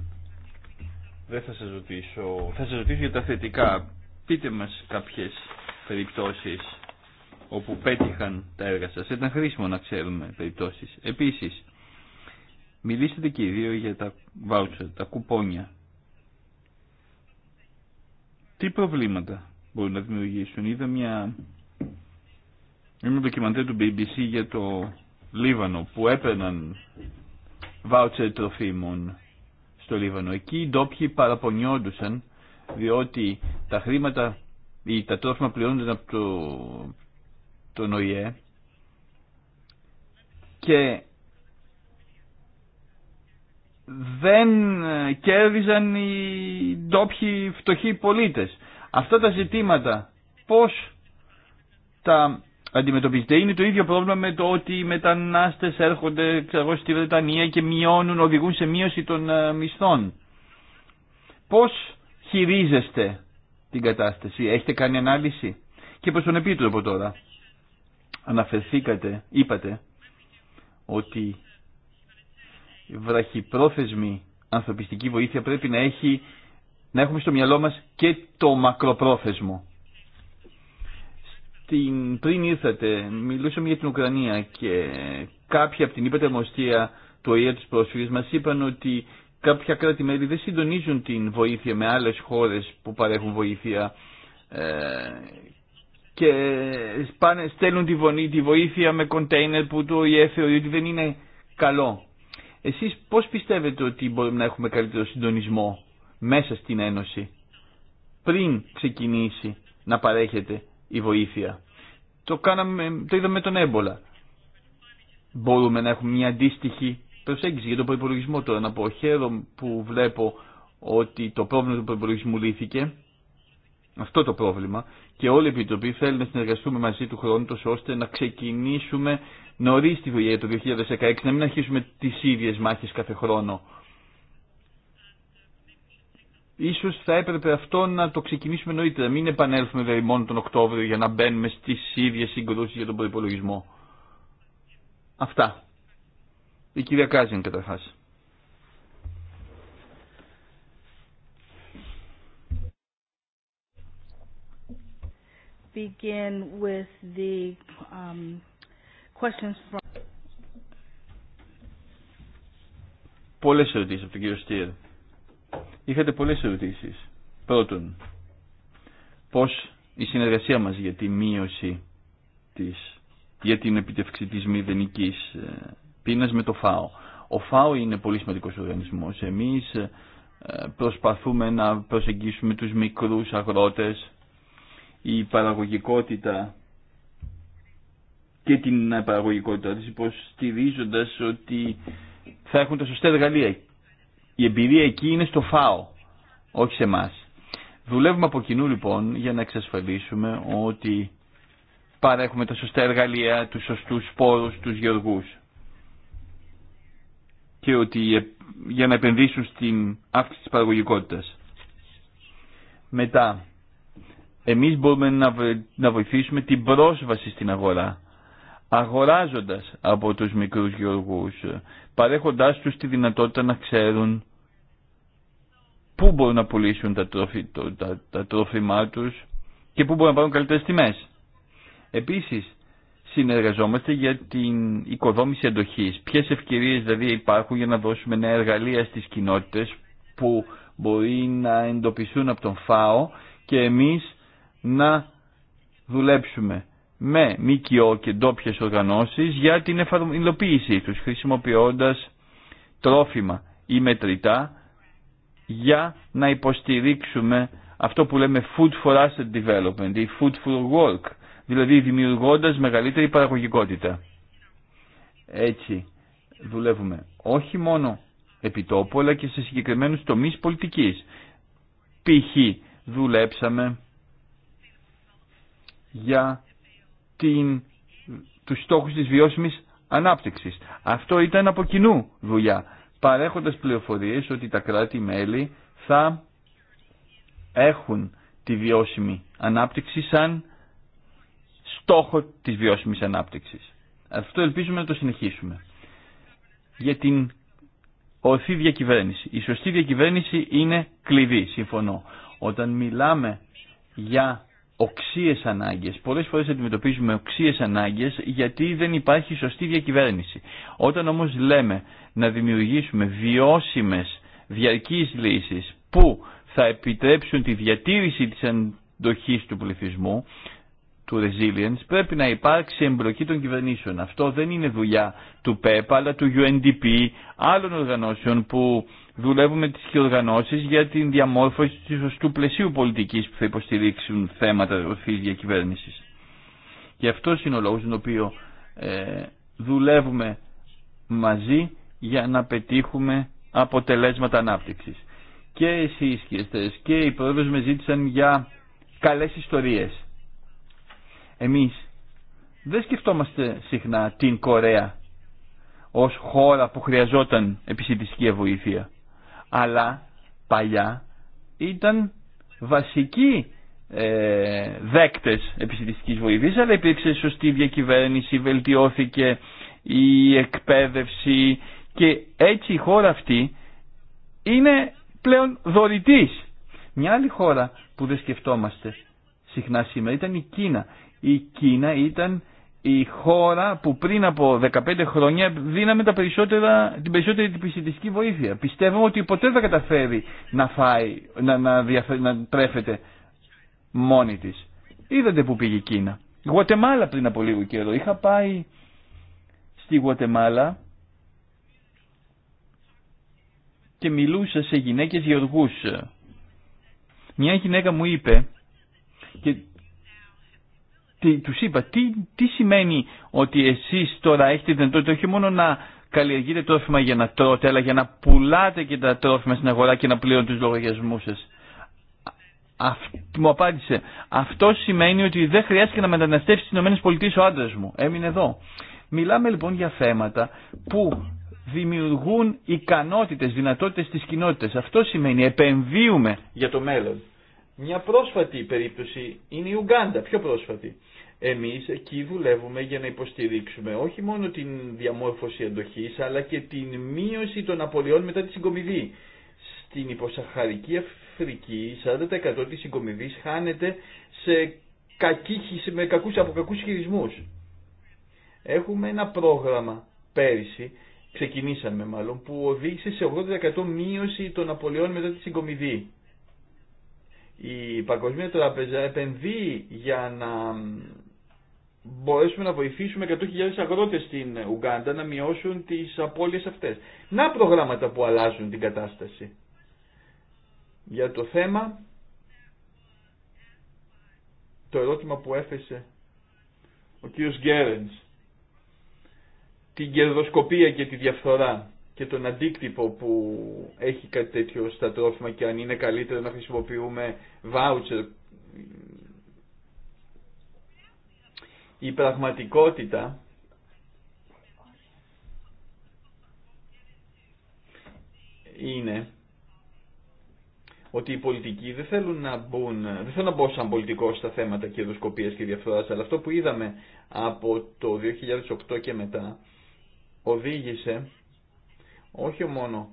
S2: δεν θα σας ρωτήσω, θα σας ρωτήσω για τα θετικά. Πείτε μας κάποιες περιπτώσεις όπου πέτυχαν τα έργα σας. Ήταν χρήσιμο να ξέρουμε περιπτώσεις. Επίσης, Μιλήσατε και οι δύο για τα βάουτσερ, τα κουπόνια. Τι προβλήματα μπορούν να δημιουργήσουν. Είδα μια... Είμαι ντοκιμαντέρ του BBC για το Λίβανο που έπαιρναν βάουτσερ τροφίμων στο Λίβανο. Εκεί οι ντόπιοι παραπονιόντουσαν διότι τα χρήματα ή τα τρόφιμα πληρώνονταν από το, τον ΟΗΕ και δεν ε, κέρδιζαν οι ντόπιοι φτωχοί πολίτες. Αυτά τα ζητήματα πώς τα αντιμετωπίζετε. Είναι το ίδιο πρόβλημα με το ότι οι μετανάστες έρχονται ξέρω, στη Βρετανία και μειώνουν, οδηγούν σε μείωση των ε, μισθών. Πώς χειρίζεστε την κατάσταση, έχετε κάνει ανάλυση και προς τον Επίτροπο τώρα. Αναφερθήκατε, είπατε ότι βραχυπρόθεσμη ανθρωπιστική βοήθεια πρέπει να, έχει, να έχουμε στο μυαλό μας και το μακροπρόθεσμο. Στην, πριν ήρθατε μιλούσαμε για την Ουκρανία και κάποιοι από την υπερτερμοστία του ΟΗΕ τους πρόσφυγες μας είπαν ότι κάποια κράτη-μέλη δεν συντονίζουν την βοήθεια με άλλες χώρες που παρέχουν βοήθεια ε, και πάνε, στέλνουν τη, βοήθεια με κοντέινερ που το ΟΗΕ θεωρεί ότι δεν είναι καλό εσείς πώς πιστεύετε ότι μπορούμε να έχουμε καλύτερο συντονισμό μέσα στην Ένωση πριν ξεκινήσει να παρέχεται η βοήθεια. Το, κάναμε, το είδαμε με τον έμπολα. Μπορούμε να έχουμε μια αντίστοιχη προσέγγιση για τον προπολογισμό τώρα. Να πω χαίρομαι που βλέπω ότι το πρόβλημα του προπολογισμού λύθηκε αυτό το πρόβλημα και όλοι οι επιτροποί θέλουν να συνεργαστούμε μαζί του χρόνου τόσο ώστε να ξεκινήσουμε νωρί τη δουλειά το 2016, να μην αρχίσουμε τις ίδιε μάχε κάθε χρόνο. Ίσως θα έπρεπε αυτό να το ξεκινήσουμε νωρίτερα, μην επανέλθουμε δηλαδή μόνο τον Οκτώβριο για να μπαίνουμε στις ίδιε συγκρούσει για τον προπολογισμό. Αυτά. Η κυρία Κάζιν καταρχάς.
S3: begin with the um, questions
S4: from...
S2: Πολλές ερωτήσεις από τον κύριο Στήρ. Είχατε πολλές ερωτήσεις. Πρώτον, πώς η συνεργασία μας για τη μείωση της, για την επιτευξη της μηδενικής ε, πείνας με το ΦΑΟ. Ο ΦΑΟ είναι πολύ σημαντικός οργανισμός. Εμείς ε, προσπαθούμε να προσεγγίσουμε τους μικρούς αγρότες, η παραγωγικότητα και την παραγωγικότητα της υποστηρίζοντας ότι θα έχουν τα σωστά εργαλεία. Η εμπειρία εκεί είναι στο ΦΑΟ, όχι σε εμά. Δουλεύουμε από κοινού λοιπόν για να εξασφαλίσουμε ότι παρέχουμε τα σωστά εργαλεία, τους σωστούς σπόρους, τους γεωργούς. Και ότι ε, για να επενδύσουν στην αύξηση της παραγωγικότητας. Μετά, εμείς μπορούμε να βοηθήσουμε την πρόσβαση στην αγορά, αγοράζοντας από τους μικρούς γεωργούς, παρέχοντάς τους τη δυνατότητα να ξέρουν πού μπορούν να πουλήσουν τα, τα, τα τρόφιμά τους και πού μπορούν να πάρουν καλύτερες τιμές. Επίσης, συνεργαζόμαστε για την οικοδόμηση εντοχής. Ποιες ευκαιρίες δηλαδή υπάρχουν για να δώσουμε νέα εργαλεία στις κοινότητες που μπορεί να εντοπιστούν από τον ΦΑΟ και εμείς να δουλέψουμε με ΜΚΟ και ντόπιε οργανώσεις για την υλοποίησή τους χρησιμοποιώντας τρόφιμα ή μετρητά για να υποστηρίξουμε αυτό που λέμε food for asset development ή food for work δηλαδή δημιουργώντας μεγαλύτερη παραγωγικότητα. Έτσι δουλεύουμε όχι μόνο τόπου αλλά και σε συγκεκριμένους τομείς πολιτικής. Π.χ. δουλέψαμε για την, τους στόχους της βιώσιμης ανάπτυξης. Αυτό ήταν από κοινού δουλειά, παρέχοντας πληροφορίες ότι τα κράτη-μέλη θα έχουν τη βιώσιμη ανάπτυξη σαν στόχο της βιώσιμης ανάπτυξης. Αυτό ελπίζουμε να το συνεχίσουμε. Για την ορθή διακυβέρνηση. Η σωστή διακυβέρνηση είναι κλειδί, συμφωνώ. Όταν μιλάμε για οξύες ανάγκες. Πολλές φορές αντιμετωπίζουμε οξύες ανάγκες γιατί δεν υπάρχει σωστή διακυβέρνηση. Όταν όμως λέμε να δημιουργήσουμε βιώσιμες διαρκείς λύσεις που θα επιτρέψουν τη διατήρηση της αντοχής του πληθυσμού, του resilience πρέπει να υπάρξει εμπλοκή των κυβερνήσεων. Αυτό δεν είναι δουλειά του ΠΕΠ αλλά του UNDP, άλλων οργανώσεων που δουλεύουν με τις οργανώσεις για την διαμόρφωση του σωστού πλαισίου πολιτικής που θα υποστηρίξουν θέματα ορθής διακυβέρνησης. Και αυτό είναι ο λόγος τον οποίο ε, δουλεύουμε μαζί για να πετύχουμε αποτελέσματα ανάπτυξης. Και εσείς και οι και οι πρόεδρος με ζήτησαν για καλές ιστορίες εμείς δεν σκεφτόμαστε συχνά την Κορέα ως χώρα που χρειαζόταν επισητιστική βοήθεια. Αλλά παλιά ήταν βασικοί ε, δέκτες επισητιστικής βοήθειας, αλλά υπήρξε σωστή διακυβέρνηση, βελτιώθηκε η εκπαίδευση και έτσι η χώρα αυτή είναι πλέον δωρητής. Μια άλλη χώρα που δεν σκεφτόμαστε συχνά σήμερα ήταν η Κίνα η Κίνα ήταν η χώρα που πριν από 15 χρόνια δίναμε τα περισσότερα, την περισσότερη επιστημιστική βοήθεια. Πιστεύω ότι ποτέ δεν καταφέρει να φάει, να, να, να τρέφεται μόνη της. Είδατε που πήγε η Κίνα. Γουατεμάλα πριν από λίγο καιρό. Είχα πάει στη Γουατεμάλα και μιλούσα σε γυναίκες γεωργούς. Μια γυναίκα μου είπε τους είπα τι, τι σημαίνει ότι εσείς τώρα έχετε δυνατότητα όχι μόνο να καλλιεργείτε τρόφιμα για να τρώτε αλλά για να πουλάτε και τα τρόφιμα στην αγορά και να πληρώνετε τους λογαριασμούς σας. μου απάντησε αυτό σημαίνει ότι δεν χρειάζεται να μεταναστεύσει στις ΗΠΑ ο άντρας μου. Έμεινε εδώ. Μιλάμε λοιπόν για θέματα που δημιουργούν ικανότητες, δυνατότητες στις κοινότητες. Αυτό σημαίνει επενδύουμε για το μέλλον. Μια πρόσφατη περίπτωση είναι η Ουγγάντα, πιο πρόσφατη. Εμείς εκεί δουλεύουμε για να υποστηρίξουμε όχι μόνο την διαμόρφωση αντοχής αλλά και την μείωση των απολειών μετά τη συγκομιδή. Στην υποσαχαρική Αφρική 40% της συγκομιδής χάνεται σε κακή, με κακούς, από κακούς χειρισμούς. Έχουμε ένα πρόγραμμα πέρυσι, ξεκινήσαμε μάλλον, που οδήγησε σε 80% μείωση των απολειών μετά τη συγκομιδή. Η Παγκοσμία Τράπεζα επενδύει για να μπορέσουμε να βοηθήσουμε 100.000 αγρότες στην Ουγκάντα να μειώσουν τις απώλειες αυτές. Να προγράμματα που αλλάζουν την κατάσταση. Για το θέμα, το ερώτημα που έφεσε ο κ. Γκέρενς, την κερδοσκοπία και τη διαφθορά και τον αντίκτυπο που έχει κάτι τέτοιο στα τρόφιμα και αν είναι καλύτερο να χρησιμοποιούμε βάουτσερ η πραγματικότητα είναι ότι οι πολιτικοί δεν θέλουν να μπουν, δεν θέλουν να μπω σαν πολιτικό στα θέματα κερδοσκοπίας και διαφθοράς, αλλά αυτό που είδαμε από το 2008 και μετά οδήγησε όχι μόνο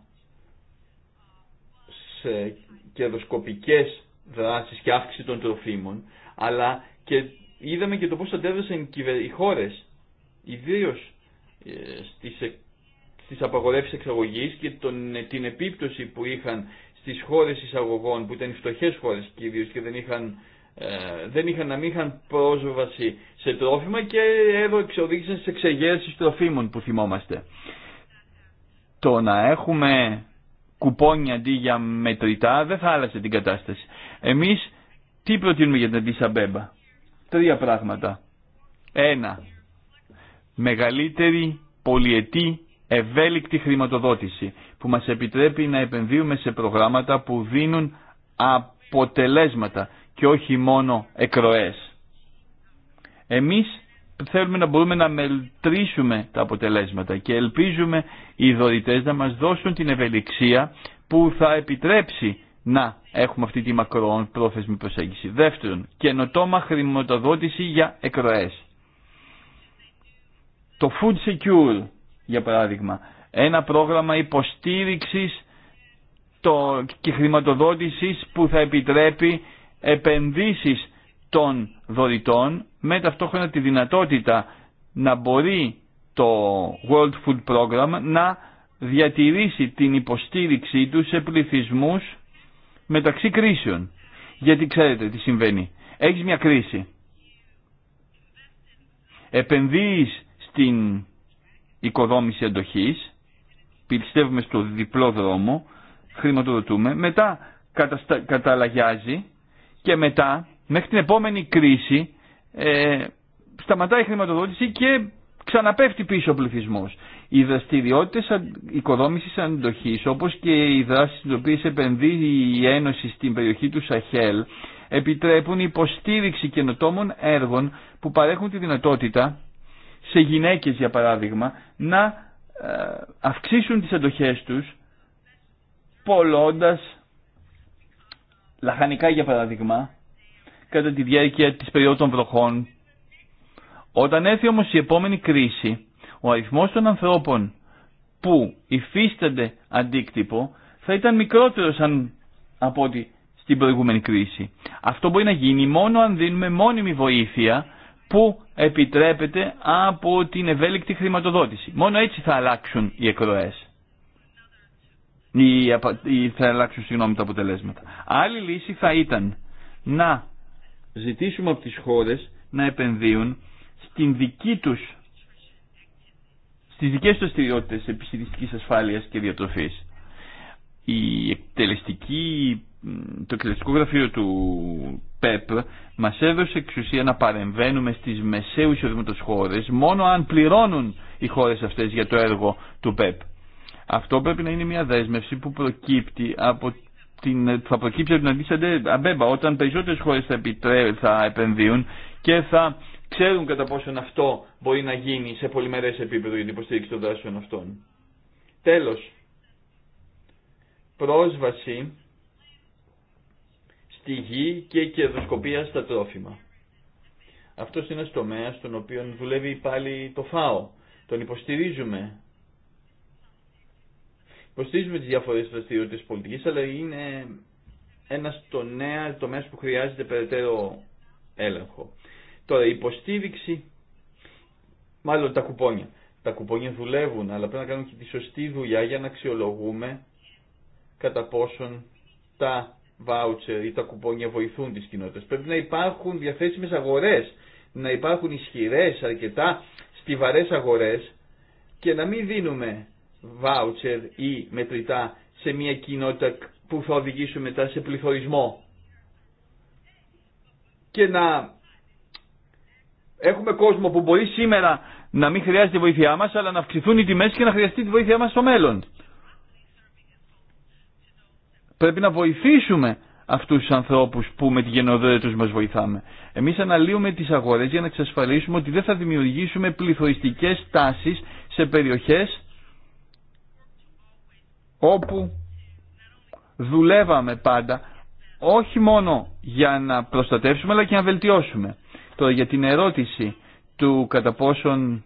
S2: σε κερδοσκοπικές δράσεις και αύξηση των τροφίμων, αλλά και είδαμε και το πώς αντέδρασαν οι χώρες, ιδίως ε, στις, στις απαγορεύσεις εξαγωγής και τον, ε, την επίπτωση που είχαν στις χώρες εισαγωγών, που ήταν φτωχές χώρες κυρίως και δεν είχαν, ε, δεν είχαν να μην είχαν πρόσβαση σε τρόφιμα και εδώ εξοδήγησαν σε εξεγέρσεις τροφίμων που θυμόμαστε. Το να έχουμε κουπόνια αντί για μετρητά δεν θα άλλασε την κατάσταση. Εμείς τι προτείνουμε για την Αντίσα τρία πράγματα. Ένα, μεγαλύτερη πολιετή ευέλικτη χρηματοδότηση που μας επιτρέπει να επενδύουμε σε προγράμματα που δίνουν αποτελέσματα και όχι μόνο εκροές. Εμείς θέλουμε να μπορούμε να μελτρήσουμε τα αποτελέσματα και ελπίζουμε οι δωρητές να μας δώσουν την ευελιξία που θα επιτρέψει να έχουμε αυτή τη μακρό πρόθεσμη προσέγγιση. Δεύτερον, καινοτόμα χρηματοδότηση για εκροές. Το Food Secure, για παράδειγμα, ένα πρόγραμμα υποστήριξης το, και χρηματοδότησης που θα επιτρέπει επενδύσεις των δωρητών με ταυτόχρονα τη δυνατότητα να μπορεί το World Food Program να διατηρήσει την υποστήριξή του σε πληθυσμούς μεταξύ κρίσεων. Γιατί ξέρετε τι συμβαίνει. Έχεις μια κρίση. Επενδύεις στην οικοδόμηση εντοχής, πιστεύουμε στο διπλό δρόμο, χρηματοδοτούμε, μετά καταστα... καταλαγιάζει και μετά μέχρι την επόμενη κρίση ε, σταματάει η χρηματοδότηση και ξαναπέφτει πίσω ο πληθυσμός. Οι δραστηριότητε οικοδόμηση αντοχή, όπω και οι δράσει τι οποίε επενδύει η Ένωση στην περιοχή του Σαχέλ, επιτρέπουν υποστήριξη καινοτόμων έργων που παρέχουν τη δυνατότητα σε γυναίκες για παράδειγμα να ε, αυξήσουν τις αντοχές τους πολλώντας λαχανικά για παράδειγμα κατά τη διάρκεια της περίοδου των βροχών. Όταν έρθει όμως η επόμενη κρίση ο αριθμός των ανθρώπων που υφίστανται αντίκτυπο θα ήταν μικρότερος αν, από ό,τι στην προηγούμενη κρίση. Αυτό μπορεί να γίνει μόνο αν δίνουμε μόνιμη βοήθεια που επιτρέπεται από την ευέλικτη χρηματοδότηση. Μόνο έτσι θα αλλάξουν οι εκροές. Ή, θα αλλάξουν συγγνώμη τα αποτελέσματα. Άλλη λύση θα ήταν να ζητήσουμε από τις χώρες να επενδύουν στην δική τους τις δικές του αστηριότητες επιστημιστικής ασφάλειας και διατροφής. Η εκτελεστική, το εκτελεστικό γραφείο του ΠΕΠ μας έδωσε εξουσία να παρεμβαίνουμε στις μεσαίου εισοδήματος χώρες μόνο αν πληρώνουν οι χώρες αυτές για το έργο του ΠΕΠ. Αυτό πρέπει να είναι μια δέσμευση που προκύπτει από την, θα προκύψει από την αντίσταση Αμπέμπα όταν περισσότερες χώρες θα, θα επενδύουν και θα ξέρουν κατά πόσον αυτό μπορεί να γίνει σε πολυμερές επίπεδο για την υποστήριξη των δράσεων αυτών. Τέλος, πρόσβαση στη γη και κερδοσκοπία στα τρόφιμα. Αυτό είναι ένα τομέα στον οποίο δουλεύει πάλι το ΦΑΟ. Τον υποστηρίζουμε. Υποστηρίζουμε τι διαφορέ δραστηριότητε της αλλά είναι ένας τομέα που χρειάζεται περαιτέρω έλεγχο. Τώρα η υποστήριξη, μάλλον τα κουπόνια. Τα κουπόνια δουλεύουν, αλλά πρέπει να κάνουμε και τη σωστή δουλειά για να αξιολογούμε κατά πόσον τα βάουτσερ ή τα κουπόνια βοηθούν τις κοινότητες. Πρέπει να υπάρχουν διαθέσιμες αγορές, να υπάρχουν ισχυρές αρκετά στιβαρές αγορές και να μην δίνουμε βάουτσερ ή μετρητά σε μια κοινότητα που θα οδηγήσουν μετά σε πληθωρισμό και να Έχουμε κόσμο που μπορεί σήμερα να μην χρειάζεται βοήθειά μας, αλλά να αυξηθούν οι τιμές και να χρειαστεί τη βοήθειά μας στο μέλλον. Πρέπει να βοηθήσουμε αυτούς τους ανθρώπους που με τη γενναιοδότητα τους μας βοηθάμε. Εμείς αναλύουμε τις αγορές για να εξασφαλίσουμε ότι δεν θα δημιουργήσουμε πληθωριστικές τάσεις σε περιοχές όπου δουλεύαμε πάντα όχι μόνο για να προστατεύσουμε αλλά και να βελτιώσουμε για την ερώτηση του κατά πόσον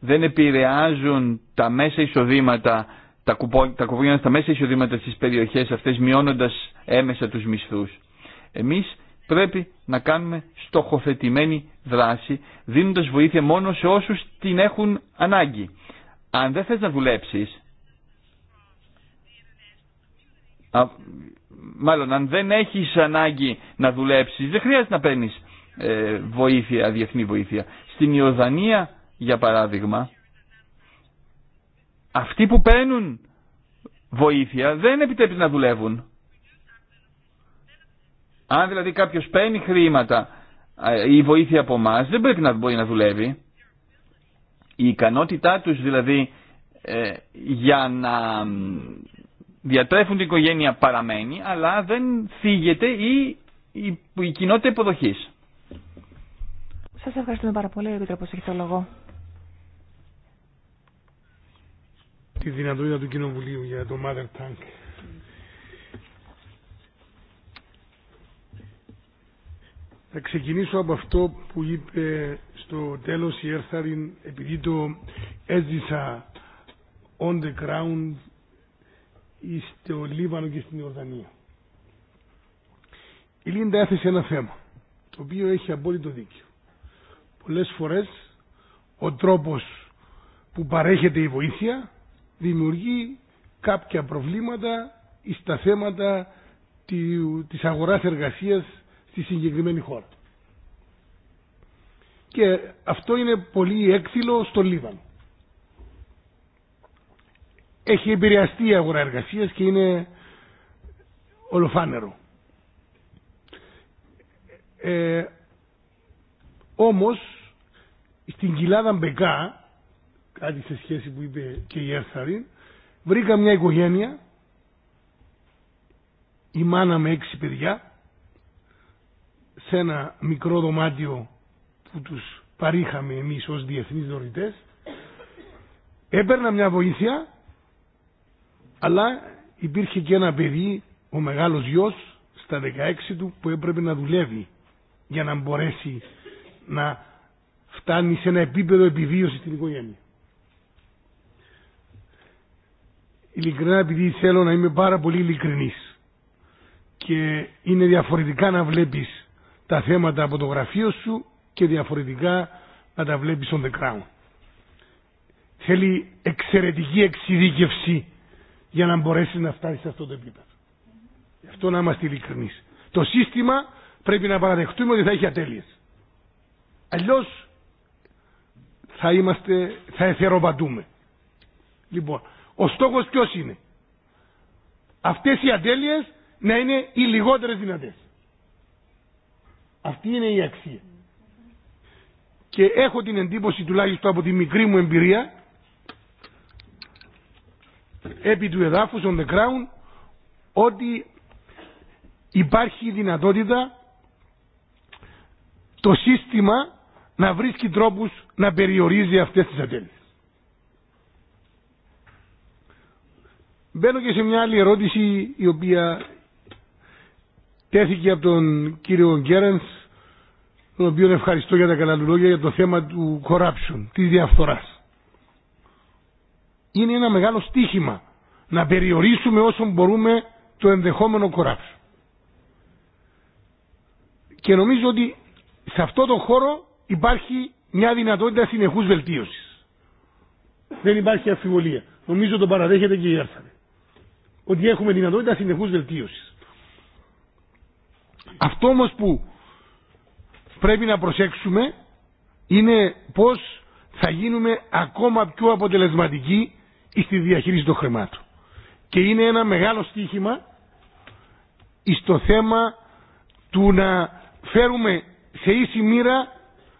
S2: δεν επηρεάζουν τα μέσα εισοδήματα, τα, κουπό, τα κουπόνια μέσα εισοδήματα στις περιοχές αυτές μειώνοντας έμεσα τους μισθούς. Εμείς πρέπει να κάνουμε στοχοθετημένη δράση δίνοντας βοήθεια μόνο σε όσους την έχουν ανάγκη. Αν δεν θες να δουλέψεις, α, μάλλον αν δεν έχεις ανάγκη να δουλέψεις, δεν χρειάζεται να παίρνεις ε, βοήθεια, διεθνή βοήθεια. Στην Ιορδανία, για παράδειγμα, αυτοί που παίρνουν βοήθεια δεν επιτρέπει να δουλεύουν. Αν δηλαδή κάποιο παίρνει χρήματα ή ε, βοήθεια από εμά, δεν πρέπει να μπορεί να δουλεύει. Η ικανότητά τους δηλαδή ε, για να διατρέφουν την οικογένεια παραμένει, αλλά δεν φύγεται η, η, η κοινότητα υποδοχής.
S1: Σας ευχαριστούμε πάρα πολύ, Επίτροπος, έχει το λόγο.
S4: Τη δυνατότητα του Κοινοβουλίου για το Mother Tank. Θα ξεκινήσω από αυτό που είπε στο τέλος η Έρθαριν, επειδή το έζησα on the ground στο Λίβανο και στην Ιορδανία. Η Λίντα έθεσε ένα θέμα, το οποίο έχει απόλυτο δίκιο πολλές φορές ο τρόπος που παρέχεται η βοήθεια δημιουργεί κάποια προβλήματα στα θέματα της αγοράς εργασίας στη συγκεκριμένη χώρα. Και αυτό είναι πολύ έκθυλο στο Λίβανο. Έχει επηρεαστεί η αγορά εργασίας και είναι ολοφάνερο. Ε, όμως στην κοιλάδα Μπεκά, κάτι σε σχέση που είπε και η Έρθαρη, βρήκα μια οικογένεια, η μάνα με έξι παιδιά, σε ένα μικρό δωμάτιο που τους παρήχαμε εμείς ως διεθνείς δωρητές, έπαιρνα μια βοήθεια, αλλά υπήρχε και ένα παιδί, ο μεγάλος γιος, στα 16 του, που έπρεπε να δουλεύει για να μπορέσει να φτάνει σε ένα επίπεδο επιβίωσης στην οικογένεια. Ειλικρινά επειδή θέλω να είμαι πάρα πολύ ειλικρινής και είναι διαφορετικά να βλέπεις τα θέματα από το γραφείο σου και διαφορετικά να τα βλέπεις on the ground. Θέλει εξαιρετική εξειδίκευση για να μπορέσεις να φτάσεις σε αυτό το επίπεδο. Γι' αυτό να είμαστε ειλικρινεί. Το σύστημα πρέπει να παραδεχτούμε ότι θα έχει ατέλειες. Αλλιώς θα, είμαστε, θα εθεροπαντούμε. Λοιπόν, ο στόχος ποιος είναι. Αυτές οι ατέλειες να είναι οι λιγότερες δυνατές. Αυτή είναι η αξία. Και έχω την εντύπωση τουλάχιστον από τη μικρή μου εμπειρία επί του εδάφους on the ground ότι υπάρχει η δυνατότητα το σύστημα να βρίσκει τρόπους να περιορίζει αυτές τις ατέλειες. Μπαίνω και σε μια άλλη ερώτηση η οποία τέθηκε από τον κύριο Γκέρενς τον οποίο ευχαριστώ για τα καλά λόγια για το θέμα του corruption, της διαφθοράς. Είναι ένα μεγάλο στίχημα να περιορίσουμε όσο μπορούμε το ενδεχόμενο corruption. Και νομίζω ότι σε αυτό το χώρο υπάρχει μια δυνατότητα συνεχούς βελτίωση. Δεν υπάρχει αφιβολία. Νομίζω το παραδέχεται και η Ότι έχουμε δυνατότητα συνεχούς βελτίωση. Αυτό όμω που πρέπει να προσέξουμε είναι πώς θα γίνουμε ακόμα πιο αποτελεσματικοί στη διαχείριση των χρημάτων. Και είναι ένα μεγάλο στίχημα στο θέμα του να φέρουμε σε ίση μοίρα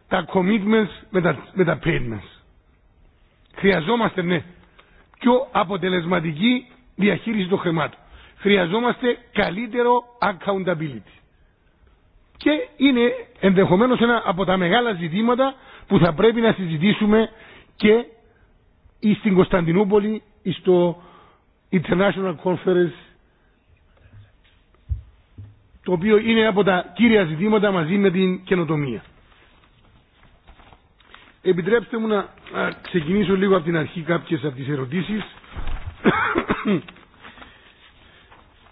S4: τα commitments με τα, με τα payments. Χρειαζόμαστε, ναι, πιο αποτελεσματική διαχείριση των χρημάτων. Χρειαζόμαστε καλύτερο accountability. Και είναι ενδεχομένως ένα από τα μεγάλα ζητήματα που θα πρέπει να συζητήσουμε και στην Κωνσταντινούπολη στο International Conference το οποίο είναι από τα κύρια ζητήματα μαζί με την καινοτομία. Επιτρέψτε μου να ξεκινήσω λίγο από την αρχή κάποιες από τις ερωτήσεις.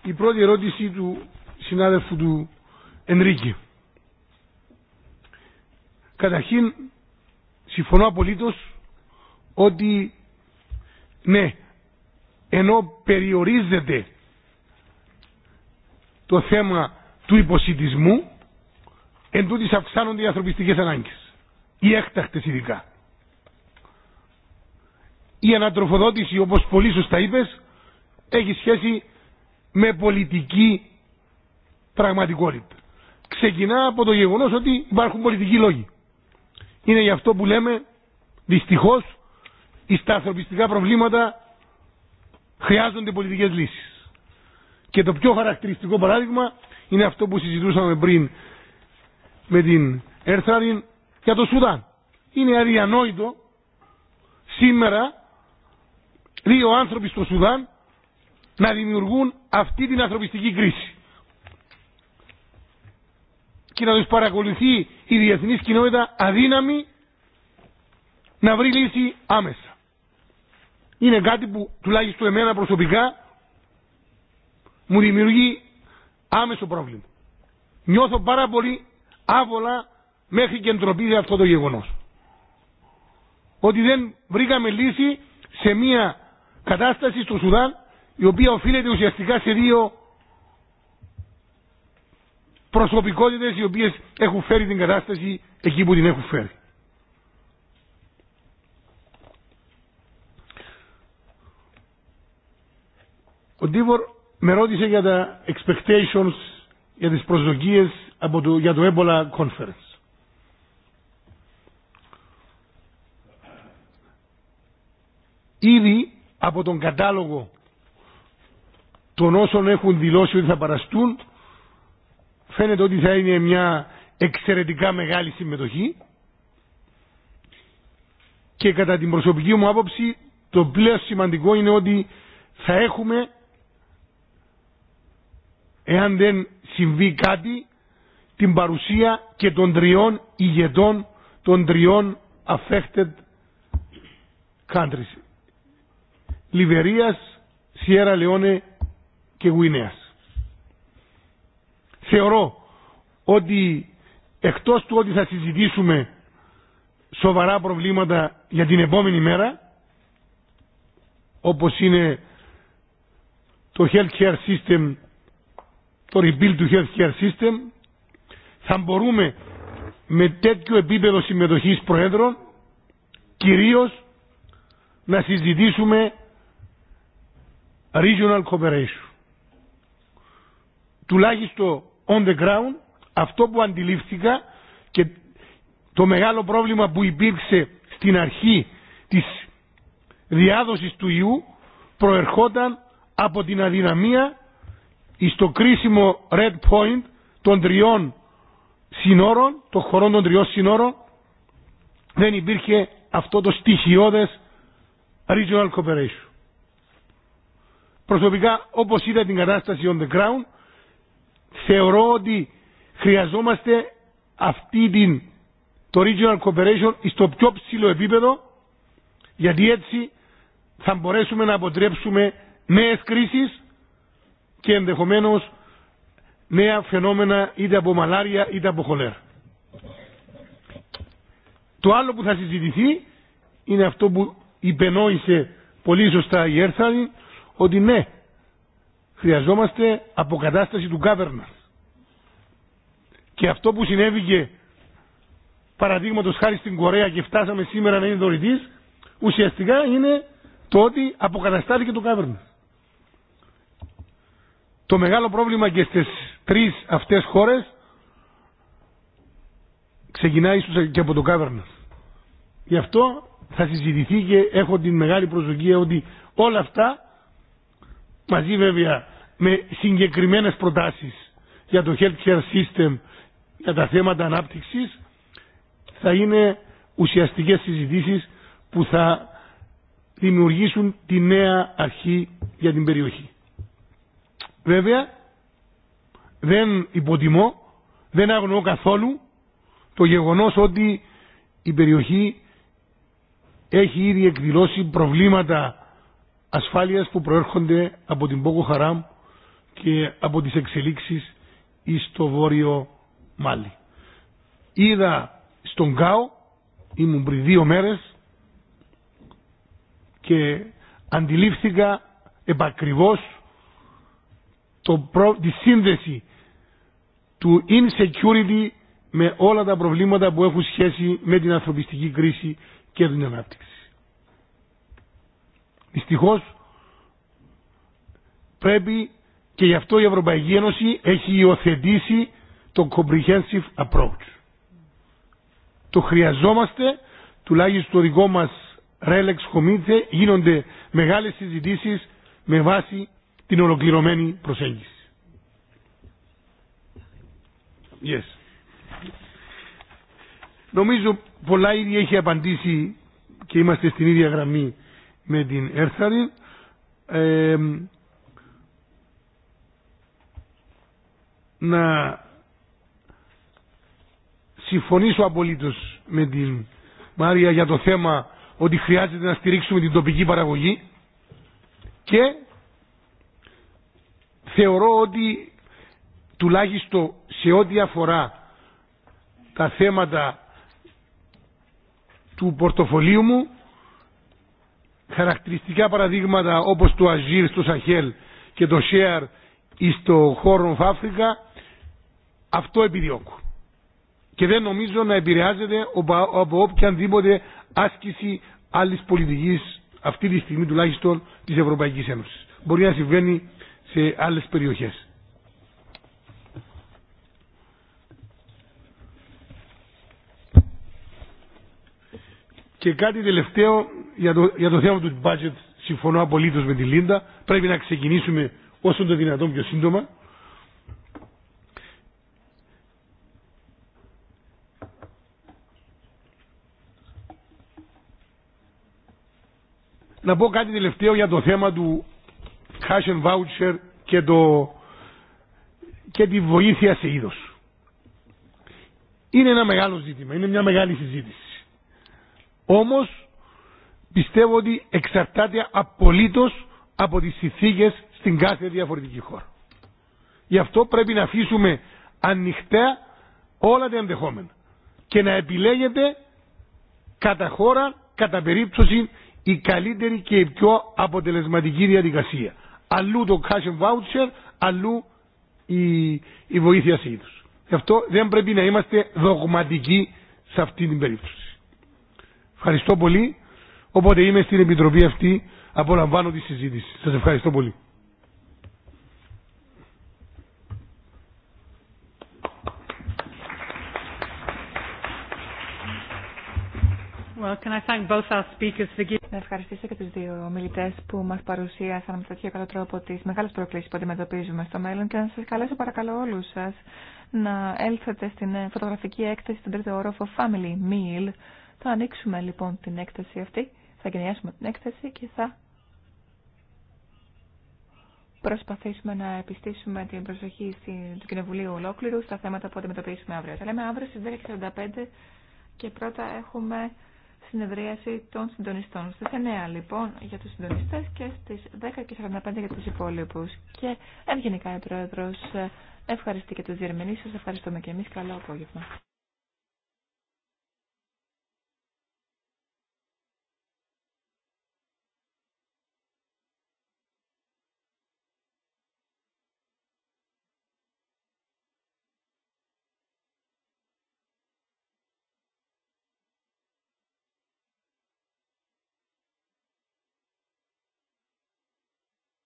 S4: Η πρώτη ερώτηση του συνάδελφου του Ενρίκη. Καταρχήν, συμφωνώ απολύτως ότι ναι, ενώ περιορίζεται το θέμα του υποσυντισμού, εν αυξάνονται οι ανθρωπιστικές ανάγκες οι έκτακτες ειδικά. Η ανατροφοδότηση όπως πολύ σωστά είπες έχει σχέση με πολιτική πραγματικότητα. Ξεκινά από το γεγονός ότι υπάρχουν πολιτικοί λόγοι. Είναι γι' αυτό που λέμε δυστυχώς οι ανθρωπιστικά προβλήματα χρειάζονται πολιτικές λύσεις. Και το πιο χαρακτηριστικό παράδειγμα είναι αυτό που συζητούσαμε πριν με την Ερθράδιν, για το Σουδάν. Είναι αδιανόητο σήμερα δύο άνθρωποι στο Σουδάν να δημιουργούν αυτή την ανθρωπιστική κρίση. Και να τους παρακολουθεί η διεθνής κοινότητα αδύναμη να βρει λύση άμεσα. Είναι κάτι που τουλάχιστον εμένα προσωπικά μου δημιουργεί άμεσο πρόβλημα. Νιώθω πάρα πολύ άβολα μέχρι και ντροπή αυτό το γεγονός. Ότι δεν βρήκαμε λύση σε μια κατάσταση στο Σουδάν η οποία οφείλεται ουσιαστικά σε δύο προσωπικότητες οι οποίες έχουν φέρει την κατάσταση εκεί που την έχουν φέρει. Ο Ντίβορ με ρώτησε για τα expectations, για τις προσδοκίες από το, για το Ebola Conference. ήδη από τον κατάλογο των όσων έχουν δηλώσει ότι θα παραστούν φαίνεται ότι θα είναι μια εξαιρετικά μεγάλη συμμετοχή και κατά την προσωπική μου άποψη το πλέον σημαντικό είναι ότι θα έχουμε εάν δεν συμβεί κάτι την παρουσία και των τριών ηγετών των τριών affected countries Λιβερίας, Σιέρα Λεόνε και Γουινέας. Θεωρώ ότι εκτός του ότι θα συζητήσουμε σοβαρά προβλήματα για την επόμενη μέρα, όπως είναι το healthcare system, το rebuild του healthcare system, θα μπορούμε με τέτοιο επίπεδο συμμετοχής προέδρων κυρίως να συζητήσουμε regional cooperation. Τουλάχιστον on the ground αυτό που αντιλήφθηκα και το μεγάλο πρόβλημα που υπήρξε στην αρχή της διάδοσης του ιού προερχόταν από την αδυναμία στο κρίσιμο red point των τριών συνόρων, των χωρών των τριών συνόρων δεν υπήρχε αυτό το στοιχειώδες regional cooperation. Προσωπικά όπως είδα την κατάσταση on the ground θεωρώ ότι χρειαζόμαστε αυτή την, το regional cooperation στο πιο ψηλό επίπεδο γιατί έτσι θα μπορέσουμε να αποτρέψουμε νέες κρίσεις και ενδεχομένως νέα φαινόμενα είτε από μαλάρια είτε από χολέρα. Το άλλο που θα συζητηθεί είναι αυτό που υπενόησε πολύ σωστά η Έρθαλη ότι ναι, χρειαζόμαστε αποκατάσταση του καβερνας. Και αυτό που συνέβηκε παραδείγματο χάρη στην Κορέα και φτάσαμε σήμερα να είναι δωρητή, ουσιαστικά είναι το ότι αποκαταστάθηκε το καβερνας. Το μεγάλο πρόβλημα και στις τρεις αυτές χώρες ξεκινάει ίσως και από το καβερνας. Γι' αυτό θα συζητηθεί και έχω την μεγάλη προσδοκία ότι όλα αυτά μαζί βέβαια με συγκεκριμένες προτάσεις για το healthcare system, για τα θέματα ανάπτυξης, θα είναι ουσιαστικές συζητήσεις που θα δημιουργήσουν τη νέα αρχή για την περιοχή. Βέβαια, δεν υποτιμώ, δεν αγνοώ καθόλου το γεγονός ότι η περιοχή έχει ήδη εκδηλώσει προβλήματα Ασφάλεια που προέρχονται από την Πόκο Χαράμ και από τις εξελίξεις στο βόρειο Μάλι. Είδα στον ΚΑΟ, ήμουν πριν δύο μέρες και αντιλήφθηκα επακριβώς το τη σύνδεση του insecurity με όλα τα προβλήματα που έχουν σχέση με την ανθρωπιστική κρίση και την ανάπτυξη. Δυστυχώς πρέπει και γι' αυτό η Ευρωπαϊκή Ένωση έχει υιοθετήσει το comprehensive approach. Το χρειαζόμαστε, τουλάχιστον το δικό μας Relex Committee γίνονται μεγάλες συζητήσεις με βάση την ολοκληρωμένη προσέγγιση. Yes. Νομίζω πολλά ήδη έχει απαντήσει και είμαστε στην ίδια γραμμή με την Έρθαρη να συμφωνήσω απολύτως με την Μάρια για το θέμα ότι χρειάζεται να στηρίξουμε την τοπική παραγωγή και θεωρώ ότι τουλάχιστον σε ό,τι αφορά τα θέματα του πορτοφολίου μου χαρακτηριστικά παραδείγματα όπως το Αζίρ στο Σαχέλ και το Σέαρ στο χώρο ΦΑΦΡΙΚΑ αυτό επιδιώκουν. Και δεν νομίζω να επηρεάζεται από οποιαδήποτε άσκηση άλλης πολιτικής αυτή τη στιγμή τουλάχιστον της Ευρωπαϊκής Ένωσης. Μπορεί να συμβαίνει σε άλλες περιοχές. Και κάτι τελευταίο για το, θέμα του budget συμφωνώ απολύτω με τη Λίντα. Πρέπει να ξεκινήσουμε όσο το δυνατόν πιο σύντομα. Να πω κάτι τελευταίο για το θέμα του cash and voucher και, και τη βοήθεια σε είδος. Είναι ένα μεγάλο ζήτημα, είναι μια μεγάλη συζήτηση. Όμως πιστεύω ότι εξαρτάται απολύτως από τις συνθήκε στην κάθε διαφορετική χώρα. Γι' αυτό πρέπει να αφήσουμε ανοιχτά όλα τα ενδεχόμενα και να επιλέγεται κατά χώρα, κατά περίπτωση η καλύτερη και η πιο αποτελεσματική διαδικασία. Αλλού το cash and voucher, αλλού η, βοήθεια σε είδους. Γι' αυτό δεν πρέπει να είμαστε δογματικοί σε αυτή την περίπτωση. Ευχαριστώ πολύ. Οπότε είμαι στην Επιτροπή αυτή, απολαμβάνω τη συζήτηση. Σα ευχαριστώ πολύ.
S1: Well, can I thank both our speakers for... Να ευχαριστήσω και του δύο ομιλητέ που μα παρουσίασαν με τέτοιο καλό τρόπο τι μεγάλε προκλήσει που αντιμετωπίζουμε στο μέλλον και να σα καλέσω παρακαλώ όλους σας να έλθετε στην ε, φωτογραφική έκθεση στον τρίτο όροφο Family Meal. Θα ανοίξουμε λοιπόν την έκθεση αυτή. Θα γενιάσουμε την έκθεση και θα προσπαθήσουμε να επιστήσουμε την προσοχή του Κοινοβουλίου ολόκληρου στα θέματα που αντιμετωπίσουμε αύριο. Θα λέμε αύριο στις 10.45 και πρώτα έχουμε συνεδρίαση των συντονιστών. Στις 9 λοιπόν για τους συντονιστές και στις 10.45 για τους υπόλοιπους. Και ευγενικά η Πρόεδρος ευχαριστεί και τους διερμηνείς. Σας ευχαριστούμε και εμείς. Καλό απόγευμα.